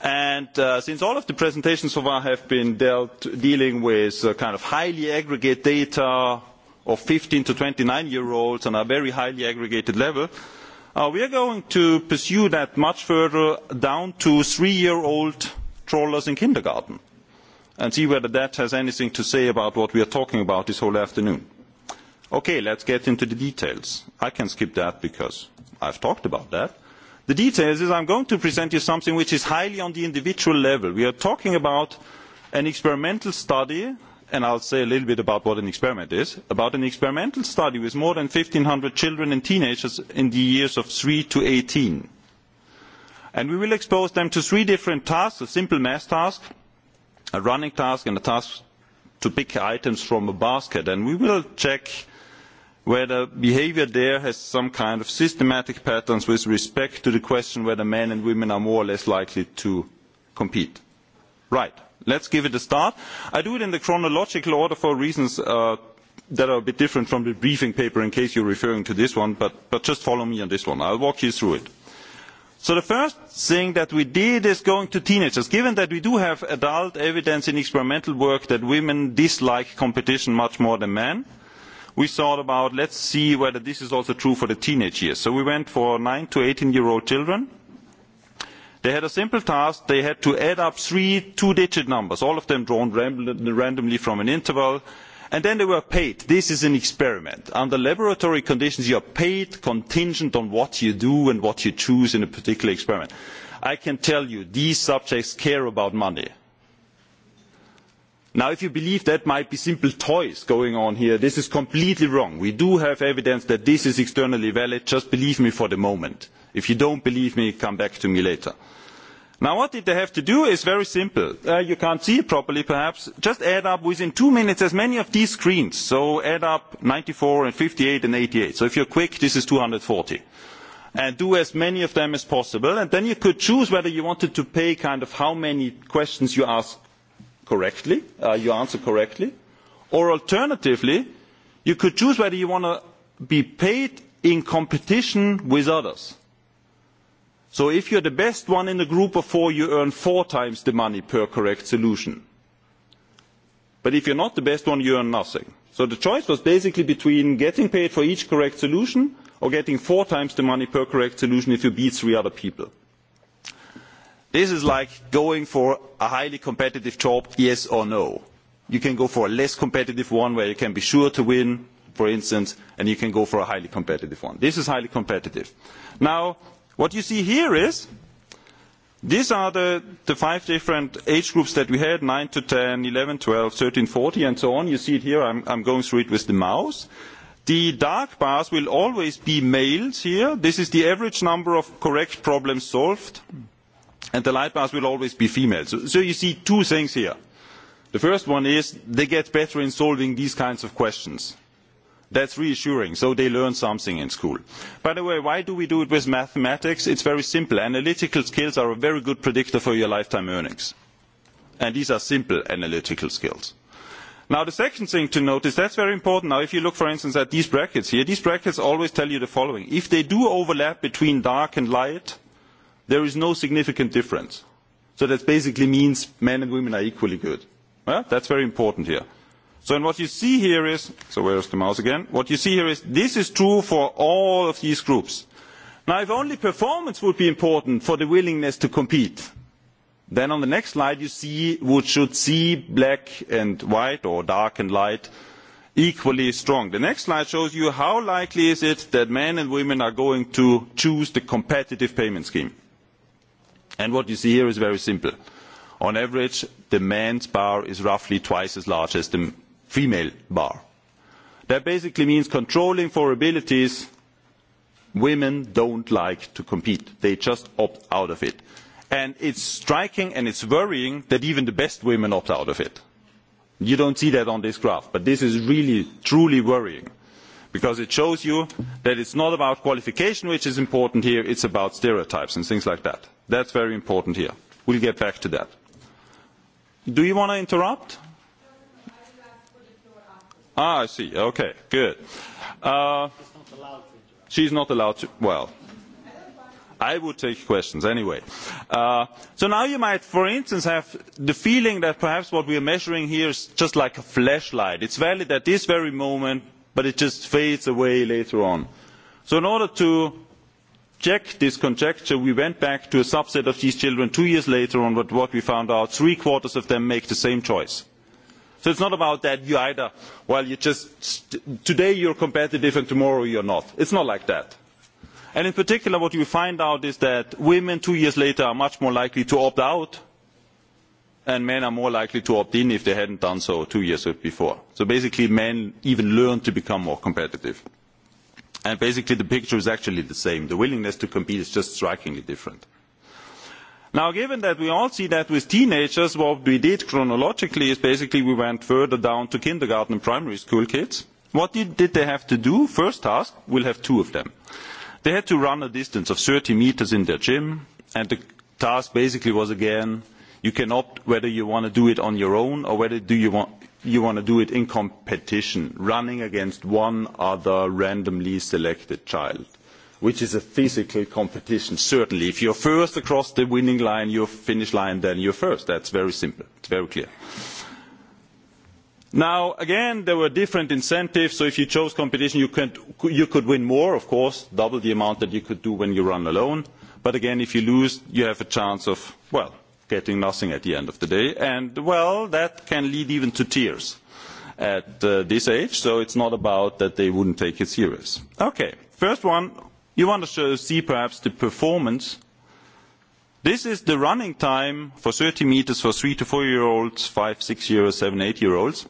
and uh, since all of the presentations so far have been dealt, dealing with uh, kind of highly aggregate data of 15 to 29 year olds on a very highly aggregated level, uh, we are going to pursue that much further down to three year old strollers in kindergarten and see whether that has anything to say about what we are talking about this whole afternoon. Okay, let's get into the details. I can skip that because I've talked about that. The details is I'm going to present you something which is highly on the individual level. We are talking about an experimental study, and I'll say a little bit about what an experiment is, about an experimental study with more than 1,500 children and teenagers in the years of 3 to 18 and we will expose them to three different tasks a simple math task a running task and a task to pick items from a basket and we will check whether behaviour there has some kind of systematic patterns with respect to the question whether men and women are more or less likely to compete. Right, let's give it a start. I do it in the chronological order for reasons uh, that are a bit different from the briefing paper in case you're referring to this one, but, but just follow me on this one. I'll walk you through it. So the first thing that we did is going to teenagers. Given that we do have adult evidence in experimental work that women dislike competition much more than men, we thought about let's see whether this is also true for the teenage years. So we went for 9 to 18 year old children. They had a simple task. They had to add up three two-digit numbers, all of them drawn randomly from an interval, and then they were paid. this is an experiment. under laboratory conditions you are paid contingent on what you do and what you choose in a particular experiment. i can tell you these subjects care about money. now if you believe that might be simple toys going on here this is completely wrong. we do have evidence that this is externally valid just believe me for the moment. if you don't believe me come back to me later. Now what did they have to do is very simple. Uh, you can't see it properly perhaps. Just add up within two minutes as many of these screens. So add up 94 and 58 and 88. So if you're quick, this is 240. And do as many of them as possible. And then you could choose whether you wanted to pay kind of how many questions you ask correctly, uh, you answer correctly. Or alternatively, you could choose whether you want to be paid in competition with others So if you're the best one in a group of four, you earn four times the money per correct solution. But if you're not the best one, you earn nothing. So the choice was basically between getting paid for each correct solution or getting four times the money per correct solution if you beat three other people. This is like going for a highly competitive job, yes or no. You can go for a less competitive one where you can be sure to win, for instance, and you can go for a highly competitive one. This is highly competitive. Now, What you see here is these are the, the five different age groups that we had 9 to 10, 11, 12, 13, 40, and so on. You see it here. I'm, I'm going through it with the mouse. The dark bars will always be males here. This is the average number of correct problems solved. And the light bars will always be females. So, so you see two things here. The first one is they get better in solving these kinds of questions that is reassuring so they learn something in school. by the way why do we do it with mathematics? it is very simple analytical skills are a very good predictor for your lifetime earnings and these are simple analytical skills. Now the second thing to notice, that's very important. Now if you look for instance at these brackets here, these brackets always tell you the following. If they do overlap between dark and light, there is no significant difference. So that basically means men and women are equally good. Well, that's very important here. So and what you see here is, so where's the mouse again? What you see here is this is true for all of these groups. Now if only performance would be important for the willingness to compete, then on the next slide you see, would should see black and white or dark and light equally strong. The next slide shows you how likely is it that men and women are going to choose the competitive payment scheme. And what you see here is very simple. On average, the men's bar is roughly twice as large as the female bar. That basically means controlling for abilities women don't like to compete. They just opt out of it. And it's striking and it's worrying that even the best women opt out of it. You don't see that on this graph, but this is really, truly worrying because it shows you that it's not about qualification which is important here, it's about stereotypes and things like that. That's very important here. We'll get back to that. Do you want to interrupt? Ah, I see. Okay, good. Uh, she's not allowed to. Well, I would take questions anyway. Uh, so now you might, for instance, have the feeling that perhaps what we are measuring here is just like a flashlight. It's valid at this very moment, but it just fades away later on. So in order to check this conjecture, we went back to a subset of these children two years later on, but what we found out, three quarters of them make the same choice. Uh, So it's not about that you either, well, you just, today you're competitive and tomorrow you're not. It's not like that. And in particular, what you find out is that women two years later are much more likely to opt out, and men are more likely to opt in if they hadn't done so two years before. So basically, men even learn to become more competitive. And basically, the picture is actually the same. The willingness to compete is just strikingly different. Now, given that we all see that with teenagers, what we did chronologically is basically we went further down to kindergarten and primary school kids. What did, did they have to do? First task, we'll have two of them. They had to run a distance of 30 meters in their gym, and the task basically was again, you can opt whether you want to do it on your own or whether do you want, you want to do it in competition, running against one other randomly selected child. Uh, which is a physical competition, certainly. If you're first across the winning line, your finish line, then you're first. That's very simple. It's very clear. Now, again, there were different incentives, so if you chose competition, you, can, you could win more, of course, double the amount that you could do when you run alone. But again, if you lose, you have a chance of, well, getting nothing at the end of the day. And, well, that can lead even to tears at uh, this age, so it's not about that they wouldn't take it serious. Okay, first one, You want to see perhaps the performance. This is the running time for 30 meters for three to four-year-olds, five, six-year-olds, seven, eight-year-olds.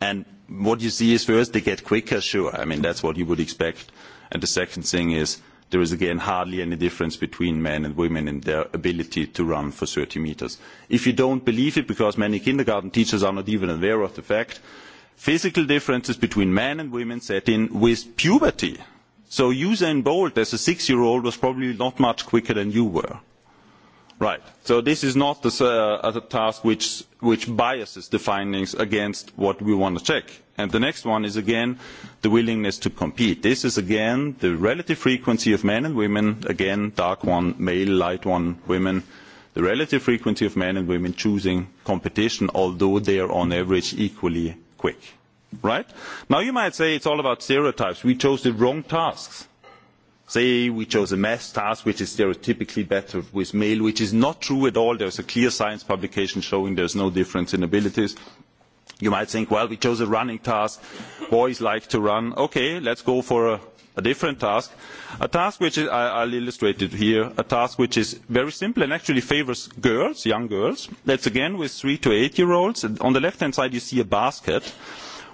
And what you see is first, they get quicker, sure. I mean, that's what you would expect. And the second thing is there is again hardly any difference between men and women in their ability to run for 30 meters. If you don't believe it, because many kindergarten teachers are not even aware of the fact, physical differences between men and women set in with puberty. So Usain Bolt as a six-year-old was probably not much quicker than you were. Right. So this is not the, uh, a task which, which biases the findings against what we want to check. And the next one is again the willingness to compete. This is again the relative frequency of men and women, again dark one, male, light one, women, the relative frequency of men and women choosing competition, although they are on average equally quick. Right? Now you might say it's all about stereotypes. We chose the wrong tasks. Say we chose a math task which is stereotypically better with male, which is not true at all. There's a clear science publication showing there's no difference in abilities. You might think, well, we chose a running task. Boys like to run. Okay, let's go for a, a different task. A task which is, I, I'll illustrate it here, a task which is very simple and actually favors girls, young girls. That's again with three to eight year olds. And on the left hand side you see a basket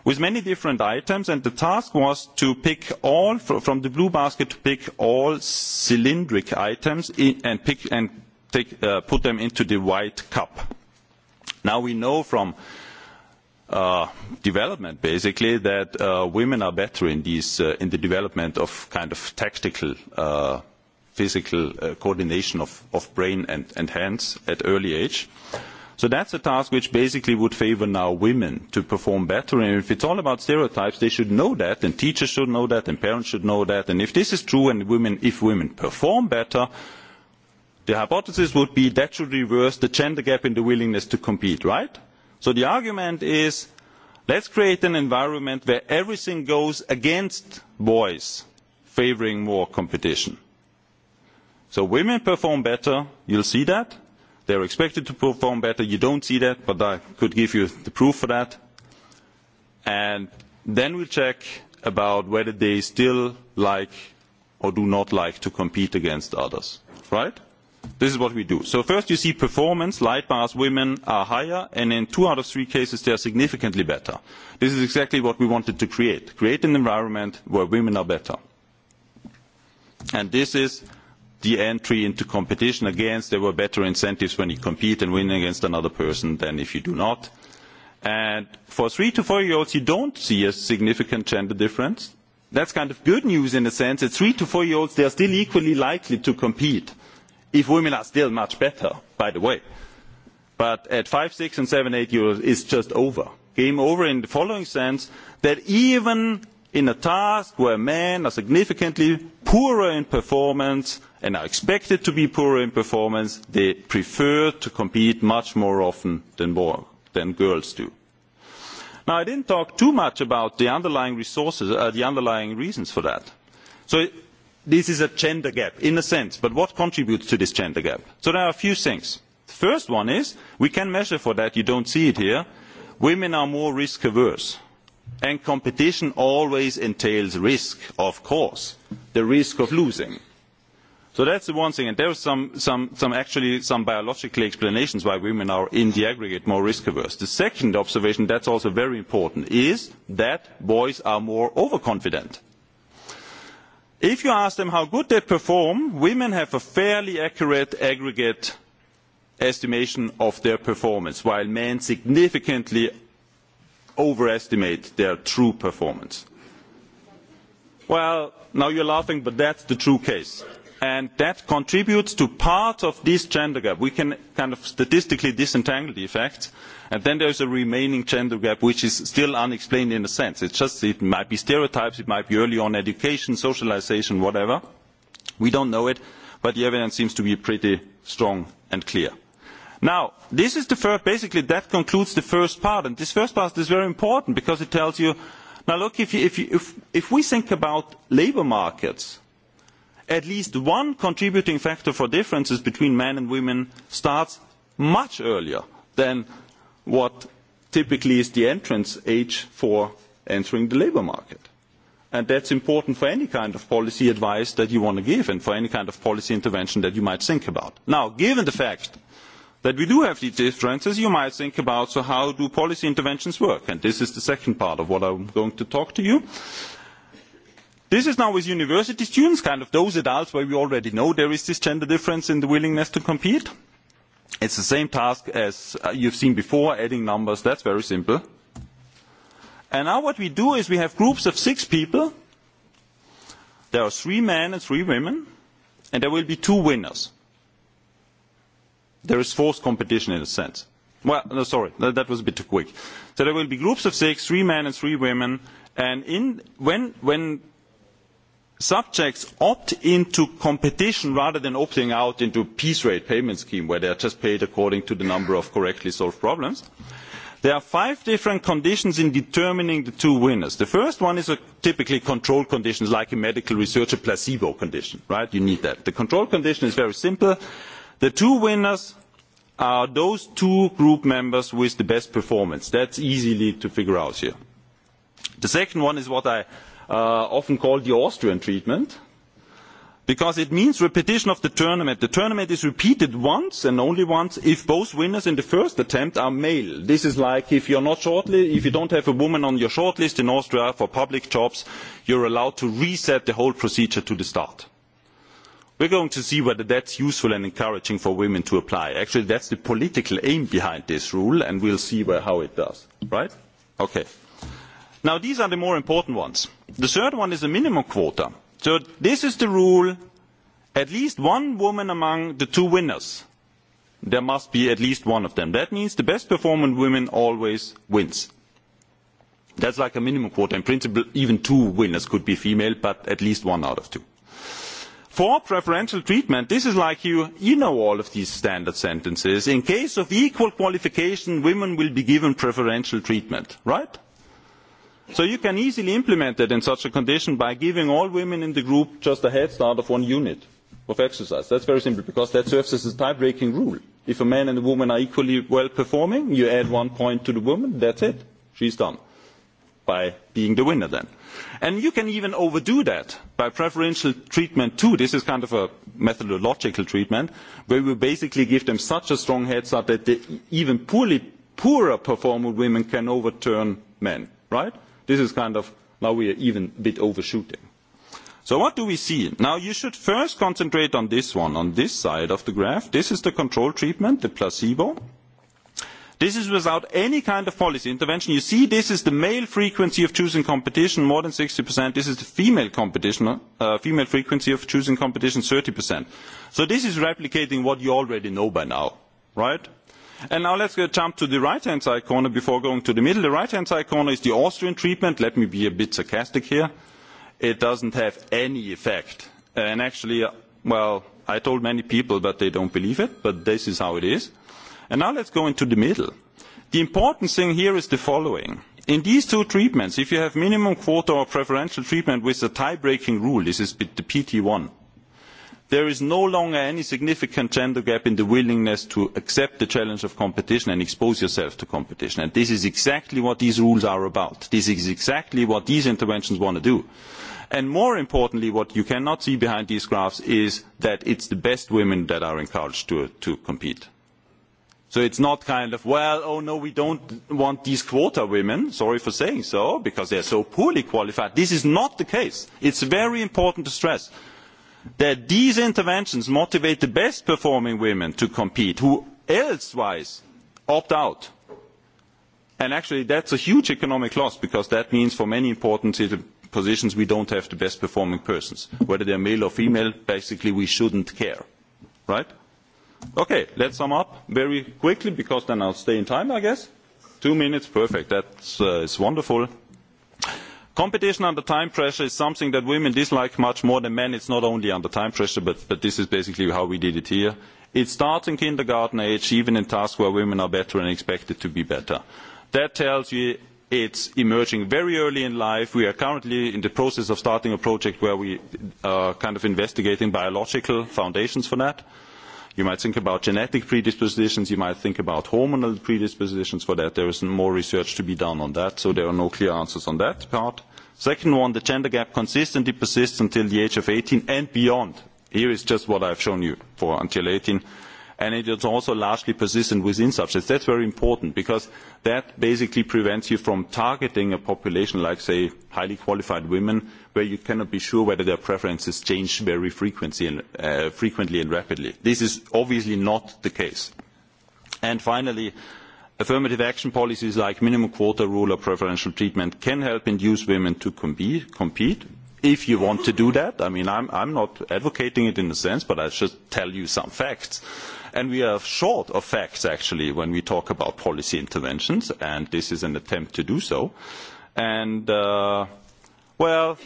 with many different items and the task was to pick all from the blue basket to pick all cylindric items and pick and take, uh, put them into the white cup. Now we know from uh, development basically that uh, women are better in these uh, in the development of kind of tactical uh, physical uh, coordination of, of brain and, and hands at early age. Uh, So that's a task which basically would favor now women to perform better. And if it's all about stereotypes, they should know that, and teachers should know that, and parents should know that. And if this is true, and women, if women perform better, the hypothesis would be that should reverse the gender gap in the willingness to compete, right? So the argument is, let's create an environment where everything goes against boys, favoring more competition. So women perform better, you'll see that they are expected to perform better. You don't see that, but I could give you the proof for that. And then we'll check about whether they still like or do not like to compete against others. Right? This is what we do. So first you see performance, light bars women are higher, and in two out of three cases they are significantly better. This is exactly what we wanted to create. Create an environment where women are better. And this is the entry into competition against, there were better incentives when you compete and win against another person than if you do not. And for three to four year olds, you don't see a significant gender difference. That's kind of good news in a sense that three to four year olds, they are still equally likely to compete if women are still much better, by the way. But at five, six, and seven, eight year olds, it's just over. Game over in the following sense that even in a task where men are significantly poorer in performance and are expected to be poorer in performance, they prefer to compete much more often than, more, than girls do. Now, I didn't talk too much about the underlying resources, uh, the underlying reasons for that. So it, this is a gender gap, in a sense, but what contributes to this gender gap? So there are a few things. The first one is, we can measure for that, you don't see it here, women are more risk averse and competition always entails risk of course the risk of losing so that's the one thing and there are some, some, some actually some biological explanations why women are in the aggregate more risk averse the second observation that's also very important is that boys are more overconfident if you ask them how good they perform women have a fairly accurate aggregate estimation of their performance while men significantly overestimate their true performance. Well, now you're laughing, but that's the true case. And that contributes to part of this gender gap. We can kind of statistically disentangle the effect. And then there's a remaining gender gap, which is still unexplained in a sense. It's just, it might be stereotypes, it might be early on education, socialization, whatever. We don't know it, but the evidence seems to be pretty strong and clear. Now, this is the first, basically that concludes the first part, and this first part is very important because it tells you, now look, if, you, if, you, if, if we think about labor markets, at least one contributing factor for differences between men and women starts much earlier than what typically is the entrance age for entering the labor market. And that's important for any kind of policy advice that you want to give and for any kind of policy intervention that you might think about. Now, given the fact that we do have these differences, you might think about so how do policy interventions work? And this is the second part of what I'm going to talk to you. This is now with university students, kind of those adults where we already know there is this gender difference in the willingness to compete. It's the same task as uh, you've seen before, adding numbers, that's very simple. And now what we do is we have groups of six people. There are three men and three women, and there will be two winners there is forced competition in a sense. Well, no, sorry, that, that was a bit too quick. So there will be groups of six, three men and three women, and in, when, when subjects opt into competition rather than opting out into a piece rate payment scheme where they are just paid according to the number of correctly solved problems, there are five different conditions in determining the two winners. The first one is a typically control conditions like in medical research, a placebo condition, right? You need that. The control condition is very simple. The two winners are those two group members with the best performance. That's easily to figure out here. The second one is what I uh, often call the Austrian treatment, because it means repetition of the tournament. The tournament is repeated once and only once if both winners in the first attempt are male. This is like if you're not shortly, if you don't have a woman on your shortlist in Austria for public jobs, you're allowed to reset the whole procedure to the start we are going to see whether that is useful and encouraging for women to apply. actually that is the political aim behind this rule and we will see where, how it does. right? okay. now these are the more important ones. the third one is the minimum quota. so this is the rule at least one woman among the two winners. there must be at least one of them. that means the best performing woman always wins. that's like a minimum quota. in principle even two winners could be female but at least one out of two For preferential treatment, this is like you, you know all of these standard sentences. In case of equal qualification, women will be given preferential treatment, right? So you can easily implement it in such a condition by giving all women in the group just a head start of one unit of exercise. That's very simple because that serves as a tie-breaking rule. If a man and a woman are equally well performing, you add one point to the woman, that's it. She's done by being the winner then. Uh, And you can even overdo that by preferential treatment too. This is kind of a methodological treatment where we basically give them such a strong head start that the even poorly, poorer performing women can overturn men, right? This is kind of, now we are even a bit overshooting. So what do we see? Now you should first concentrate on this one, on this side of the graph. This is the control treatment, the placebo. This is without any kind of policy intervention. You see, this is the male frequency of choosing competition, more than 60%. This is the female competition, uh, female frequency of choosing competition, 30%. So this is replicating what you already know by now, right? And now let's go uh, jump to the right-hand side corner before going to the middle. The right-hand side corner is the Austrian treatment. Let me be a bit sarcastic here. It doesn't have any effect. And actually, uh, well, I told many people, but they don't believe it, but this is how it is. Uh, And now let's go into the middle. The important thing here is the following. In these two treatments, if you have minimum quota or preferential treatment with the tie-breaking rule, this is the PT1, there is no longer any significant gender gap in the willingness to accept the challenge of competition and expose yourself to competition. And this is exactly what these rules are about. This is exactly what these interventions want to do. And more importantly, what you cannot see behind these graphs is that it's the best women that are encouraged to, to compete So it's not kind of, well, oh no, we don't want these quota women, sorry for saying so, because they're so poorly qualified. This is not the case. It's very important to stress that these interventions motivate the best performing women to compete, who elsewise opt out. And actually that's a huge economic loss because that means for many important positions we don't have the best performing persons. Whether they're male or female, basically we shouldn't care. Right? Okay, let's sum up very quickly because then I'll stay in time, I guess. Two minutes, perfect. That's uh, it's wonderful. Competition under time pressure is something that women dislike much more than men. It's not only under time pressure, but, but this is basically how we did it here. It starts in kindergarten age, even in tasks where women are better and expected to be better. That tells you it's emerging very early in life. We are currently in the process of starting a project where we are uh, kind of investigating biological foundations for that. Uh, You might think about genetic predispositions, you might think about hormonal predispositions for that. There is more research to be done on that, so there are no clear answers on that part. Second one, the gender gap consistently persists until the age of 18 and beyond. Here is just what I've shown you for until 18 and it is also largely persistent within subsets. That's very important because that basically prevents you from targeting a population like, say, highly qualified women, where you cannot be sure whether their preferences change very frequency and, uh, frequently and rapidly. This is obviously not the case. And finally, affirmative action policies like minimum quota rule or preferential treatment can help induce women to compete, compete if you want to do that. I mean, I'm, I'm not advocating it in a sense, but I just tell you some facts. Uh, and we are short of facts actually when we talk about policy interventions, and this is an attempt to do so. And uh, well,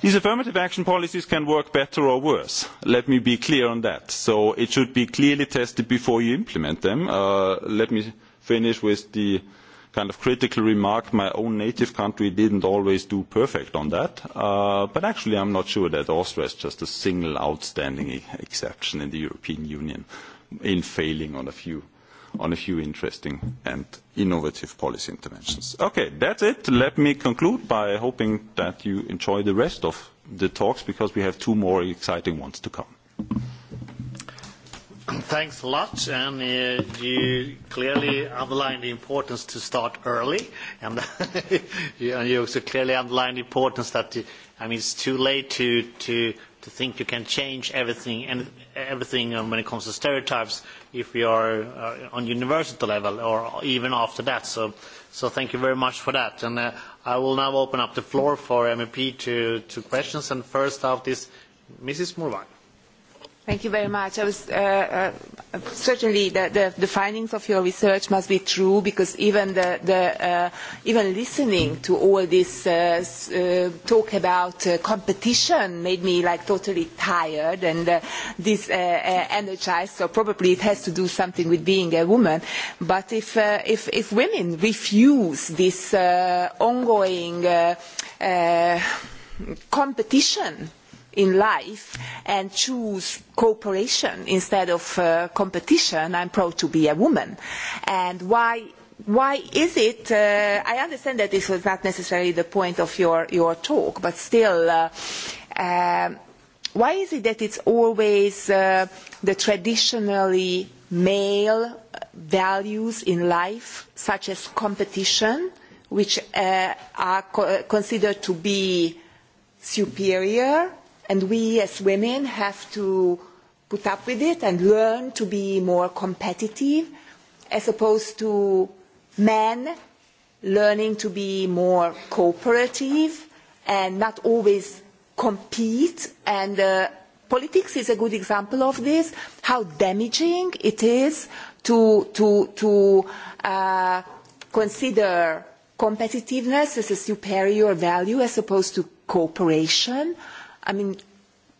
these affirmative action policies can work better or worse. Let me be clear on that. So it should be clearly tested before you implement them. Uh, let me finish with the kind of critical remark my own native country didn't always do perfect on that. Uh, but actually, I'm not sure that Austria is just a single outstanding exception in the European Union. Uh, in failing on a few on a few interesting and innovative policy interventions. Okay, that's it. Let me conclude by hoping that you enjoy the rest of the talks because we have two more exciting ones to come. Thanks a lot. And uh, you clearly underlined the importance to start early. And, and you also clearly underlined the importance that, I mean, it's too late to, to, to think you can change everything and everything um, when it comes to stereotypes if we are uh, on university level or even after that. So, so thank you very much for that. And uh, I will now open up the floor for MEP to, to questions. And first out is Mrs. Morvan. Thank you very much. I was, uh, uh, certainly, the, the, the findings of your research must be true because even the, the uh, even listening to all this uh, uh, talk about uh, competition made me like totally tired and uh, this uh, uh, energized. So probably it has to do something with being a woman. But if uh, if if women refuse this uh, ongoing uh, uh, competition in life and choose cooperation instead of uh, competition. I'm proud to be a woman. And why why is it uh, i understand that this was not necessarily the point of your, your talk but still uh, uh, why is it that it's always uh, the traditionally male values in life such as competition which uh, are co- considered to be superior and we as women have to put up with it and learn to be more competitive as opposed to men learning to be more cooperative and not always compete and uh, politics is a good example of this how damaging it is to to to uh, consider competitiveness as a superior value as opposed to cooperation uh, I mean,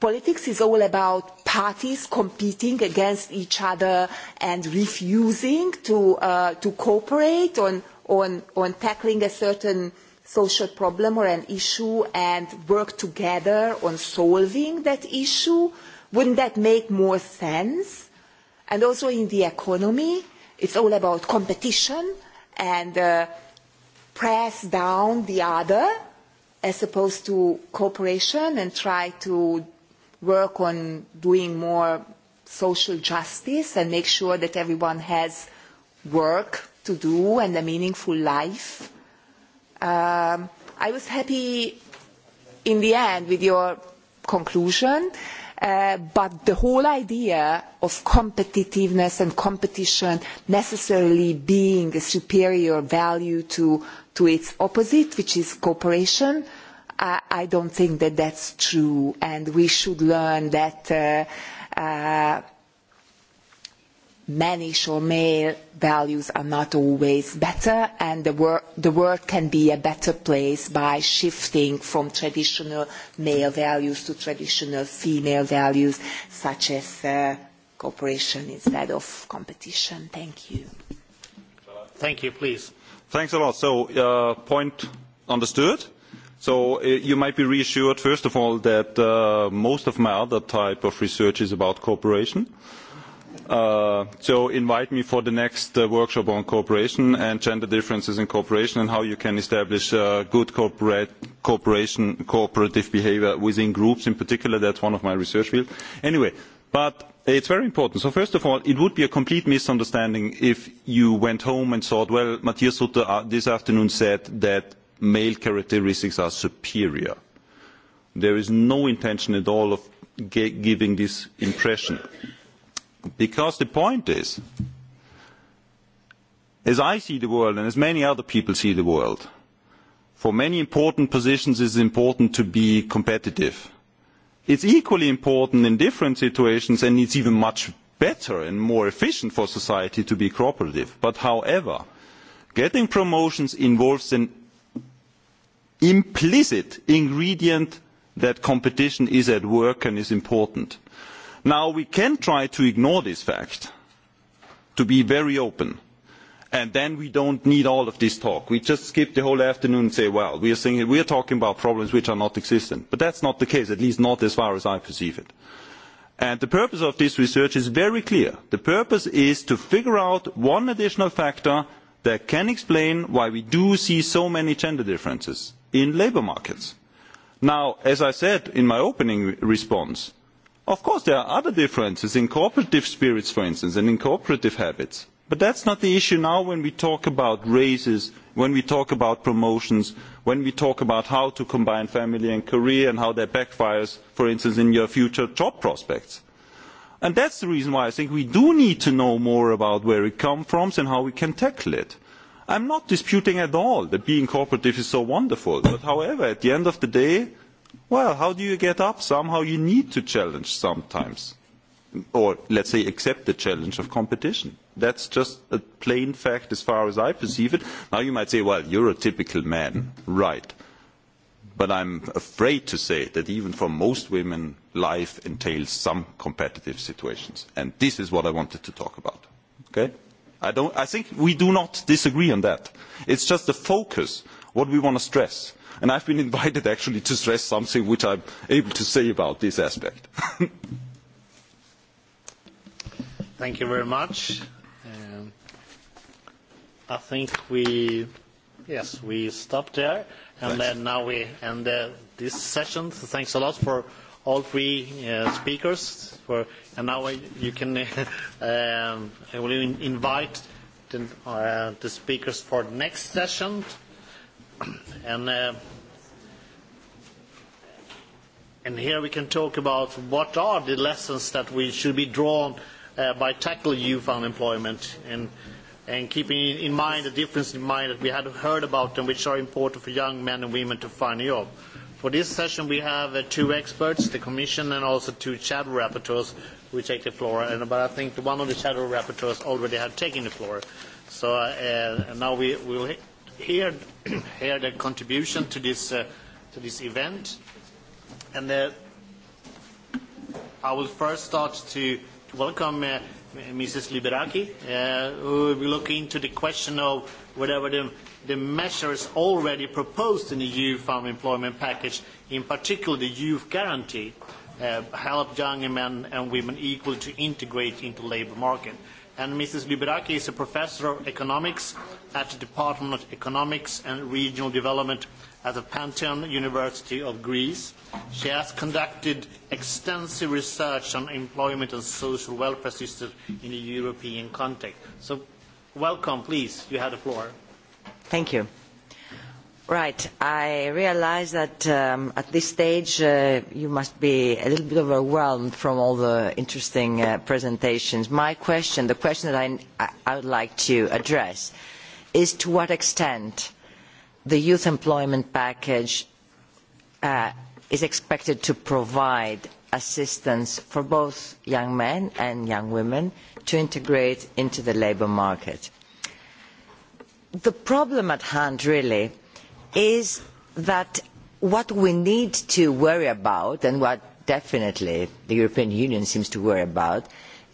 politics is all about parties competing against each other and refusing to, uh, to cooperate on, on, on tackling a certain social problem or an issue and work together on solving that issue. Wouldn't that make more sense? And also in the economy, it's all about competition and uh, press down the other as opposed to cooperation and try to work on doing more social justice and make sure that everyone has work to do and a meaningful life. Um, I was happy in the end with your conclusion Uh, but the whole idea of competitiveness and competition necessarily being a superior value to, to its opposite, which is cooperation, I, I don't think that that's true, and we should learn that uh, uh, mannish or male values are not always better and the, wor- the world can be a better place by shifting from traditional male values to traditional female values such as uh, cooperation instead of competition. Thank you. Thank you, please. Thanks a lot. So, uh, point understood. So uh, you might be reassured, first of all, that uh, most of my other type of research is about cooperation. Uh, Uh, so invite me for the next uh, workshop on cooperation and gender differences in cooperation and how you can establish uh, good corporate cooperation cooperative behavior within groups in particular that's one of my research fields anyway but it's very important. So first of all, it would be a complete misunderstanding if you went home and thought, well, Matthias Sutter uh, this afternoon said that male characteristics are superior. There is no intention at all of giving this impression. Because the point is, as I see the world and as many other people see the world, for many important positions it's important to be competitive. It's equally important in different situations and it's even much better and more efficient for society to be cooperative. But however, getting promotions involves an implicit ingredient that competition is at work and is important Now, we can try to ignore this fact, to be very open, and then we don't need all of this talk. We just skip the whole afternoon and say, well, we are, thinking, we are talking about problems which are not existent. But that's not the case, at least not as far as I perceive it. And the purpose of this research is very clear. The purpose is to figure out one additional factor that can explain why we do see so many gender differences in labour markets. Now, as I said in my opening response, Of course, there are other differences in cooperative spirits, for instance, and in cooperative habits. But that's not the issue now when we talk about raises, when we talk about promotions, when we talk about how to combine family and career and how that backfires, for instance, in your future job prospects. And that's the reason why I think we do need to know more about where it comes from and how we can tackle it. I'm not disputing at all that being cooperative is so wonderful, but however, at the end of the day, Well, how do you get up? Somehow you need to challenge sometimes, or let's say accept the challenge of competition. That's just a plain fact as far as I perceive it. Now you might say, well, you're a typical man, right? But I'm afraid to say that even for most women, life entails some competitive situations, and this is what I wanted to talk about. Okay? I, don't, I think we do not disagree on that. It's just the focus, what we want to stress And I've been invited actually to stress something which I'm able to say about this aspect. Thank you very much. Um, I think we, yes, we stop there. And then now we end uh, this session. So thanks a lot for all three uh, speakers. For, and now you can, uh, um, I will invite the, uh, the speakers for the next session. And, uh, and here we can talk about what are the lessons that we should be drawn uh, by tackling youth unemployment and, and keeping in mind the difference in mind that we had heard about and which are important for young men and women to find a job. For this session we have uh, two experts, the Commission and also two shadow rapporteurs who take the floor, and, but I think one of the shadow rapporteurs already had taken the floor. So uh, now we will heard, heard their contribution to this, uh, to this event. And uh, I will first start to, to welcome uh, Mrs. Liberaki, uh, who will be looking into the question of whatever the, the measures already proposed in the EU farm employment package, in particular the youth guarantee, uh, help young men and women equal to integrate into labour market. And Mrs. Liberaki is a professor of economics at the Department of Economics and Regional Development at the Pantheon University of Greece. She has conducted extensive research on employment and social welfare systems in a European context. So welcome, please. You have the floor. Thank you. Right. I realize that um, at this stage uh, you must be a little bit overwhelmed from all the interesting uh, presentations. My question, the question that I, I would like to address, uh, is to what extent the youth employment package uh, is expected to provide assistance for both young men and young women to integrate into the labour market. The problem at hand really is that what we need to worry about and what definitely the European Union seems to worry about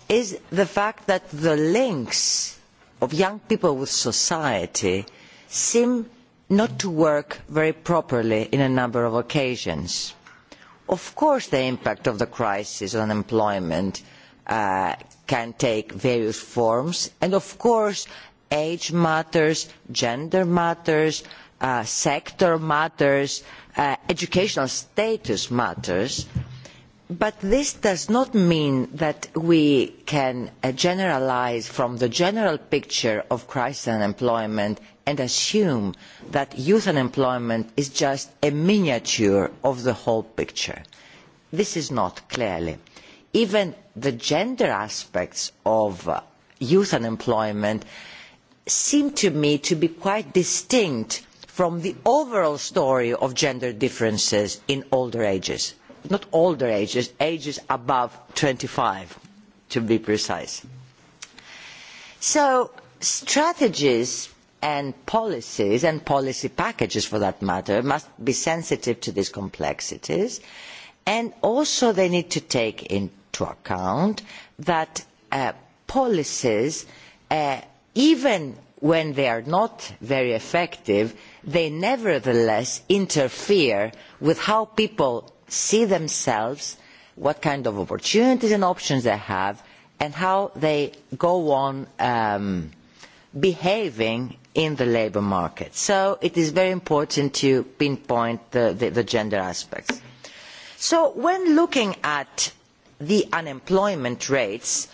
is the fact that the links of young people with society seem not to work very properly on a number of occasions. Of course, the impact of the crisis on employment uh, can take various forms, and of course, age matters, gender matters, uh, sector matters, uh, educational status matters. Uh, But this does not mean that we can uh, generalize from the general picture of crisis and employment and assume that youth unemployment is just a miniature of the whole picture. This is not clearly. Even the gender aspects of uh, youth unemployment seem to me to be quite distinct from the overall story of gender differences in older ages not older ages, ages above 25, to be precise. So strategies and policies, and policy packages for that matter, must be sensitive to these complexities. And also they need to take into account that uh, policies, uh, even when they are not very effective, they nevertheless interfere with how people see themselves what kind of opportunities and options they have and how they go on um, behaving in the labour market. So it is very important to pinpoint the, the, the gender aspects. So when looking at the unemployment rates,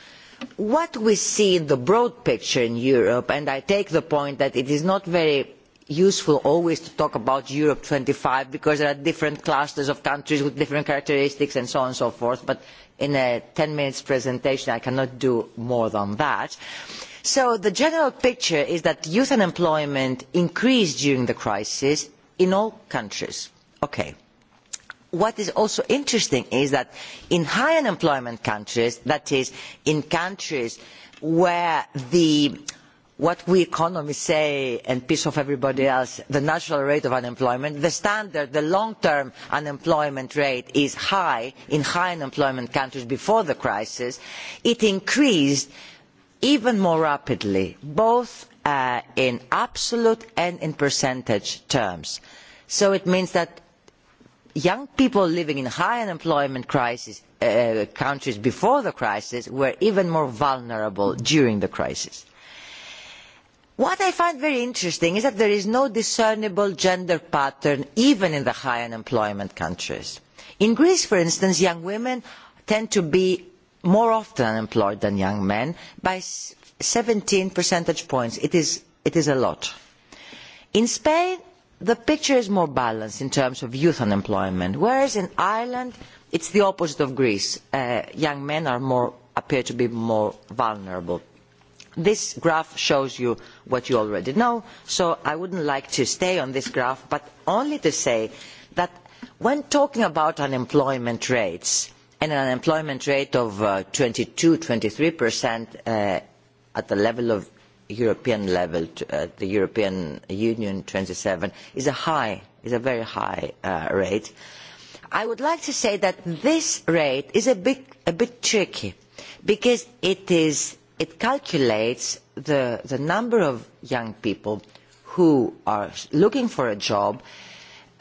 what we see in the broad picture in Europe, and I take the point that it is not very useful always to talk about Europe 25 because there are different clusters of countries with different characteristics and so on and so forth. But in a 10 minutes presentation, I cannot do more than that. So the general picture is that youth unemployment increased during the crisis in all countries. Okay. What is also interesting is that in high unemployment countries, that is, in countries where the what we economists say and piece of everybody else the national rate of unemployment the standard the long term unemployment rate is high in high unemployment countries before the crisis it increased even more rapidly both uh, in absolute and in percentage terms so it means that young people living in high unemployment crisis, uh, countries before the crisis were even more vulnerable during the crisis What I find very interesting is that there is no discernible gender pattern even in the high unemployment countries. In Greece, for instance, young women tend to be more often unemployed than young men by 17 percentage points. It is, it is a lot. In Spain, the picture is more balanced in terms of youth unemployment, whereas in Ireland, it's the opposite of Greece. Uh, young men are more, appear to be more vulnerable this graph shows you what you already know, so I wouldn't like to stay on this graph, but only to say that when talking about unemployment rates, and an unemployment rate of uh, 22-23% uh, at the level of European level, uh, the European Union 27, is a high, is a very high uh, rate. I would like to say that this rate is a bit, a bit tricky because it is it calculates the, the number of young people who are looking for a job,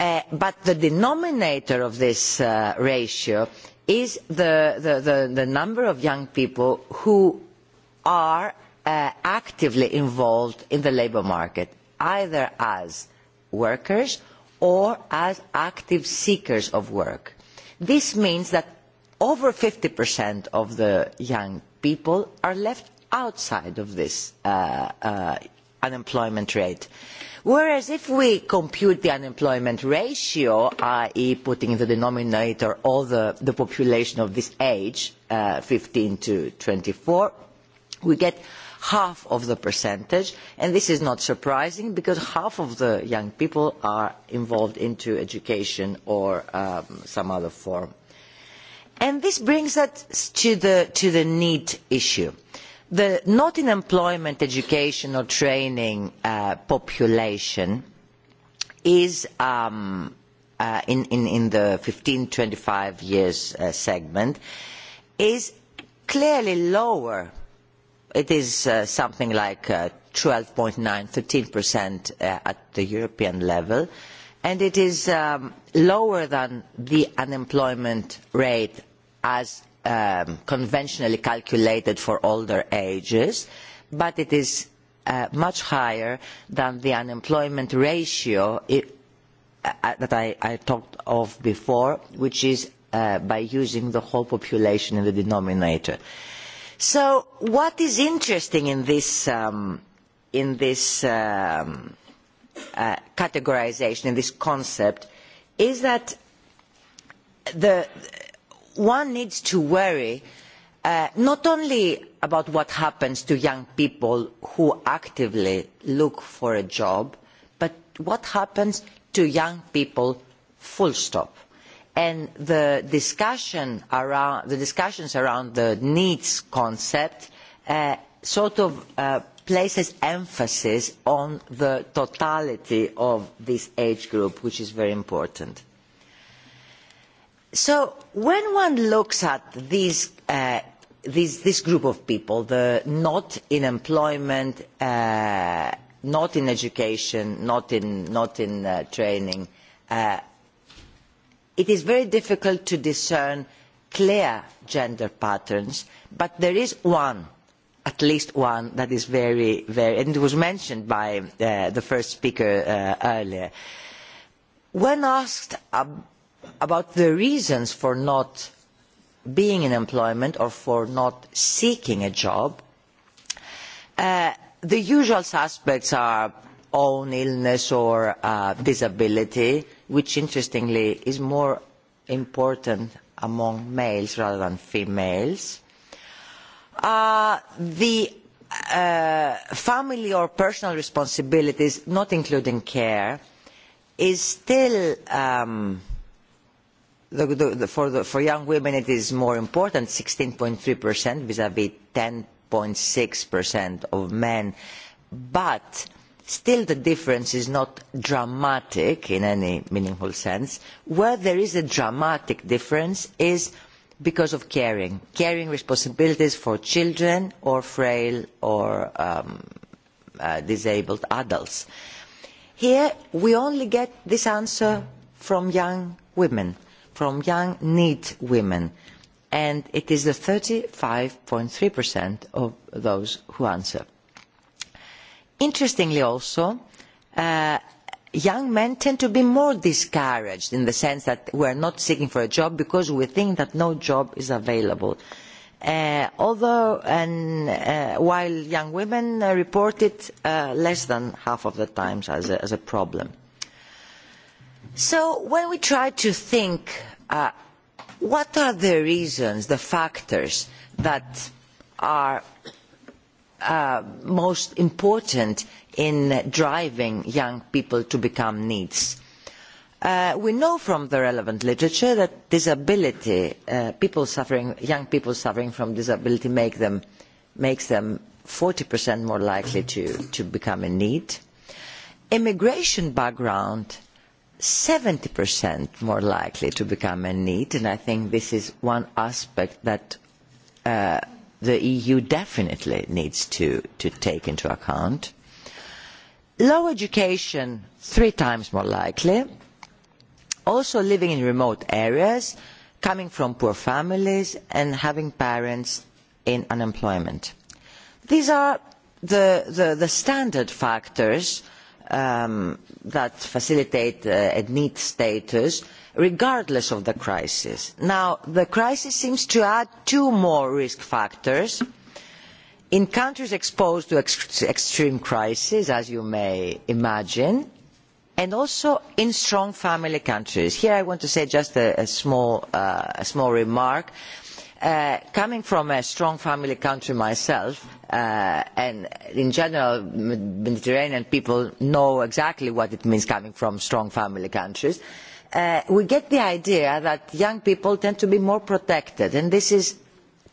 uh, but the denominator of this uh, ratio is the, the, the, the number of young people who are uh, actively involved in the labour market, either as workers or as active seekers of work. This means that over 50% of the young people are left outside of this uh, uh, unemployment rate. Whereas if we compute the unemployment ratio, i.e. putting in the denominator all the, the population of this age, uh, 15 to 24, we get half of the percentage, and this is not surprising because half of the young people are involved into education or um, some other form And this brings us to the, to the need issue. The not in employment, education or training uh, population is um, uh, in, in, in the 15-25 years uh, segment is clearly lower. It is uh, something like uh, 12.9, 13% uh, at the European level, and it is um, lower than the unemployment rate as um, conventionally calculated for older ages, but it is uh, much higher than the unemployment ratio it, uh, uh, that I, I talked of before, which is uh, by using the whole population in the denominator. So what is interesting in this, um, in this um, uh, categorization, in this concept, is that the, one needs to worry uh, not only about what happens to young people who actively look for a job, but what happens to young people full stop. And the, discussion around, the discussions around the needs concept uh, sort of uh, places emphasis on the totality of this age group, which is very important So when one looks at these, uh, these, this group of people, the not in employment, uh, not in education, not in, not in uh, training, uh, it is very difficult to discern clear gender patterns, but there is one, at least one, that is very, very, and it was mentioned by uh, the first speaker uh, earlier. When asked about about the reasons for not being in employment or for not seeking a job, uh, the usual suspects are own illness or uh, disability, which interestingly is more important among males rather than females. Uh, the uh, family or personal responsibilities, not including care, is still um, The, the, the, for, the, for young women it is more important, 16.3% vis-à-vis 10.6% of men. But still the difference is not dramatic in any meaningful sense. Where there is a dramatic difference is because of caring, caring responsibilities for children or frail or um, uh, disabled adults. Here we only get this answer from young women from young need women and it is the 35.3% of those who answer. Interestingly also, uh, young men tend to be more discouraged in the sense that we are not seeking for a job because we think that no job is available. Uh, although, and, uh, while young women uh, reported uh, less than half of the times as a, as a problem. So when we try to think uh, what are the reasons, the factors that are uh, most important in driving young people to become neets? Uh, we know from the relevant literature that disability, uh, people suffering, young people suffering from disability make them, makes them 40% more likely to, to become a need. Immigration background 70% more likely to become a need, and I think this is one aspect that uh, the EU definitely needs to, to take into account. Low education, three times more likely. Also living in remote areas, coming from poor families, and having parents in unemployment. These are the, the, the standard factors uh, um, that facilitate uh, a need status regardless of the crisis. Now, the crisis seems to add two more risk factors. In countries exposed to ex extreme crises, as you may imagine, and also in strong family countries. Here I want to say just a, a, small, uh, a small remark. Uh, coming from a strong family country myself, uh, and in general Mediterranean people know exactly what it means coming from strong family countries, uh, we get the idea that young people tend to be more protected and this is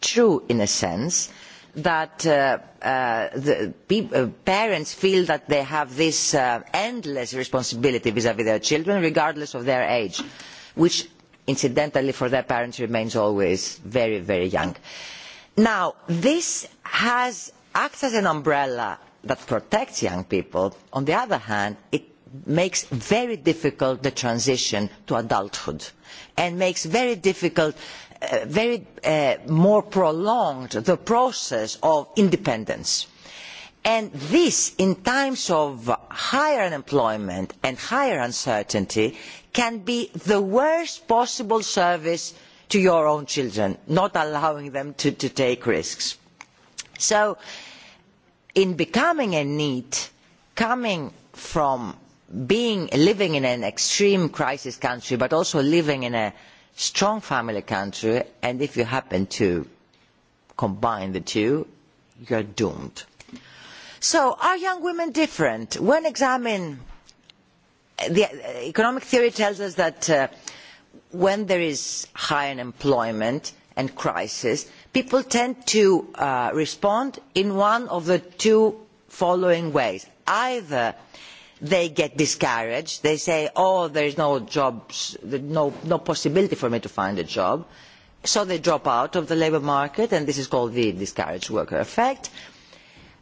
true in a sense that uh, uh, the pe- uh, parents feel that they have this uh, endless responsibility vis-à-vis -vis their children regardless of their age, which incidentally for their parents remains always very, very young. Now, this has, acts as an umbrella that protects young people. On the other hand, it makes very difficult the transition to adulthood and makes very difficult, uh, very uh, more prolonged the process of independence. And this, in times of higher unemployment and higher uncertainty, can be the worst possible service to your own children, not allowing them to, to take risks So, in becoming a need, coming from being living in an extreme crisis country, but also living in a strong family country, and if you happen to combine the two, you're doomed. So, are young women different? When examined, the economic theory tells us that uh, when there is high unemployment and crisis, people tend to uh, respond in one of the two following ways either they get discouraged they say oh there is no jobs no, no possibility for me to find a job so they drop out of the labour market and this is called the discouraged worker effect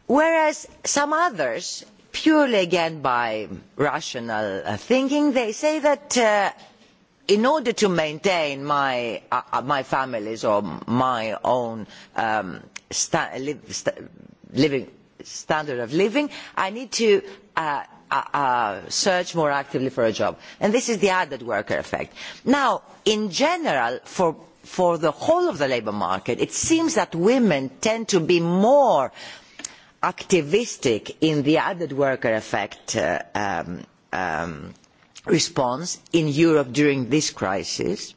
whereas some others purely again by rational uh, thinking they say that uh, in order to maintain my, uh, my family's or my own um, sta- li- st- living standard of living, I need to uh, uh, uh, search more actively for a job. And this is the added worker effect. Now, in general, for for the whole of the labour market, it seems that women tend to be more activistic in the added worker effect uh, um, um, response in Europe during this crisis.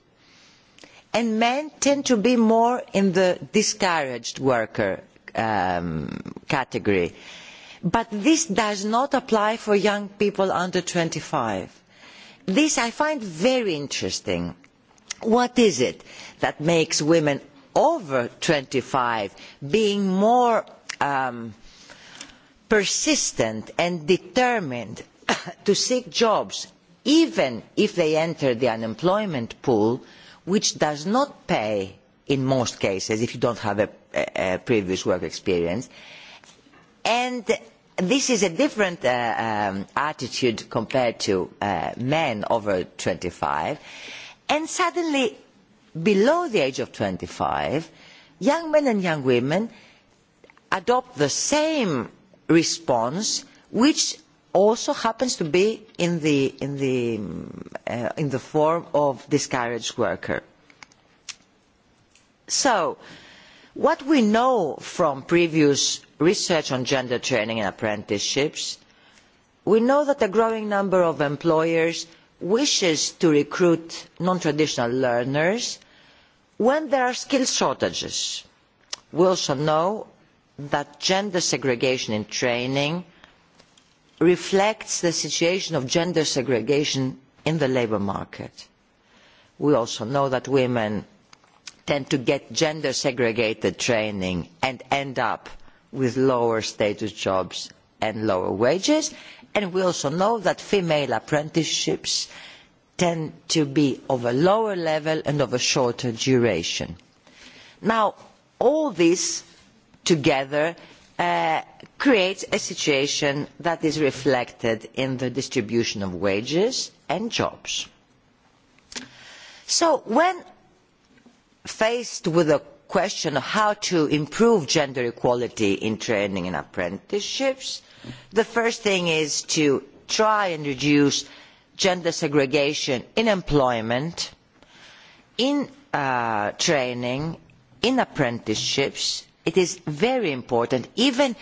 And men tend to be more in the discouraged worker um, category. But this does not apply for young people under 25. This I find very interesting. What is it that makes women over 25 being more um, persistent and determined to seek jobs even if they enter the unemployment pool, which does not pay in most cases if you don't have a, a, a previous work experience. And this is a different uh, um, attitude compared to uh, men over 25. And suddenly, below the age of 25, young men and young women adopt the same response which also happens to be in the, in the, uh, in the form of discouraged worker. So, what we know from previous research on gender training and apprenticeships, we know that a growing number of employers wishes to recruit non-traditional learners when there are skill shortages. We also know that gender segregation in training – reflects the situation of gender segregation in the labour market. We also know that women tend to get gender segregated training and end up with lower status jobs and lower wages. And we also know that female apprenticeships tend to be of a lower level and of a shorter duration. Now, all this together uh, creates a situation that is reflected in the distribution of wages and jobs. So when faced with a question of how to improve gender equality in training and apprenticeships, the first thing is to try and reduce gender segregation in employment, in uh, training, in apprenticeships, it is very important. Even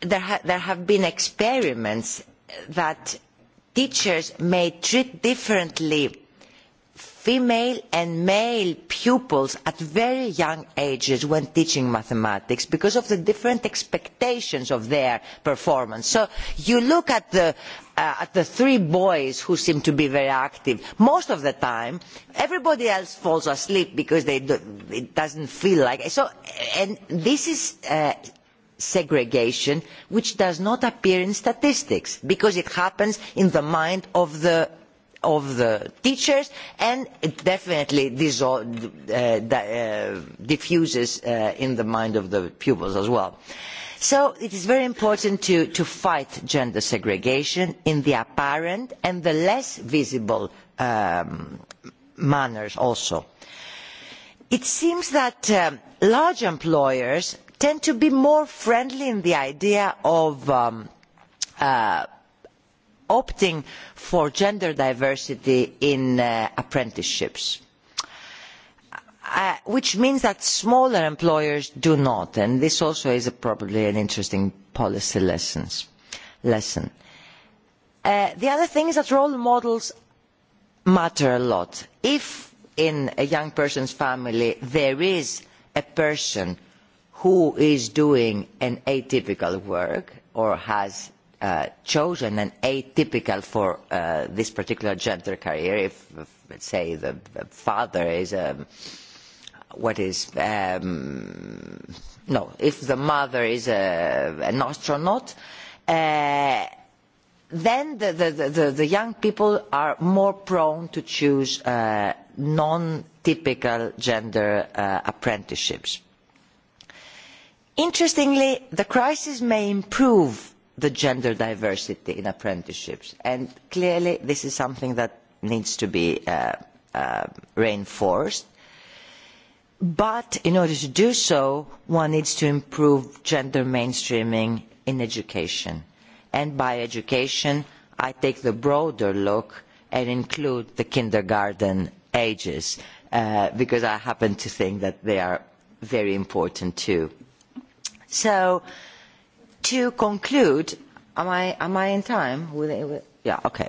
there, ha there have been experiments that teachers may treat differently female and male pupils at very young ages when teaching mathematics because of the different expectations of their performance. So you look at the, uh, at the three boys who seem to be very active. Most of the time, everybody else falls asleep because they do, it doesn't feel like it. So, and this is uh, segregation which does not appear in statistics because it happens in the mind of the of the teachers and it definitely dissolve, uh, di uh, diffuses uh, in the mind of the pupils as well. So it is very important to, to fight gender segregation in the apparent and the less visible um, manners also. It seems that um, large employers tend to be more friendly in the idea of um, uh, opting for gender diversity in uh, apprenticeships. Uh, which means that smaller employers do not, and this also is a, probably an interesting policy lessons, lesson. Uh, the other thing is that role models matter a lot. If in a young person's family there is a person who is doing an atypical work or has uh, chosen and atypical for uh, this particular gender career, if, if let's say the father is a, um, what is, um, no, if the mother is a, uh, an astronaut, uh, then the, the, the, the young people are more prone to choose uh, non-typical gender uh, apprenticeships. Interestingly, the crisis may improve the gender diversity in apprenticeships. And clearly this is something that needs to be uh, uh, reinforced. But in order to do so, one needs to improve gender mainstreaming in education. And by education, I take the broader look and include the kindergarten ages, uh, because I happen to think that they are very important too. So, uh, to conclude, am I, am I in time? With, with, yeah, okay.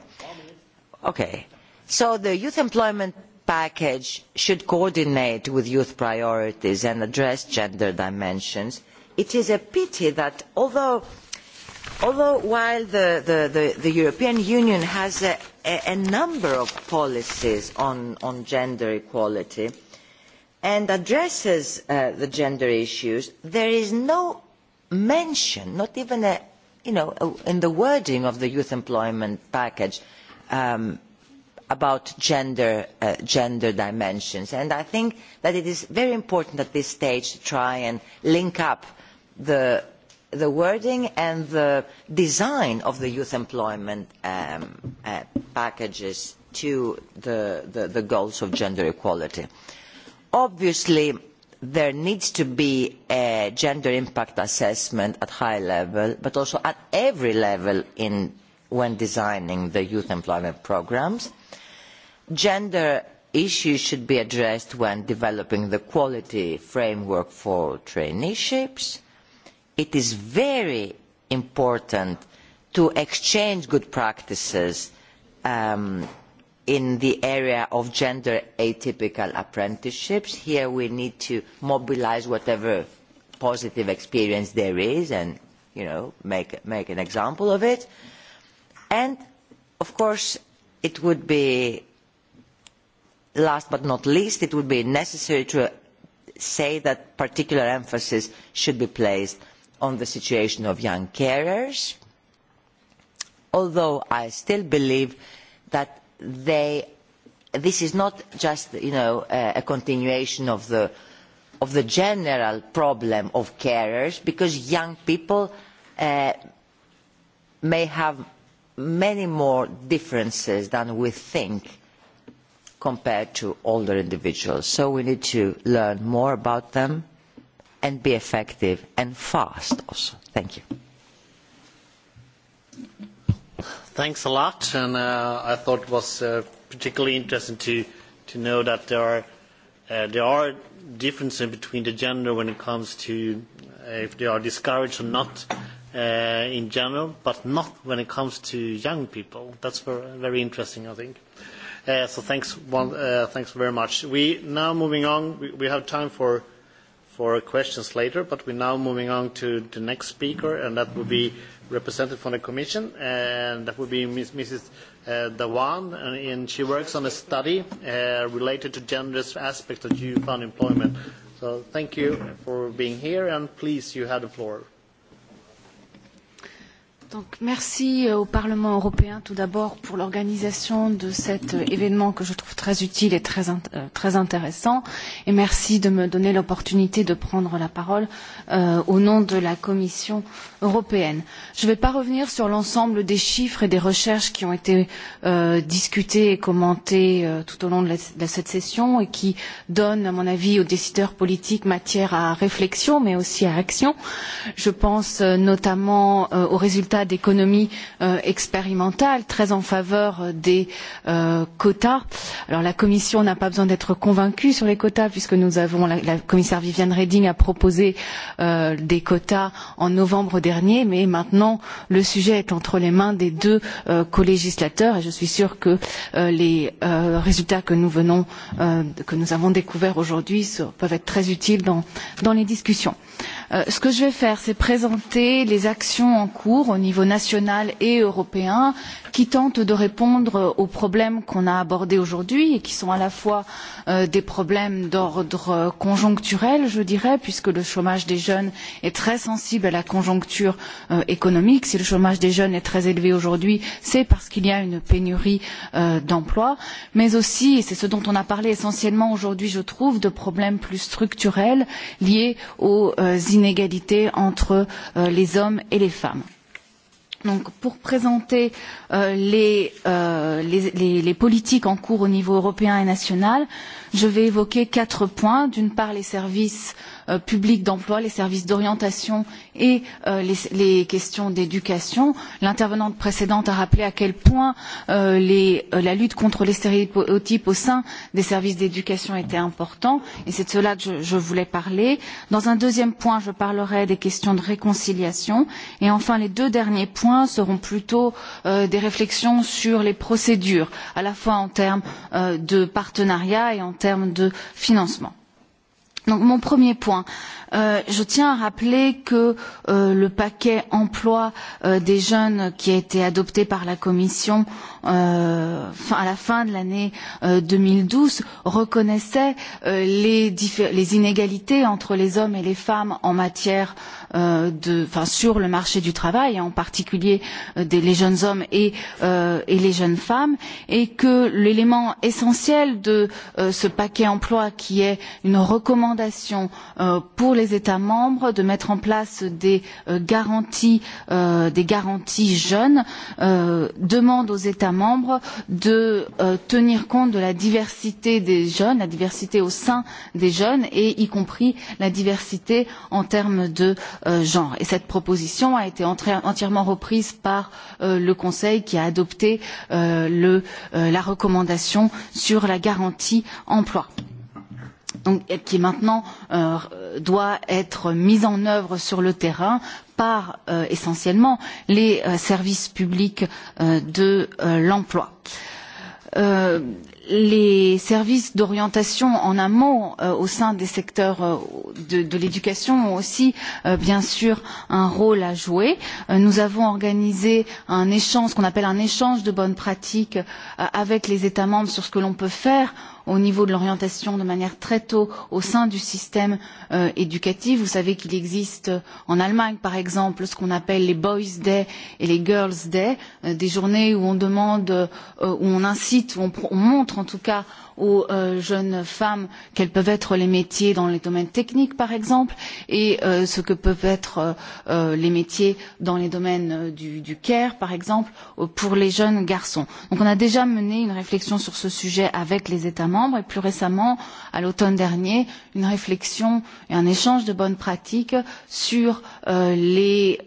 Okay. So the youth employment package should coordinate with youth priorities and address gender dimensions. It is a pity that although, although while the, the, the, the European Union has a, a, a number of policies on, on gender equality and addresses uh, the gender issues, there is no mention, not even a, you know, a, in the wording of the youth employment package, um, about gender, uh, gender dimensions. And I think that it is very important at this stage to try and link up the, the wording and the design of the youth employment um, uh, packages to the, the, the goals of gender equality. Obviously, there needs to be a gender impact assessment at high level, but also at every level in, when designing the youth employment programs. Gender issues should be addressed when developing the quality framework for traineeships. It is very important to exchange good practices um, in the area of gender atypical apprenticeships. Here we need to mobilize whatever positive experience there is and you know, make, make an example of it. And of course, it would be, last but not least, it would be necessary to say that particular emphasis should be placed on the situation of young carers, although I still believe that they, this is not just you know, a, a continuation of the, of the general problem of carers, because young people uh, may have many more differences than we think compared to older individuals. So we need to learn more about them and be effective and fast also. Thank you. Thanks a lot, and uh, I thought it was uh, particularly interesting to, to know that there are, uh, there are differences between the gender when it comes to uh, if they are discouraged or not uh, in general, but not when it comes to young people. That's very, very interesting, I think. Uh, so thanks, one, uh, thanks very much. We now moving on. We, we have time for for questions later, but we're now moving on to the next speaker, and that will be representative from the Commission, and that will be Ms. Mrs. Uh, Dhawan, and, and she works on a study uh, related to gender aspects of youth unemployment. So thank you for being here, and please, you have the floor. Donc, merci euh, au Parlement européen tout d'abord pour l'organisation de cet euh, événement que je trouve très utile et très, euh, très intéressant. Et merci de me donner l'opportunité de prendre la parole euh, au nom de la Commission européenne. Je ne vais pas revenir sur l'ensemble des chiffres et des recherches qui ont été euh, discutées et commentées euh, tout au long de, la, de cette session et qui donnent, à mon avis, aux décideurs politiques matière à réflexion mais aussi à action. Je pense euh, notamment euh, aux résultats état d'économie euh, expérimentale très en faveur euh, des euh, quotas. Alors la Commission n'a pas besoin d'être convaincue sur les quotas puisque nous avons la, la commissaire Viviane Reding a proposé euh, des quotas en novembre dernier, mais maintenant le sujet est entre les mains des deux euh, colégislateurs et je suis sûre que euh, les euh, résultats que nous venons euh, que nous avons découverts aujourd'hui peuvent être très utiles dans, dans les discussions. Euh, Euh, ce que je vais faire, c'est présenter les actions en cours au niveau national et européen, qui tentent de répondre aux problèmes qu'on a abordés aujourd'hui et qui sont à la fois euh, des problèmes d'ordre conjoncturel, je dirais, puisque le chômage des jeunes est très sensible à la conjoncture euh, économique. Si le chômage des jeunes est très élevé aujourd'hui, c'est parce qu'il y a une pénurie euh, d'emplois, mais aussi, et c'est ce dont on a parlé essentiellement aujourd'hui, je trouve, de problèmes plus structurels liés aux euh, inégalités entre euh, les hommes et les femmes. Donc, pour présenter euh, les, euh, les, les, les politiques en cours au niveau européen et national, je vais évoquer quatre points. D'une part, les services euh, euh, publics d'emploi, les services d'orientation et euh, les, les questions d'éducation. L'intervenante précédente a rappelé à quel point euh, les, euh, la lutte contre les stéréotypes au sein des services d'éducation était importante et c'est de cela que je, je voulais parler. Dans un deuxième point, je parlerai des questions de réconciliation et enfin les deux derniers points seront plutôt euh, des réflexions sur les procédures, à la fois en termes euh, de partenariat et en termes de financement. Donc mon premier point, euh, je tiens à rappeler que euh, le paquet emploi euh, des jeunes qui a été adopté par la Commission euh, à la fin de l'année euh, 2012 reconnaissait euh, les, les inégalités entre les hommes et les femmes en matière euh, de, enfin, sur le marché du travail, en particulier euh, des, les jeunes hommes et, euh, et les jeunes femmes, et que l'élément essentiel de euh, ce paquet emploi qui est une recommandation euh, pour les États membres de mettre en place des euh, garanties, euh, des garanties jeunes, euh, demande aux États États membres de euh, tenir compte de la diversité des jeunes, la diversité au sein des jeunes et y compris la diversité en termes de euh, genre. Et cette proposition a été entièrement reprise par euh, le Conseil qui a adopté euh, le, euh, la recommandation sur la garantie emploi. Euh, donc, qui maintenant euh, doit être mise en œuvre sur le terrain par euh, essentiellement les euh, services publics euh, de euh, l'emploi. Euh, les services d'orientation en amont euh, au sein des secteurs euh, de, de l'éducation ont aussi euh, bien sûr un rôle à jouer. Euh, nous avons organisé un échange, ce qu'on appelle un échange de bonnes pratiques euh, avec les États membres sur ce que l'on peut faire au niveau de l'orientation de manière très tôt au sein du système euh, éducatif. Vous savez qu'il existe euh, en Allemagne, par exemple, ce qu'on appelle les Boys Day et les Girls Day, euh, des journées où on demande, euh, où on incite, où on, on montre en tout cas aux euh, jeunes femmes quels peuvent être les métiers dans les domaines techniques par exemple et euh, ce que peuvent être euh, euh les métiers dans les domaines euh, du, du care par exemple euh, pour les jeunes garçons. Donc on a déjà mené une réflexion sur ce sujet avec les États membres et plus récemment à l'automne dernier une réflexion et un échange de bonnes pratiques sur Euh,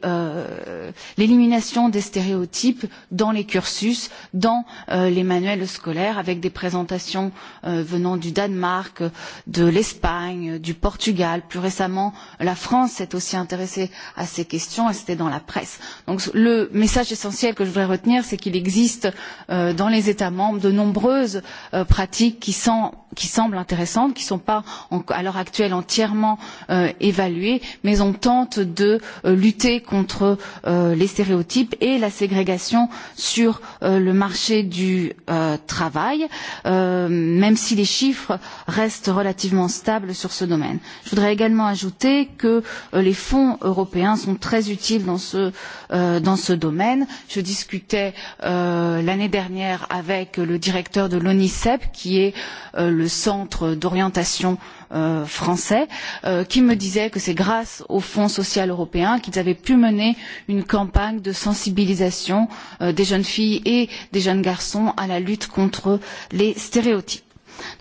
euh, l'élimination euh, des stéréotypes dans les cursus, dans euh, les manuels scolaires, avec des présentations euh, venant du Danemark, de l'Espagne, du Portugal. Plus récemment, la France s'est aussi intéressée à ces questions et c'était dans la presse. Donc le message essentiel que je voudrais retenir, c'est qu'il existe euh, dans les États membres de nombreuses euh, pratiques qui, sont, qui semblent intéressantes, qui ne sont pas en, à l'heure actuelle entièrement euh, évaluées, mais on tente de de euh, lutter contre euh, les stéréotypes et la ségrégation sur euh, le marché du euh, travail, euh, même si les chiffres restent relativement stables sur ce domaine. Je voudrais également ajouter que euh, les fonds européens sont très utiles dans ce, euh, dans ce domaine. Je discutais euh, l'année dernière avec le directeur de l'ONICEP, qui est euh, le centre d'orientation euh, euh, français, euh, qui me disaient que c'est grâce au Fonds social européen qu'ils avaient pu mener une campagne de sensibilisation euh, des jeunes filles et des jeunes garçons à la lutte contre les stéréotypes.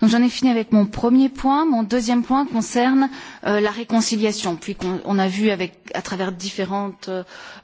Donc j'en ai fini avec mon premier point. Mon deuxième point concerne euh, la réconciliation, puisqu'on on a vu avec, à travers différentes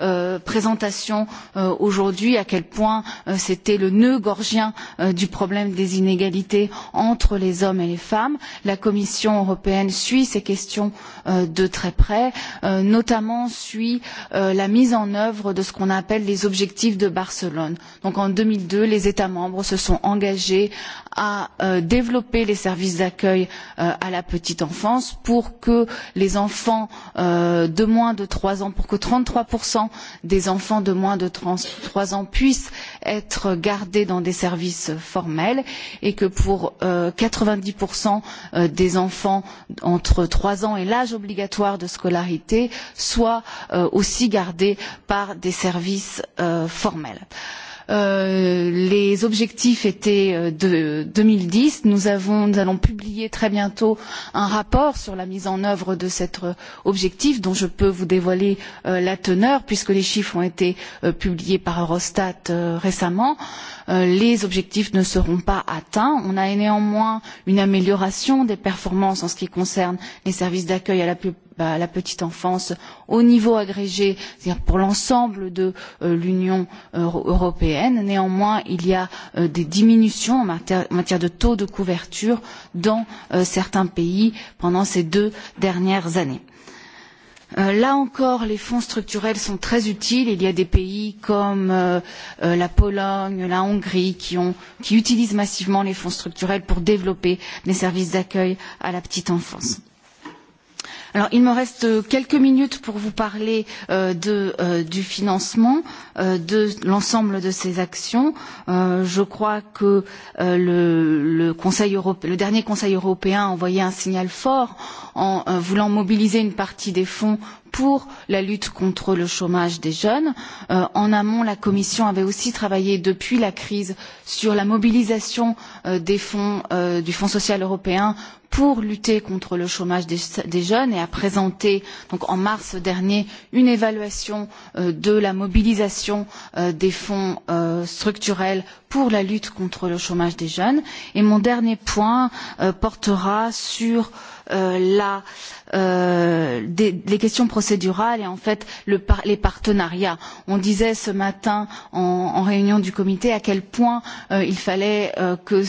euh, présentations euh, aujourd'hui à quel point euh, c'était le nœud gorgien euh, du problème des inégalités entre les hommes et les femmes. La Commission européenne suit ces questions euh, de très près, euh, notamment suit euh, la mise en œuvre de ce qu'on appelle les objectifs de Barcelone. Donc en 2002, les États membres se sont engagés à euh, développer développer les services d'accueil euh, à la petite enfance pour que les enfants euh, de moins de 3 ans, pour que 33% des enfants de moins de 3 ans puissent être gardés dans des services formels et que pour euh, 90% euh, des enfants entre 3 ans et l'âge obligatoire de scolarité soient euh, aussi gardés par des services euh, formels. Euh, Euh, les objectifs étaient euh, de 2010. Nous, avons, nous allons publier très bientôt un rapport sur la mise en œuvre de cet euh, objectif dont je peux vous dévoiler euh, la teneur puisque les chiffres ont été euh, publiés par Eurostat euh, récemment. Euh, euh, les objectifs ne seront pas atteints. On a néanmoins une amélioration des performances en ce qui concerne les services d'accueil à la plus à la petite enfance au niveau agrégé, c'est-à-dire pour l'ensemble de euh, l'Union euro européenne. Néanmoins, il y a euh, des diminutions en matière, en matière de taux de couverture dans euh, certains pays pendant ces deux dernières années. Euh, là encore, les fonds structurels sont très utiles. Il y a des pays comme euh, euh, la Pologne, la Hongrie qui, ont, qui utilisent massivement les fonds structurels pour développer des services d'accueil à la petite enfance. Alors, il me reste quelques minutes pour vous parler euh, de, euh, du financement euh, de l'ensemble de ces actions. Euh, je crois que euh, le, le, Conseil européen, le dernier Conseil européen a envoyé un signal fort en euh, voulant mobiliser une partie des fonds pour la lutte contre le chômage des jeunes. Euh, en amont, la Commission avait aussi travaillé depuis la crise sur la mobilisation euh, des fonds, euh, du Fonds social européen pour lutter contre le chômage des, des jeunes et a présenté donc en mars dernier une évaluation euh, de la mobilisation euh, des fonds euh, structurels pour la lutte contre le chômage des jeunes. Et mon dernier point euh, portera sur euh, euh, la, euh, des, les questions procédurales et en fait le, les partenariats. On disait ce matin en, en réunion du comité à quel point euh, il fallait euh, que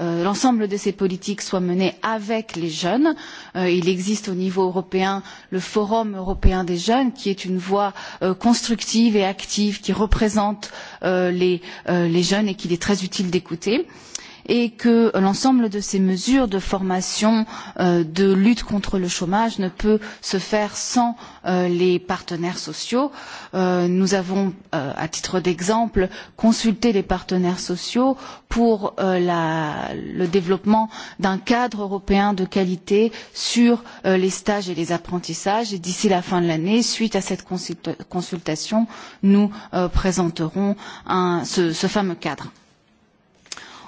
euh, l'ensemble de ces politiques soient menées avec les jeunes. Euh, il existe au niveau européen le Forum européen des jeunes qui est une voie euh, constructive et active qui représente euh, les, euh, les jeunes et qu'il est très utile d'écouter. Euh, et que l'ensemble de ces mesures de formation, euh, de lutte contre le chômage ne peut se faire sans euh, les partenaires sociaux. Euh, nous avons, euh, à titre d'exemple, consulté les partenaires sociaux pour euh, la, le développement d'un cadre européen de qualité sur euh, les stages et les apprentissages. Et d'ici la fin de l'année, suite à cette consulta consultation, nous euh, présenterons un, ce, ce fameux cadre.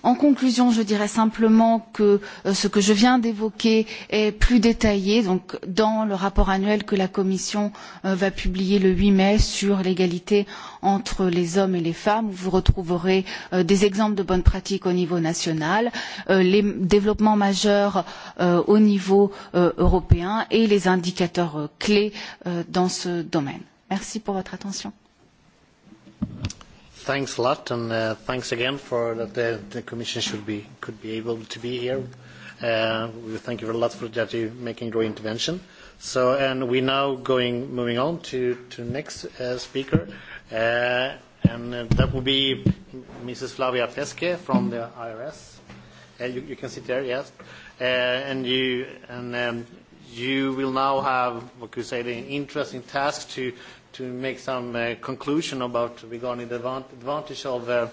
En conclusion, je dirais simplement que euh, ce que je viens d'évoquer est plus détaillé donc, dans le rapport annuel que la Commission euh, va publier le 8 mai sur l'égalité entre les hommes et les femmes. Où vous retrouverez euh, des exemples de bonnes pratiques au niveau national, euh, les développements majeurs euh, au niveau euh, européen et les indicateurs euh, clés euh, dans ce domaine. Merci pour votre attention thanks a lot, and uh, thanks again for that the, the Commission should be could be able to be here. Uh, we thank you a lot for that you making your intervention. So, and we now going moving on to to next uh, speaker, uh, and uh, that will be Mrs. Flavia Feske from the IRS. Uh, you, you can sit there, yes. Uh, and you and um, you will now have what could you say the interesting task to to make some uh, conclusion about regarding the advantage of uh,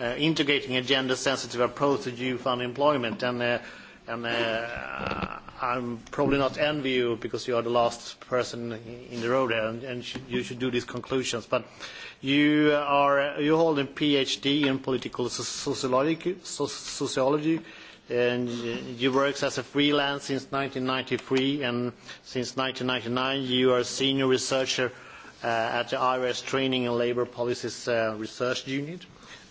uh, integrating a gender-sensitive approach to youth unemployment. And, uh, and uh, I'm probably not envy you because you are the last person in the row there, and, and sh you should do these conclusions. But you are you hold a PhD in political sociology, sociology and you worked as a freelance since 1993, and since 1999 you are a senior researcher uh, at the IRS Training and Labour Policies uh, Research Unit,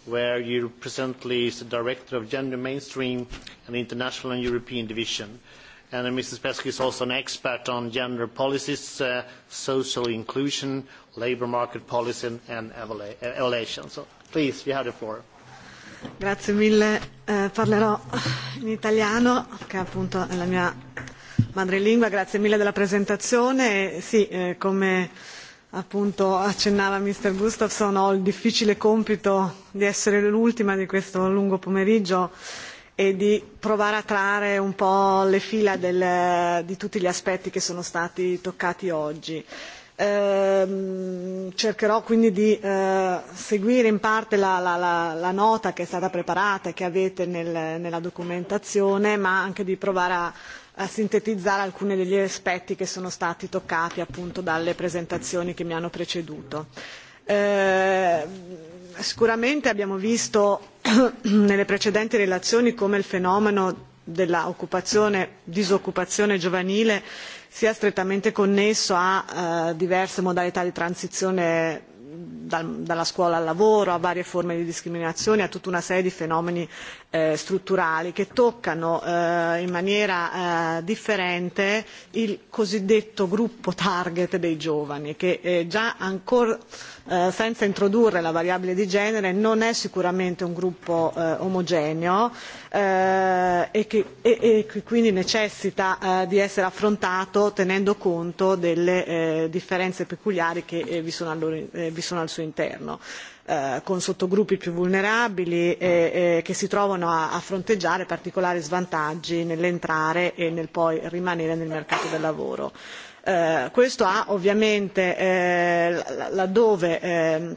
where you presently is the Director of Gender Mainstream and International and European Division. And uh, Mrs. Pesky is also an expert on gender policies, uh, social inclusion, labour market policy and evaluation. So please, you have the floor. Grazie mille, eh, parlerò in italiano, che appunto è la mia madrelingua. Grazie mille della presentazione. E sì, eh, come appunto accennava Mr. Gustafsson, ho il difficile compito di essere l'ultima di questo lungo pomeriggio e di provare a trarre un po' le fila del, di tutti gli aspetti che sono stati toccati oggi. Ehm, cercherò quindi di eh, seguire in parte la, la, la, la nota che è stata preparata e che avete nel, nella documentazione, ma anche di provare a a sintetizzare alcuni degli aspetti che sono stati toccati appunto dalle presentazioni che mi hanno preceduto. Eh, sicuramente abbiamo visto nelle precedenti relazioni come il fenomeno dell'occupazione disoccupazione giovanile sia strettamente connesso a eh, diverse modalità di transizione dal, dalla scuola al lavoro a varie forme di discriminazione a tutta una serie di fenomeni eh, strutturali che toccano eh, in maniera eh, differente il cosiddetto gruppo target dei giovani che eh, già ancora eh, senza introdurre la variabile di genere non è sicuramente un gruppo eh, omogeneo eh, e, che, e, e quindi necessita eh, di essere affrontato tenendo conto delle eh, differenze peculiari che eh, vi, sono al loro, eh, vi sono al suo interno eh, con sottogruppi più vulnerabili e, e che si trovano a, a fronteggiare particolari svantaggi nell'entrare e nel poi rimanere nel mercato del lavoro. Eh, questo ha ovviamente eh, laddove eh,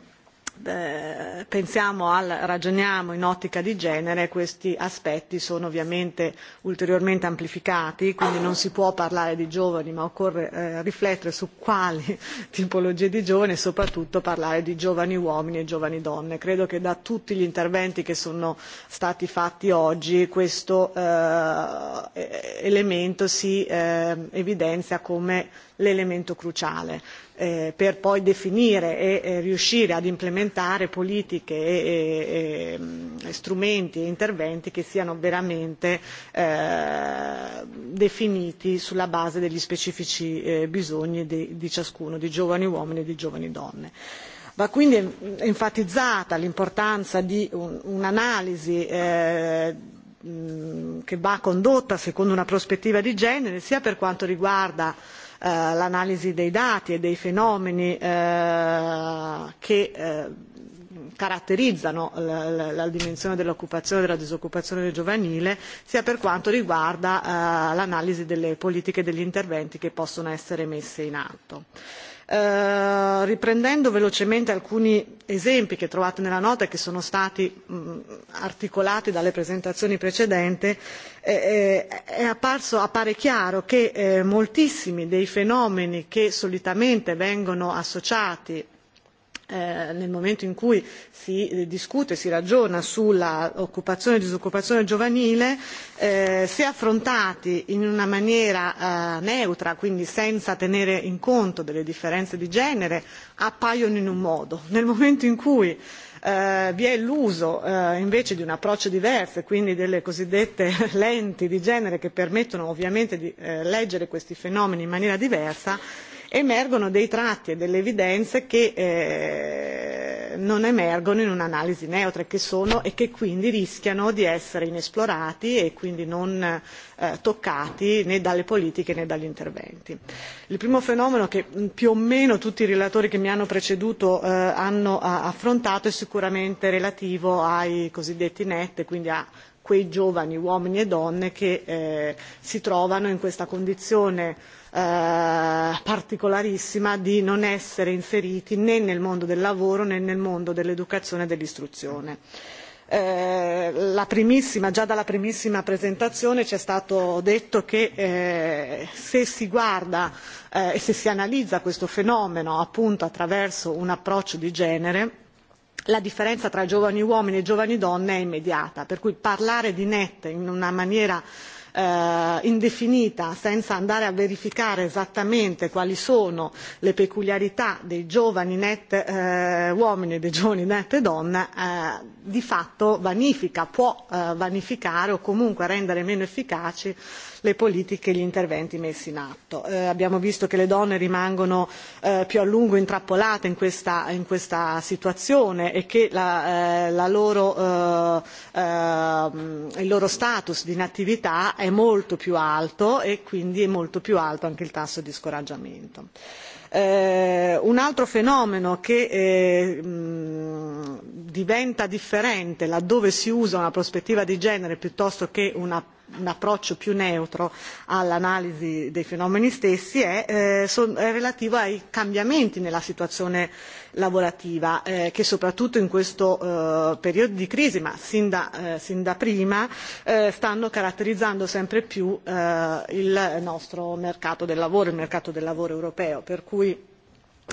eh, pensiamo al, ragioniamo in ottica di genere, questi aspetti sono ovviamente ulteriormente amplificati, quindi non si può parlare di giovani, ma occorre eh, riflettere su quali tipologie di giovani e soprattutto parlare di giovani uomini e giovani donne. Credo che da tutti gli interventi che sono stati fatti oggi questo eh, e-, elemento si eh, evidenzia come l'elemento cruciale eh, per poi definire e eh, riuscire ad implementare politiche e, e, e mm, strumenti e interventi che siano veramente eh, definiti sulla base degli specifici eh, bisogni di, di ciascuno, di giovani uomini e di giovani donne. Va quindi enfatizzata l'importanza di un, un'analisi eh, mh, mm, che va condotta secondo una prospettiva di genere, sia per quanto riguarda eh, Eh, l'analisi dei dati e dei fenomeni eh, che eh, caratterizzano la, la, la dimensione dell'occupazione e della disoccupazione giovanile, sia per quanto riguarda eh, l'analisi delle politiche e degli interventi che possono essere messi in atto. Eh, riprendendo velocemente alcuni esempi che trovate nella nota e che sono stati mh, articolati dalle presentazioni precedenti eh, eh, apparso, appare chiaro che eh, moltissimi dei fenomeni che solitamente vengono associati eh, nel momento in cui si discute, si ragiona sulla occupazione e disoccupazione giovanile, eh, se affrontati in una maniera eh, neutra, quindi senza tenere in conto delle differenze di genere, appaiono in un modo. Nel momento in cui eh, vi è l'uso eh, invece di un approccio diverso e quindi delle cosiddette lenti di genere che permettono ovviamente di eh, leggere questi fenomeni in maniera diversa, emergono dei tratti e delle evidenze che eh, non emergono in un'analisi neutra e che sono e che quindi rischiano di essere inesplorati e quindi non eh, toccati né dalle politiche né dagli interventi. Il primo fenomeno che mm, più o meno tutti i relatori che mi hanno preceduto eh, hanno ah, affrontato è sicuramente relativo ai cosiddetti net, quindi a quei giovani uomini e donne che eh, si trovano in questa condizione eh, particolarissima di non essere inseriti né nel mondo del lavoro né nel mondo dell'educazione e dell'istruzione. Eh, la primissima, già dalla primissima presentazione ci è stato detto che eh, se si guarda eh, e eh, se si analizza questo fenomeno appunto attraverso un approccio di genere la differenza tra giovani uomini e giovani donne è immediata per cui parlare di net in una maniera eh, indefinita senza andare a verificare esattamente quali sono le peculiarità dei giovani net eh, uomini e dei giovani net e donne eh, di fatto vanifica, può eh, vanificare o comunque rendere meno efficaci le politiche e gli interventi messi in atto. Eh, abbiamo visto che le donne rimangono eh, più a lungo intrappolate in questa, in questa situazione e che la, eh, la loro, eh, eh, il loro status di inattività è molto più alto e quindi è molto più alto anche il tasso di scoraggiamento. Eh, un altro fenomeno che eh, mh, diventa differente laddove si usa una prospettiva di genere piuttosto che una un approccio più neutro all'analisi dei fenomeni stessi è, eh, son, è relativo ai cambiamenti nella situazione lavorativa eh, che soprattutto in questo eh, periodo di crisi ma sin da, eh, sin da prima eh, stanno caratterizzando sempre più eh, il nostro mercato del lavoro, il mercato del lavoro europeo, per cui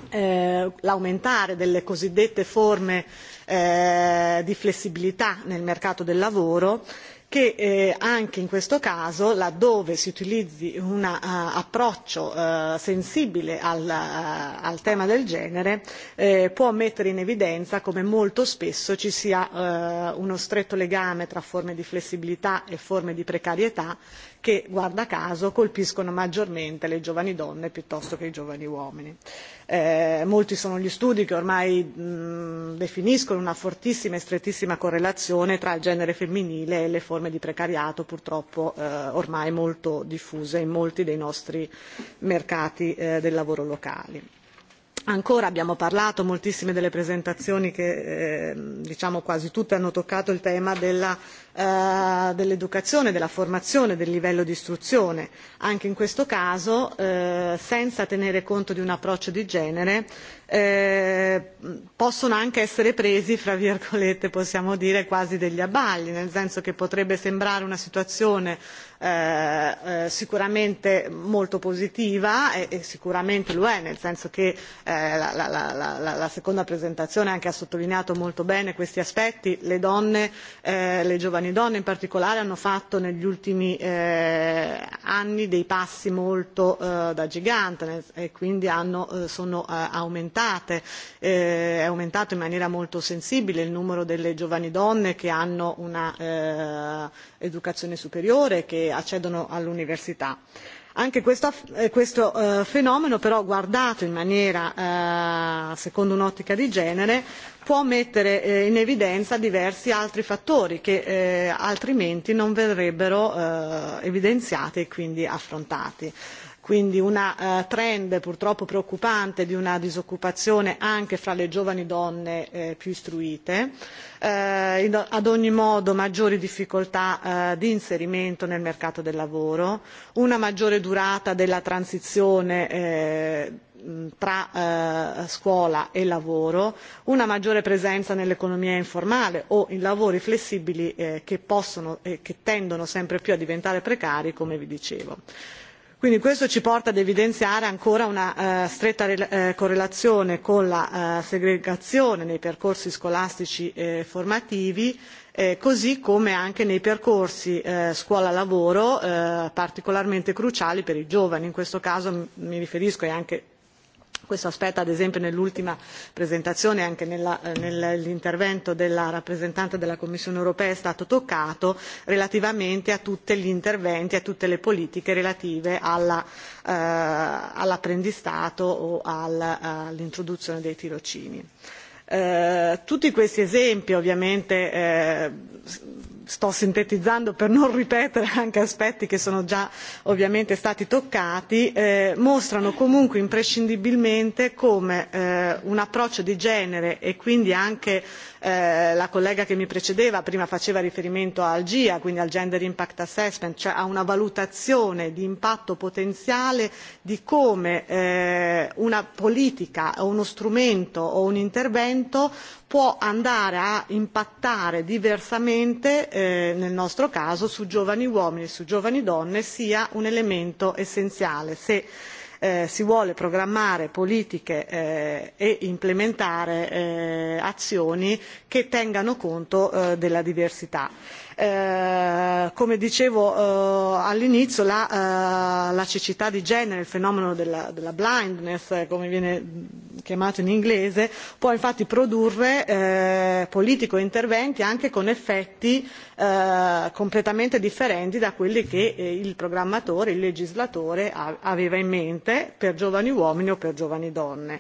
eh, l'aumentare delle cosiddette forme eh, di flessibilità nel mercato del lavoro che eh, anche in questo caso laddove si utilizzi un uh, approccio uh, sensibile al, uh, al tema del genere eh, può mettere in evidenza come molto spesso ci sia uh, uno stretto legame tra forme di flessibilità e forme di precarietà che guarda caso colpiscono maggiormente le giovani donne piuttosto che i giovani uomini. Eh, molti sono gli studi che ormai mh, definiscono una fortissima e strettissima correlazione tra il genere femminile e le forme di precariato purtroppo eh, ormai molto diffuse in molti dei nostri mercati eh, del lavoro locali ancora abbiamo parlato moltissime delle presentazioni che eh, diciamo quasi tutte hanno toccato il tema della eh, dell'educazione della formazione del livello di istruzione anche in questo caso eh, senza tenere conto di un approccio di genere eh, possono anche essere presi, fra virgolette, possiamo dire quasi degli abbagli, nel senso che potrebbe sembrare una situazione eh, eh, sicuramente molto positiva e, e sicuramente lo è, nel senso che eh, la, la, la, la, la seconda presentazione anche ha sottolineato molto bene questi aspetti. Le donne, eh, le giovani donne in particolare, hanno fatto negli ultimi eh, anni dei passi molto eh, da gigante nel, e quindi hanno, eh, sono eh, aumentate aumentate, eh, è aumentato in maniera molto sensibile il numero delle giovani donne che hanno una eh, educazione superiore, che accedono all'università. Anche questo, eh, questo eh, fenomeno però guardato in maniera eh, secondo un'ottica di genere può mettere eh, in evidenza diversi altri fattori che eh, altrimenti non verrebbero eh, evidenziati e quindi affrontati. Eh, quindi un eh, trend purtroppo preoccupante di una disoccupazione anche fra le giovani donne eh, più istruite eh, in, ad ogni modo maggiori difficoltà eh, di inserimento nel mercato del lavoro una maggiore durata della transizione eh, tra eh, scuola e lavoro una maggiore presenza nell'economia informale o in lavori flessibili eh, che possono e eh, che tendono sempre più a diventare precari come vi dicevo quindi questo ci porta ad evidenziare ancora una eh, stretta eh, correlazione con la eh, segregazione nei percorsi scolastici e formativi eh, così come anche nei percorsi eh, scuola lavoro eh, particolarmente cruciali per i giovani in questo caso mi riferisco e anche questo aspetto ad esempio nell'ultima presentazione e anche nella, eh, nell'intervento della rappresentante della Commissione europea è stato toccato relativamente a tutti gli interventi, a tutte le politiche relative alla, eh, all'apprendistato o al, all'introduzione dei tirocini. Eh, tutti questi esempi ovviamente eh, sto sintetizzando per non ripetere anche aspetti che sono già ovviamente stati toccati eh, mostrano comunque imprescindibilmente come eh, un approccio di genere e quindi anche eh, la collega che mi precedeva prima faceva riferimento al GIA, quindi al Gender Impact Assessment, cioè a una valutazione di impatto potenziale di come eh, una politica o uno strumento o un intervento può andare a impattare diversamente, eh, nel nostro caso, su giovani uomini e su giovani donne sia un elemento essenziale. Se eh, si vuole programmare politiche eh, e implementare eh, azioni che tengano conto eh, della diversità eh, come dicevo eh, all'inizio la, eh, la cecità di genere, il fenomeno della, della blindness, eh, come viene chiamato in inglese, può infatti produrre eh, politico interventi anche con effetti eh, completamente differenti da quelli che eh, il programmatore, il legislatore a, aveva in mente per giovani uomini o per giovani donne.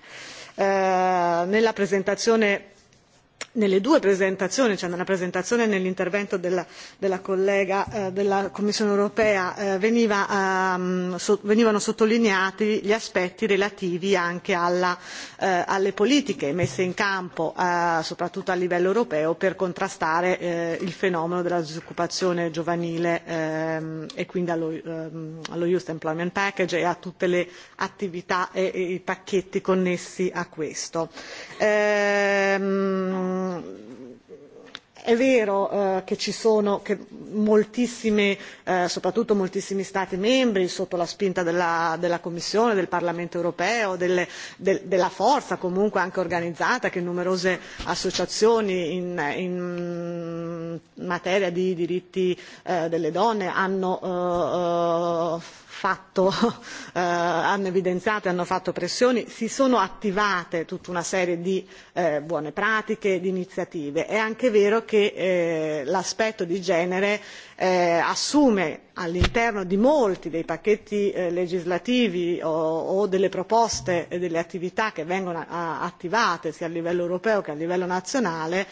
Eh, nella presentazione nelle due presentazioni cioè nella presentazione e nell'intervento della, della collega eh, della commissione europea eh, veniva, ehm, so, venivano sottolineati gli aspetti relativi anche alla, eh, alle politiche messe in campo eh, soprattutto a livello europeo per contrastare eh, il fenomeno della disoccupazione giovanile ehm, e quindi allo, ehm, allo youth employment package e a tutte le attività e, e i pacchetti connessi a questo. Ehm, ehm, è vero eh, che ci sono che moltissime, eh, soprattutto moltissimi Stati membri, sotto la spinta della, della Commissione, del Parlamento europeo, delle, de, della forza comunque anche organizzata che numerose associazioni in, in materia di diritti eh, delle donne hanno eh, eh, fatto, eh, hanno evidenziato e hanno fatto pressioni, si sono attivate tutta una serie di eh, buone pratiche, di iniziative. È anche vero che eh, l'aspetto di genere eh, assume all'interno di molti dei pacchetti eh, legislativi o, o delle proposte e delle attività che vengono a, attivate sia a livello europeo che a livello nazionale,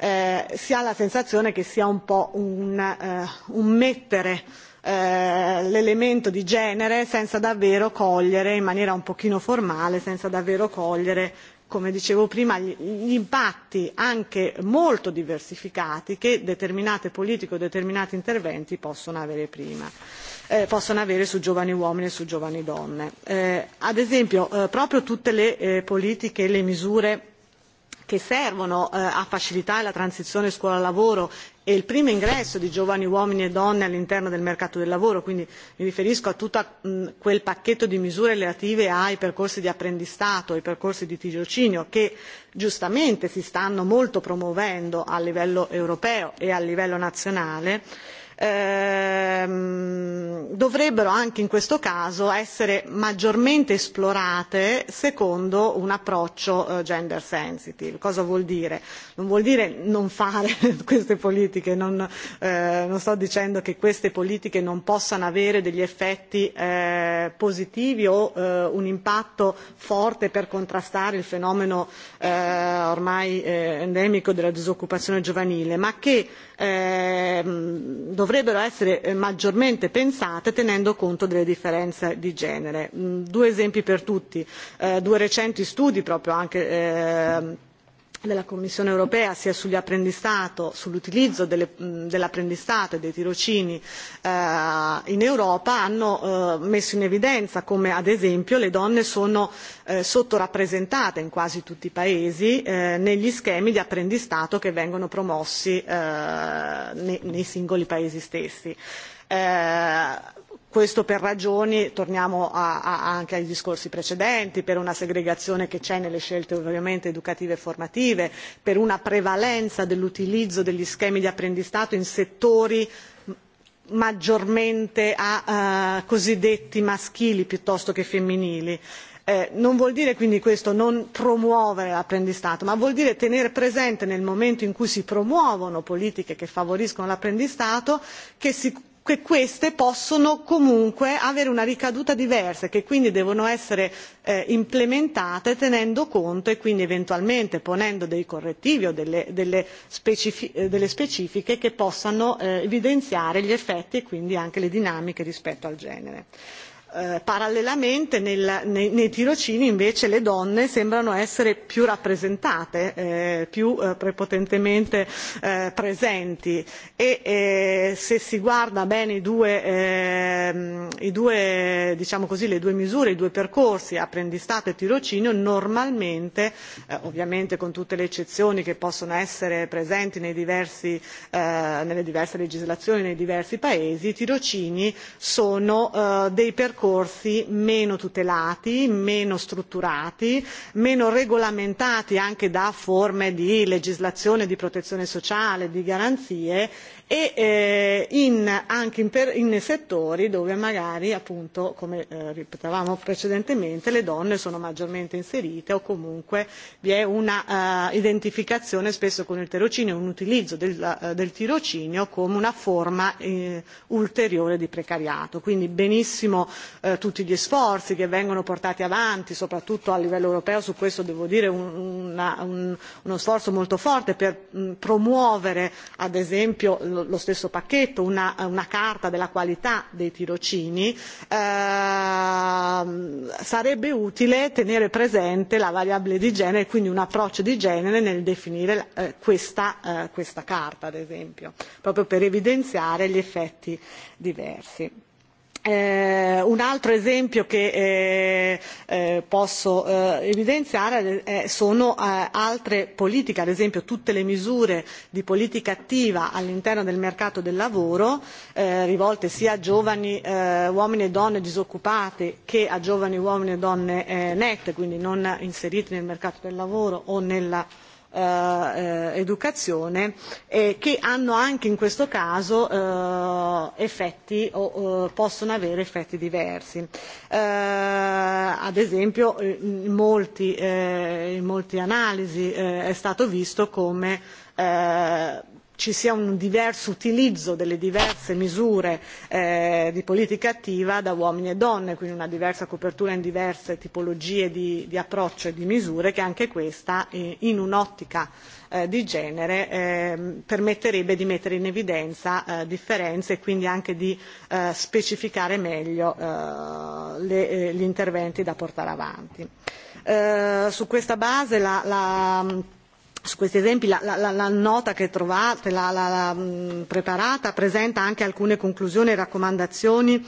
eh, si ha la sensazione che sia un po' un, eh, un mettere eh, l'elemento di genere senza davvero cogliere in maniera un pochino formale, senza davvero cogliere come dicevo prima gli, gli impatti anche molto diversificati che determinate politiche o determinati interventi possono avere prima eh, possono avere su giovani uomini e su giovani donne. Eh, ad esempio eh, proprio tutte le eh, politiche e le misure che servono eh, a facilitare la transizione scuola-lavoro e il primo ingresso di giovani uomini e donne all'interno del mercato del lavoro quindi mi riferisco a tutto mm, quel pacchetto di misure relative ai percorsi di apprendistato ai percorsi di tirocinio che giustamente si stanno molto promuovendo a livello europeo e a livello nazionale ehm, dovrebbero anche in questo caso essere maggiormente esplorate secondo un approccio eh, gender sensitive. Cosa vuol dire? Non vuol dire non fare queste politiche, non, eh, non sto dicendo che queste politiche non possano avere degli effetti eh, positivi o eh, un impatto forte per contrastare il fenomeno eh, ormai eh, endemico della disoccupazione giovanile, ma che eh, dovrebbero essere eh, maggiormente pensate tenendo conto delle differenze di genere. Mm, due esempi per tutti eh, due recenti studi proprio anche ehm, della Commissione europea sia sull'apprendistato, sull'utilizzo delle, dell'apprendistato e dei tirocini eh, in Europa hanno eh, messo in evidenza come ad esempio le donne sono eh, sottorappresentate in quasi tutti i paesi eh, negli schemi di apprendistato che vengono promossi eh, nei, nei singoli paesi stessi. Eh, questo per ragioni torniamo a, a, anche ai discorsi precedenti per una segregazione che c'è nelle scelte ovviamente educative e formative per una prevalenza dell'utilizzo degli schemi di apprendistato in settori maggiormente a eh, cosiddetti maschili piuttosto che femminili. Eh, non vuol dire quindi questo non promuovere l'apprendistato ma vuol dire tenere presente nel momento in cui si promuovono politiche che favoriscono l'apprendistato che si che queste possono comunque avere una ricaduta diversa e che quindi devono essere eh, implementate tenendo conto e quindi eventualmente ponendo dei correttivi o delle, delle, specifi- eh, delle specifiche che possano eh, evidenziare gli effetti e quindi anche le dinamiche rispetto al genere. Eh, parallelamente nel, nei, nei tirocini invece le donne sembrano essere più rappresentate, eh, più eh, prepotentemente eh, presenti e eh, se si guarda bene i due, eh, i due, diciamo così, le due misure, i due percorsi, apprendistato e tirocinio, normalmente, eh, ovviamente con tutte le eccezioni che possono essere presenti nei diversi, eh, nelle diverse legislazioni, nei diversi paesi, i tirocini sono eh, dei percorsi percorsi meno tutelati, meno strutturati, meno regolamentati anche da forme di legislazione di protezione sociale, di garanzie e eh, in, anche in, per, in settori dove magari appunto come eh, ripetavamo precedentemente le donne sono maggiormente inserite o comunque vi è una eh, identificazione spesso con il tirocinio un utilizzo del, eh, del tirocinio come una forma eh, ulteriore di precariato quindi benissimo eh, tutti gli sforzi che vengono portati avanti soprattutto a livello europeo su questo devo dire un, una, un, uno sforzo molto forte per mh, promuovere ad esempio lo stesso pacchetto una, una carta della qualità dei tirocini, ehm, sarebbe utile tenere presente la variabile di genere e quindi un approccio di genere nel definire eh, questa, eh, questa carta, ad esempio, proprio per evidenziare gli effetti diversi Eh, un altro esempio che eh, eh, posso eh, evidenziare eh, sono eh, altre politiche, ad esempio tutte le misure di politica attiva all'interno del mercato del lavoro, eh, rivolte sia a giovani eh, uomini e donne disoccupati che a giovani uomini e donne eh, net, quindi non inseriti nel mercato del lavoro o nella Eh, eh, educazione eh, che hanno anche in questo caso eh, effetti o eh, possono avere effetti diversi. Eh, ad esempio eh, in, molti, eh, in molte analisi eh, è stato visto come eh, ci sia un diverso utilizzo delle diverse misure eh, di politica attiva da uomini e donne, quindi una diversa copertura in diverse tipologie di, di approccio e di misure, che anche questa, eh, in un'ottica eh, di genere, eh, permetterebbe di mettere in evidenza eh, differenze e quindi anche di eh, specificare meglio eh, le, eh, gli interventi da portare avanti. Eh, su questa base la, la su questi esempi la, la, la nota che trovate, la, la, la, mh, preparata, presenta anche alcune conclusioni e raccomandazioni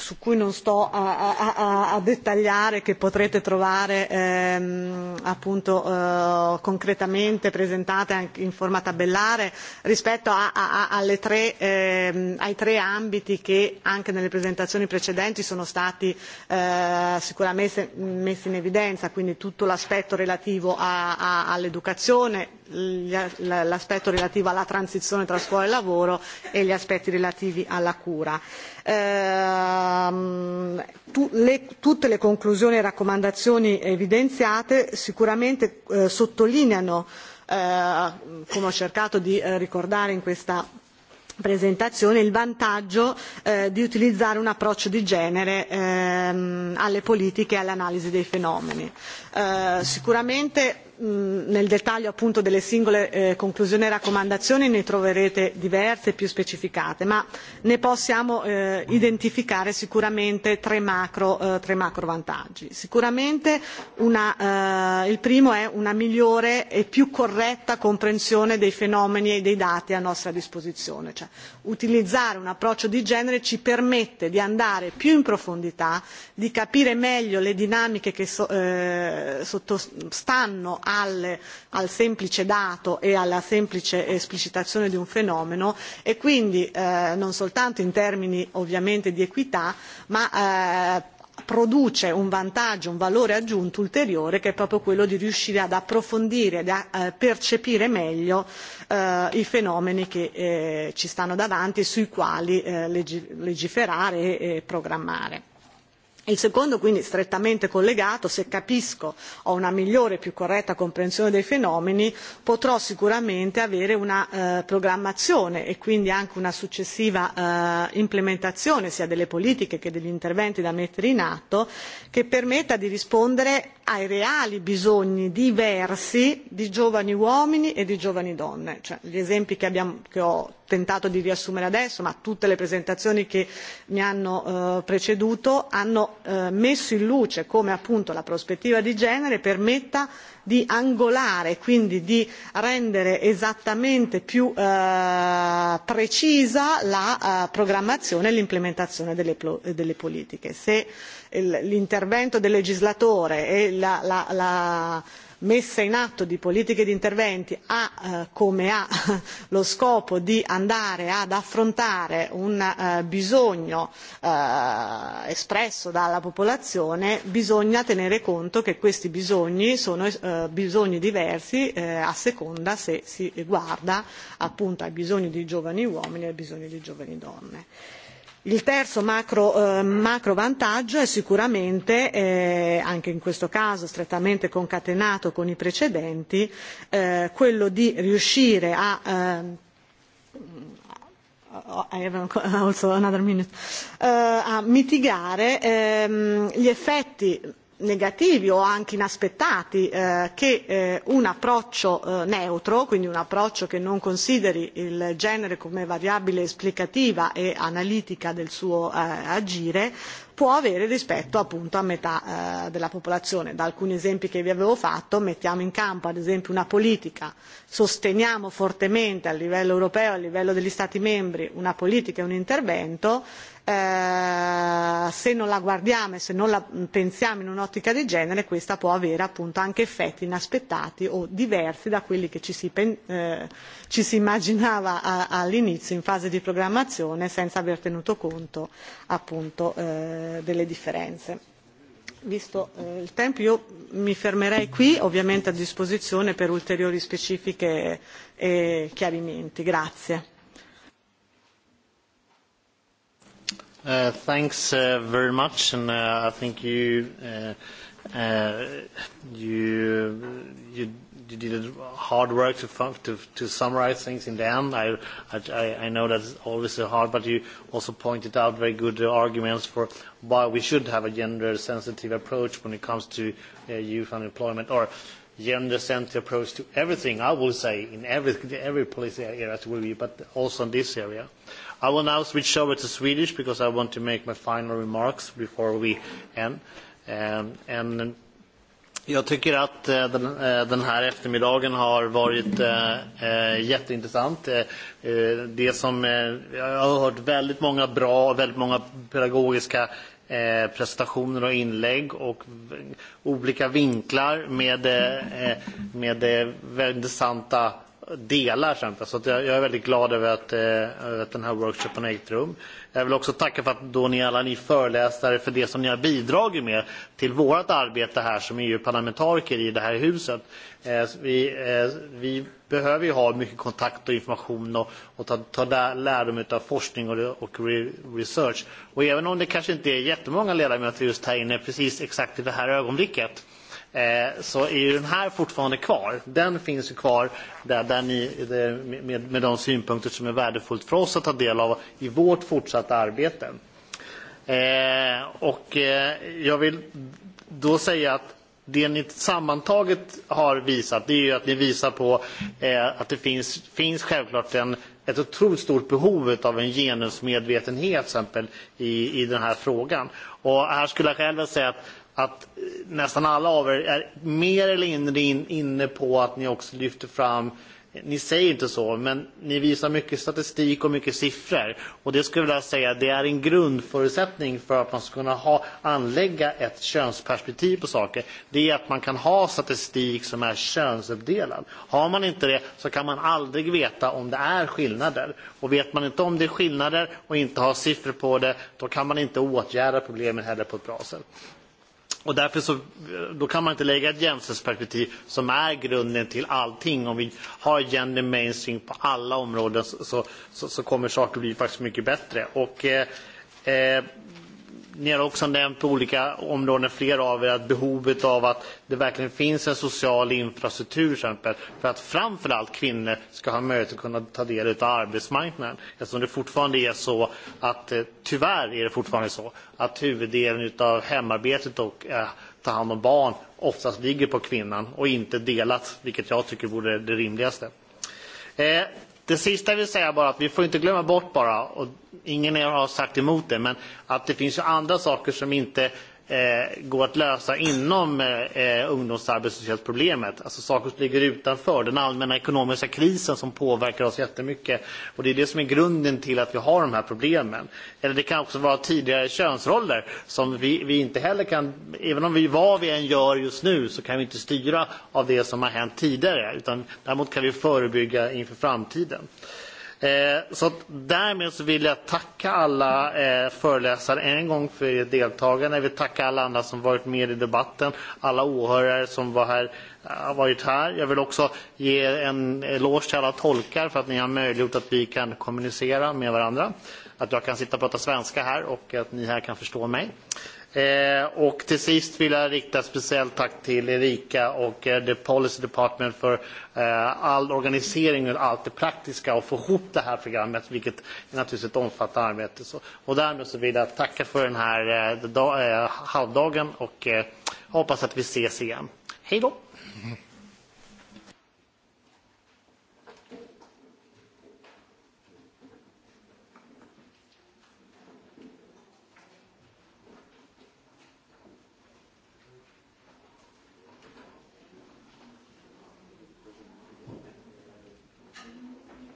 su cui non sto a, a, a, a dettagliare, che potrete trovare ehm, appunto eh, concretamente presentate anche in forma tabellare, rispetto a, a, alle tre, ehm, ai tre ambiti che anche nelle presentazioni precedenti sono stati eh, sicuramente messi in evidenza, quindi tutto l'aspetto relativo a, a, all'educazione, l'aspetto relativo alla transizione tra scuola e lavoro e gli aspetti relativi alla cura. Ehm, tu, le, tutte le conclusioni e raccomandazioni evidenziate sicuramente eh, sottolineano, eh, come ho cercato di eh, ricordare in questa presentazione il vantaggio eh, di utilizzare un approccio di genere ehm, alle politiche e all'analisi dei fenomeni. Eh, sicuramente Mm, nel dettaglio appunto delle singole eh, conclusioni e raccomandazioni ne troverete diverse più specificate ma ne possiamo eh, identificare sicuramente tre macro, eh, tre macro vantaggi sicuramente una, eh, il primo è una migliore e più corretta comprensione dei fenomeni e dei dati a nostra disposizione cioè utilizzare un approccio di genere ci permette di andare più in profondità di capire meglio le dinamiche che so, eh, sottostanno al, al semplice dato e alla semplice esplicitazione di un fenomeno e quindi eh, non soltanto in termini ovviamente di equità ma eh, produce un vantaggio, un valore aggiunto ulteriore che è proprio quello di riuscire ad approfondire, ad a eh, percepire meglio eh, i fenomeni che eh, ci stanno davanti e sui quali eh, legiferare e, e programmare Il secondo, quindi strettamente collegato, se capisco ho una migliore e più corretta comprensione dei fenomeni, potrò sicuramente avere una eh, programmazione e quindi anche una successiva eh, implementazione sia delle politiche che degli interventi da mettere in atto che permetta di rispondere ai reali bisogni diversi di giovani uomini e di giovani donne. Cioè, gli esempi che, abbiamo, che ho tentato di riassumere adesso ma tutte le presentazioni che mi hanno eh, preceduto hanno eh, messo in luce come appunto la prospettiva di genere permetta di angolare e quindi di rendere esattamente più eh, precisa la eh, programmazione e l'implementazione delle, delle politiche. se l'intervento del legislatore e la, la, la messa in atto di politiche di interventi ha eh, come ha lo scopo di andare ad affrontare un eh, bisogno eh, espresso dalla popolazione bisogna tenere conto che questi bisogni sono eh, bisogni diversi eh, a seconda se si guarda appunto ai bisogni di giovani uomini e ai bisogni di giovani donne. Il terzo macro, eh, macro vantaggio è sicuramente, eh, anche in questo caso strettamente concatenato con i precedenti, eh, quello di riuscire a eh, oh, I have also another minute, uh, a mitigare um, gli effetti negativi o anche inaspettati eh, che eh, un approccio eh, neutro, quindi un approccio che non consideri il genere come variabile esplicativa e analitica del suo eh, agire, può avere rispetto appunto a metà eh, della popolazione. Da alcuni esempi che vi avevo fatto mettiamo in campo ad esempio una politica, sosteniamo fortemente a livello europeo, a livello degli Stati membri una politica e un intervento eh, se non la guardiamo e se non la pensiamo in un'ottica di genere questa può avere appunto anche effetti inaspettati o diversi da quelli che ci si, eh, ci si immaginava a, all'inizio in fase di programmazione senza aver tenuto conto appunto eh, delle differenze visto eh, il tempo io mi fermerei qui ovviamente a disposizione per ulteriori specifiche e chiarimenti grazie Uh, thanks uh, very much, and uh, I think you, uh, uh, you you you did hard work to to to summarize things in the end. I I, I know that's always hard, but you also pointed out very good uh, arguments for why we should have a gender-sensitive approach when it comes to uh, youth unemployment or gender-centered approach to everything. I would say in every every policy area to review, but also in this area. Uh, I will now switch over to Swedish because I want to make my final remarks before we end. Um, and um, jag tycker att eh, den, eh, den här eftermiddagen har varit äh, jätteintressant. Det som, jag har hört väldigt många bra och väldigt många pedagogiska eh, presentationer och inlägg och olika vinklar med, eh, med eh, väldigt intressanta delar. Kämpa. Så att jag, jag är väldigt glad över att, eh, att den här workshopen har ägt rum. Jag vill också tacka för att då ni alla ni föreläsare för det som ni har bidragit med till vårt arbete här som EU-parlamentariker i det här huset. Eh, vi, eh, vi behöver ju ha mycket kontakt och information och, och ta, ta där, lärdom av forskning och, och re, research. Och även om det kanske inte är jättemånga ledamöter just här inne precis exakt i det här ögonblicket eh, så är ju den här fortfarande kvar. Den finns ju kvar där, där ni, där, med, med de synpunkter som är värdefullt för oss att ta del av i vårt fortsatta arbete. Eh, och eh, jag vill då säga att det ni sammantaget har visat det är ju att ni visar på eh, att det finns, finns självklart en, ett otroligt stort behov av en genusmedvetenhet exempel, i, i den här frågan. Och här skulle jag själv säga att att eh, nästan alla av er är mer eller mindre in, inne på att ni också lyfter fram eh, ni säger inte så, men ni visar mycket statistik och mycket siffror. Och det skulle jag vilja säga, det är en grundförutsättning för att man ska kunna ha, anlägga ett könsperspektiv på saker. Det är att man kan ha statistik som är könsuppdelad. Har man inte det så kan man aldrig veta om det är skillnader. Och vet man inte om det är skillnader och inte har siffror på det, då kan man inte åtgärda problemen heller på ett bra sätt. Och därför så, eh, då kan man inte lägga ett jämställdhetsperspektiv som är grunden till allting. Om vi har gender mainstream på alla områden så, så, så kommer saker bli faktiskt mycket bättre. Och, eh, eh, ni har också nämnt på olika områden, flera av er, att behovet av att det verkligen finns en social infrastruktur exempel, för att framförallt kvinnor ska ha möjlighet att kunna ta del av arbetsmarknaden. Eftersom det fortfarande är så att, eh, tyvärr är det fortfarande så, att huvuddelen av hemarbetet och eh, ta hand om barn oftast ligger på kvinnan och inte delat, vilket jag tycker vore det rimligaste. Eh, Det sista jag vill säga bara att vi får inte glömma bort bara, och ingen er har sagt emot det, men att det finns ju andra saker som inte Eh, gå att lösa inom eh, eh, ungdomsarbetslöshetsproblemet. Alltså saker som ligger utanför den allmänna ekonomiska krisen som påverkar oss jättemycket. Och det är det som är grunden till att vi har de här problemen. Eller det kan också vara tidigare könsroller som vi, vi inte heller kan, även om vi vad vi än gör just nu så kan vi inte styra av det som har hänt tidigare. Utan däremot kan vi förebygga inför framtiden. Eh, Eh, så därmed så vill jag tacka alla eh, föreläsare en gång för ert deltagande. Jag vill tacka alla andra som varit med i debatten, alla åhörare som var här, eh, har varit här. Jag vill också ge er en eloge till alla tolkar för att ni har möjliggjort att vi kan kommunicera med varandra. Att jag kan sitta och prata svenska här och att ni här kan förstå mig. Eh, och till sist vill jag rikta speciellt tack till Erika och eh, the Policy Department för eh, all organisering och allt det praktiska och få ihop det här programmet, vilket är naturligtvis ett omfattande arbete. Så, och därmed så vill jag tacka för den här eh, dag, eh, halvdagen och eh, hoppas att vi ses igen. Hej då!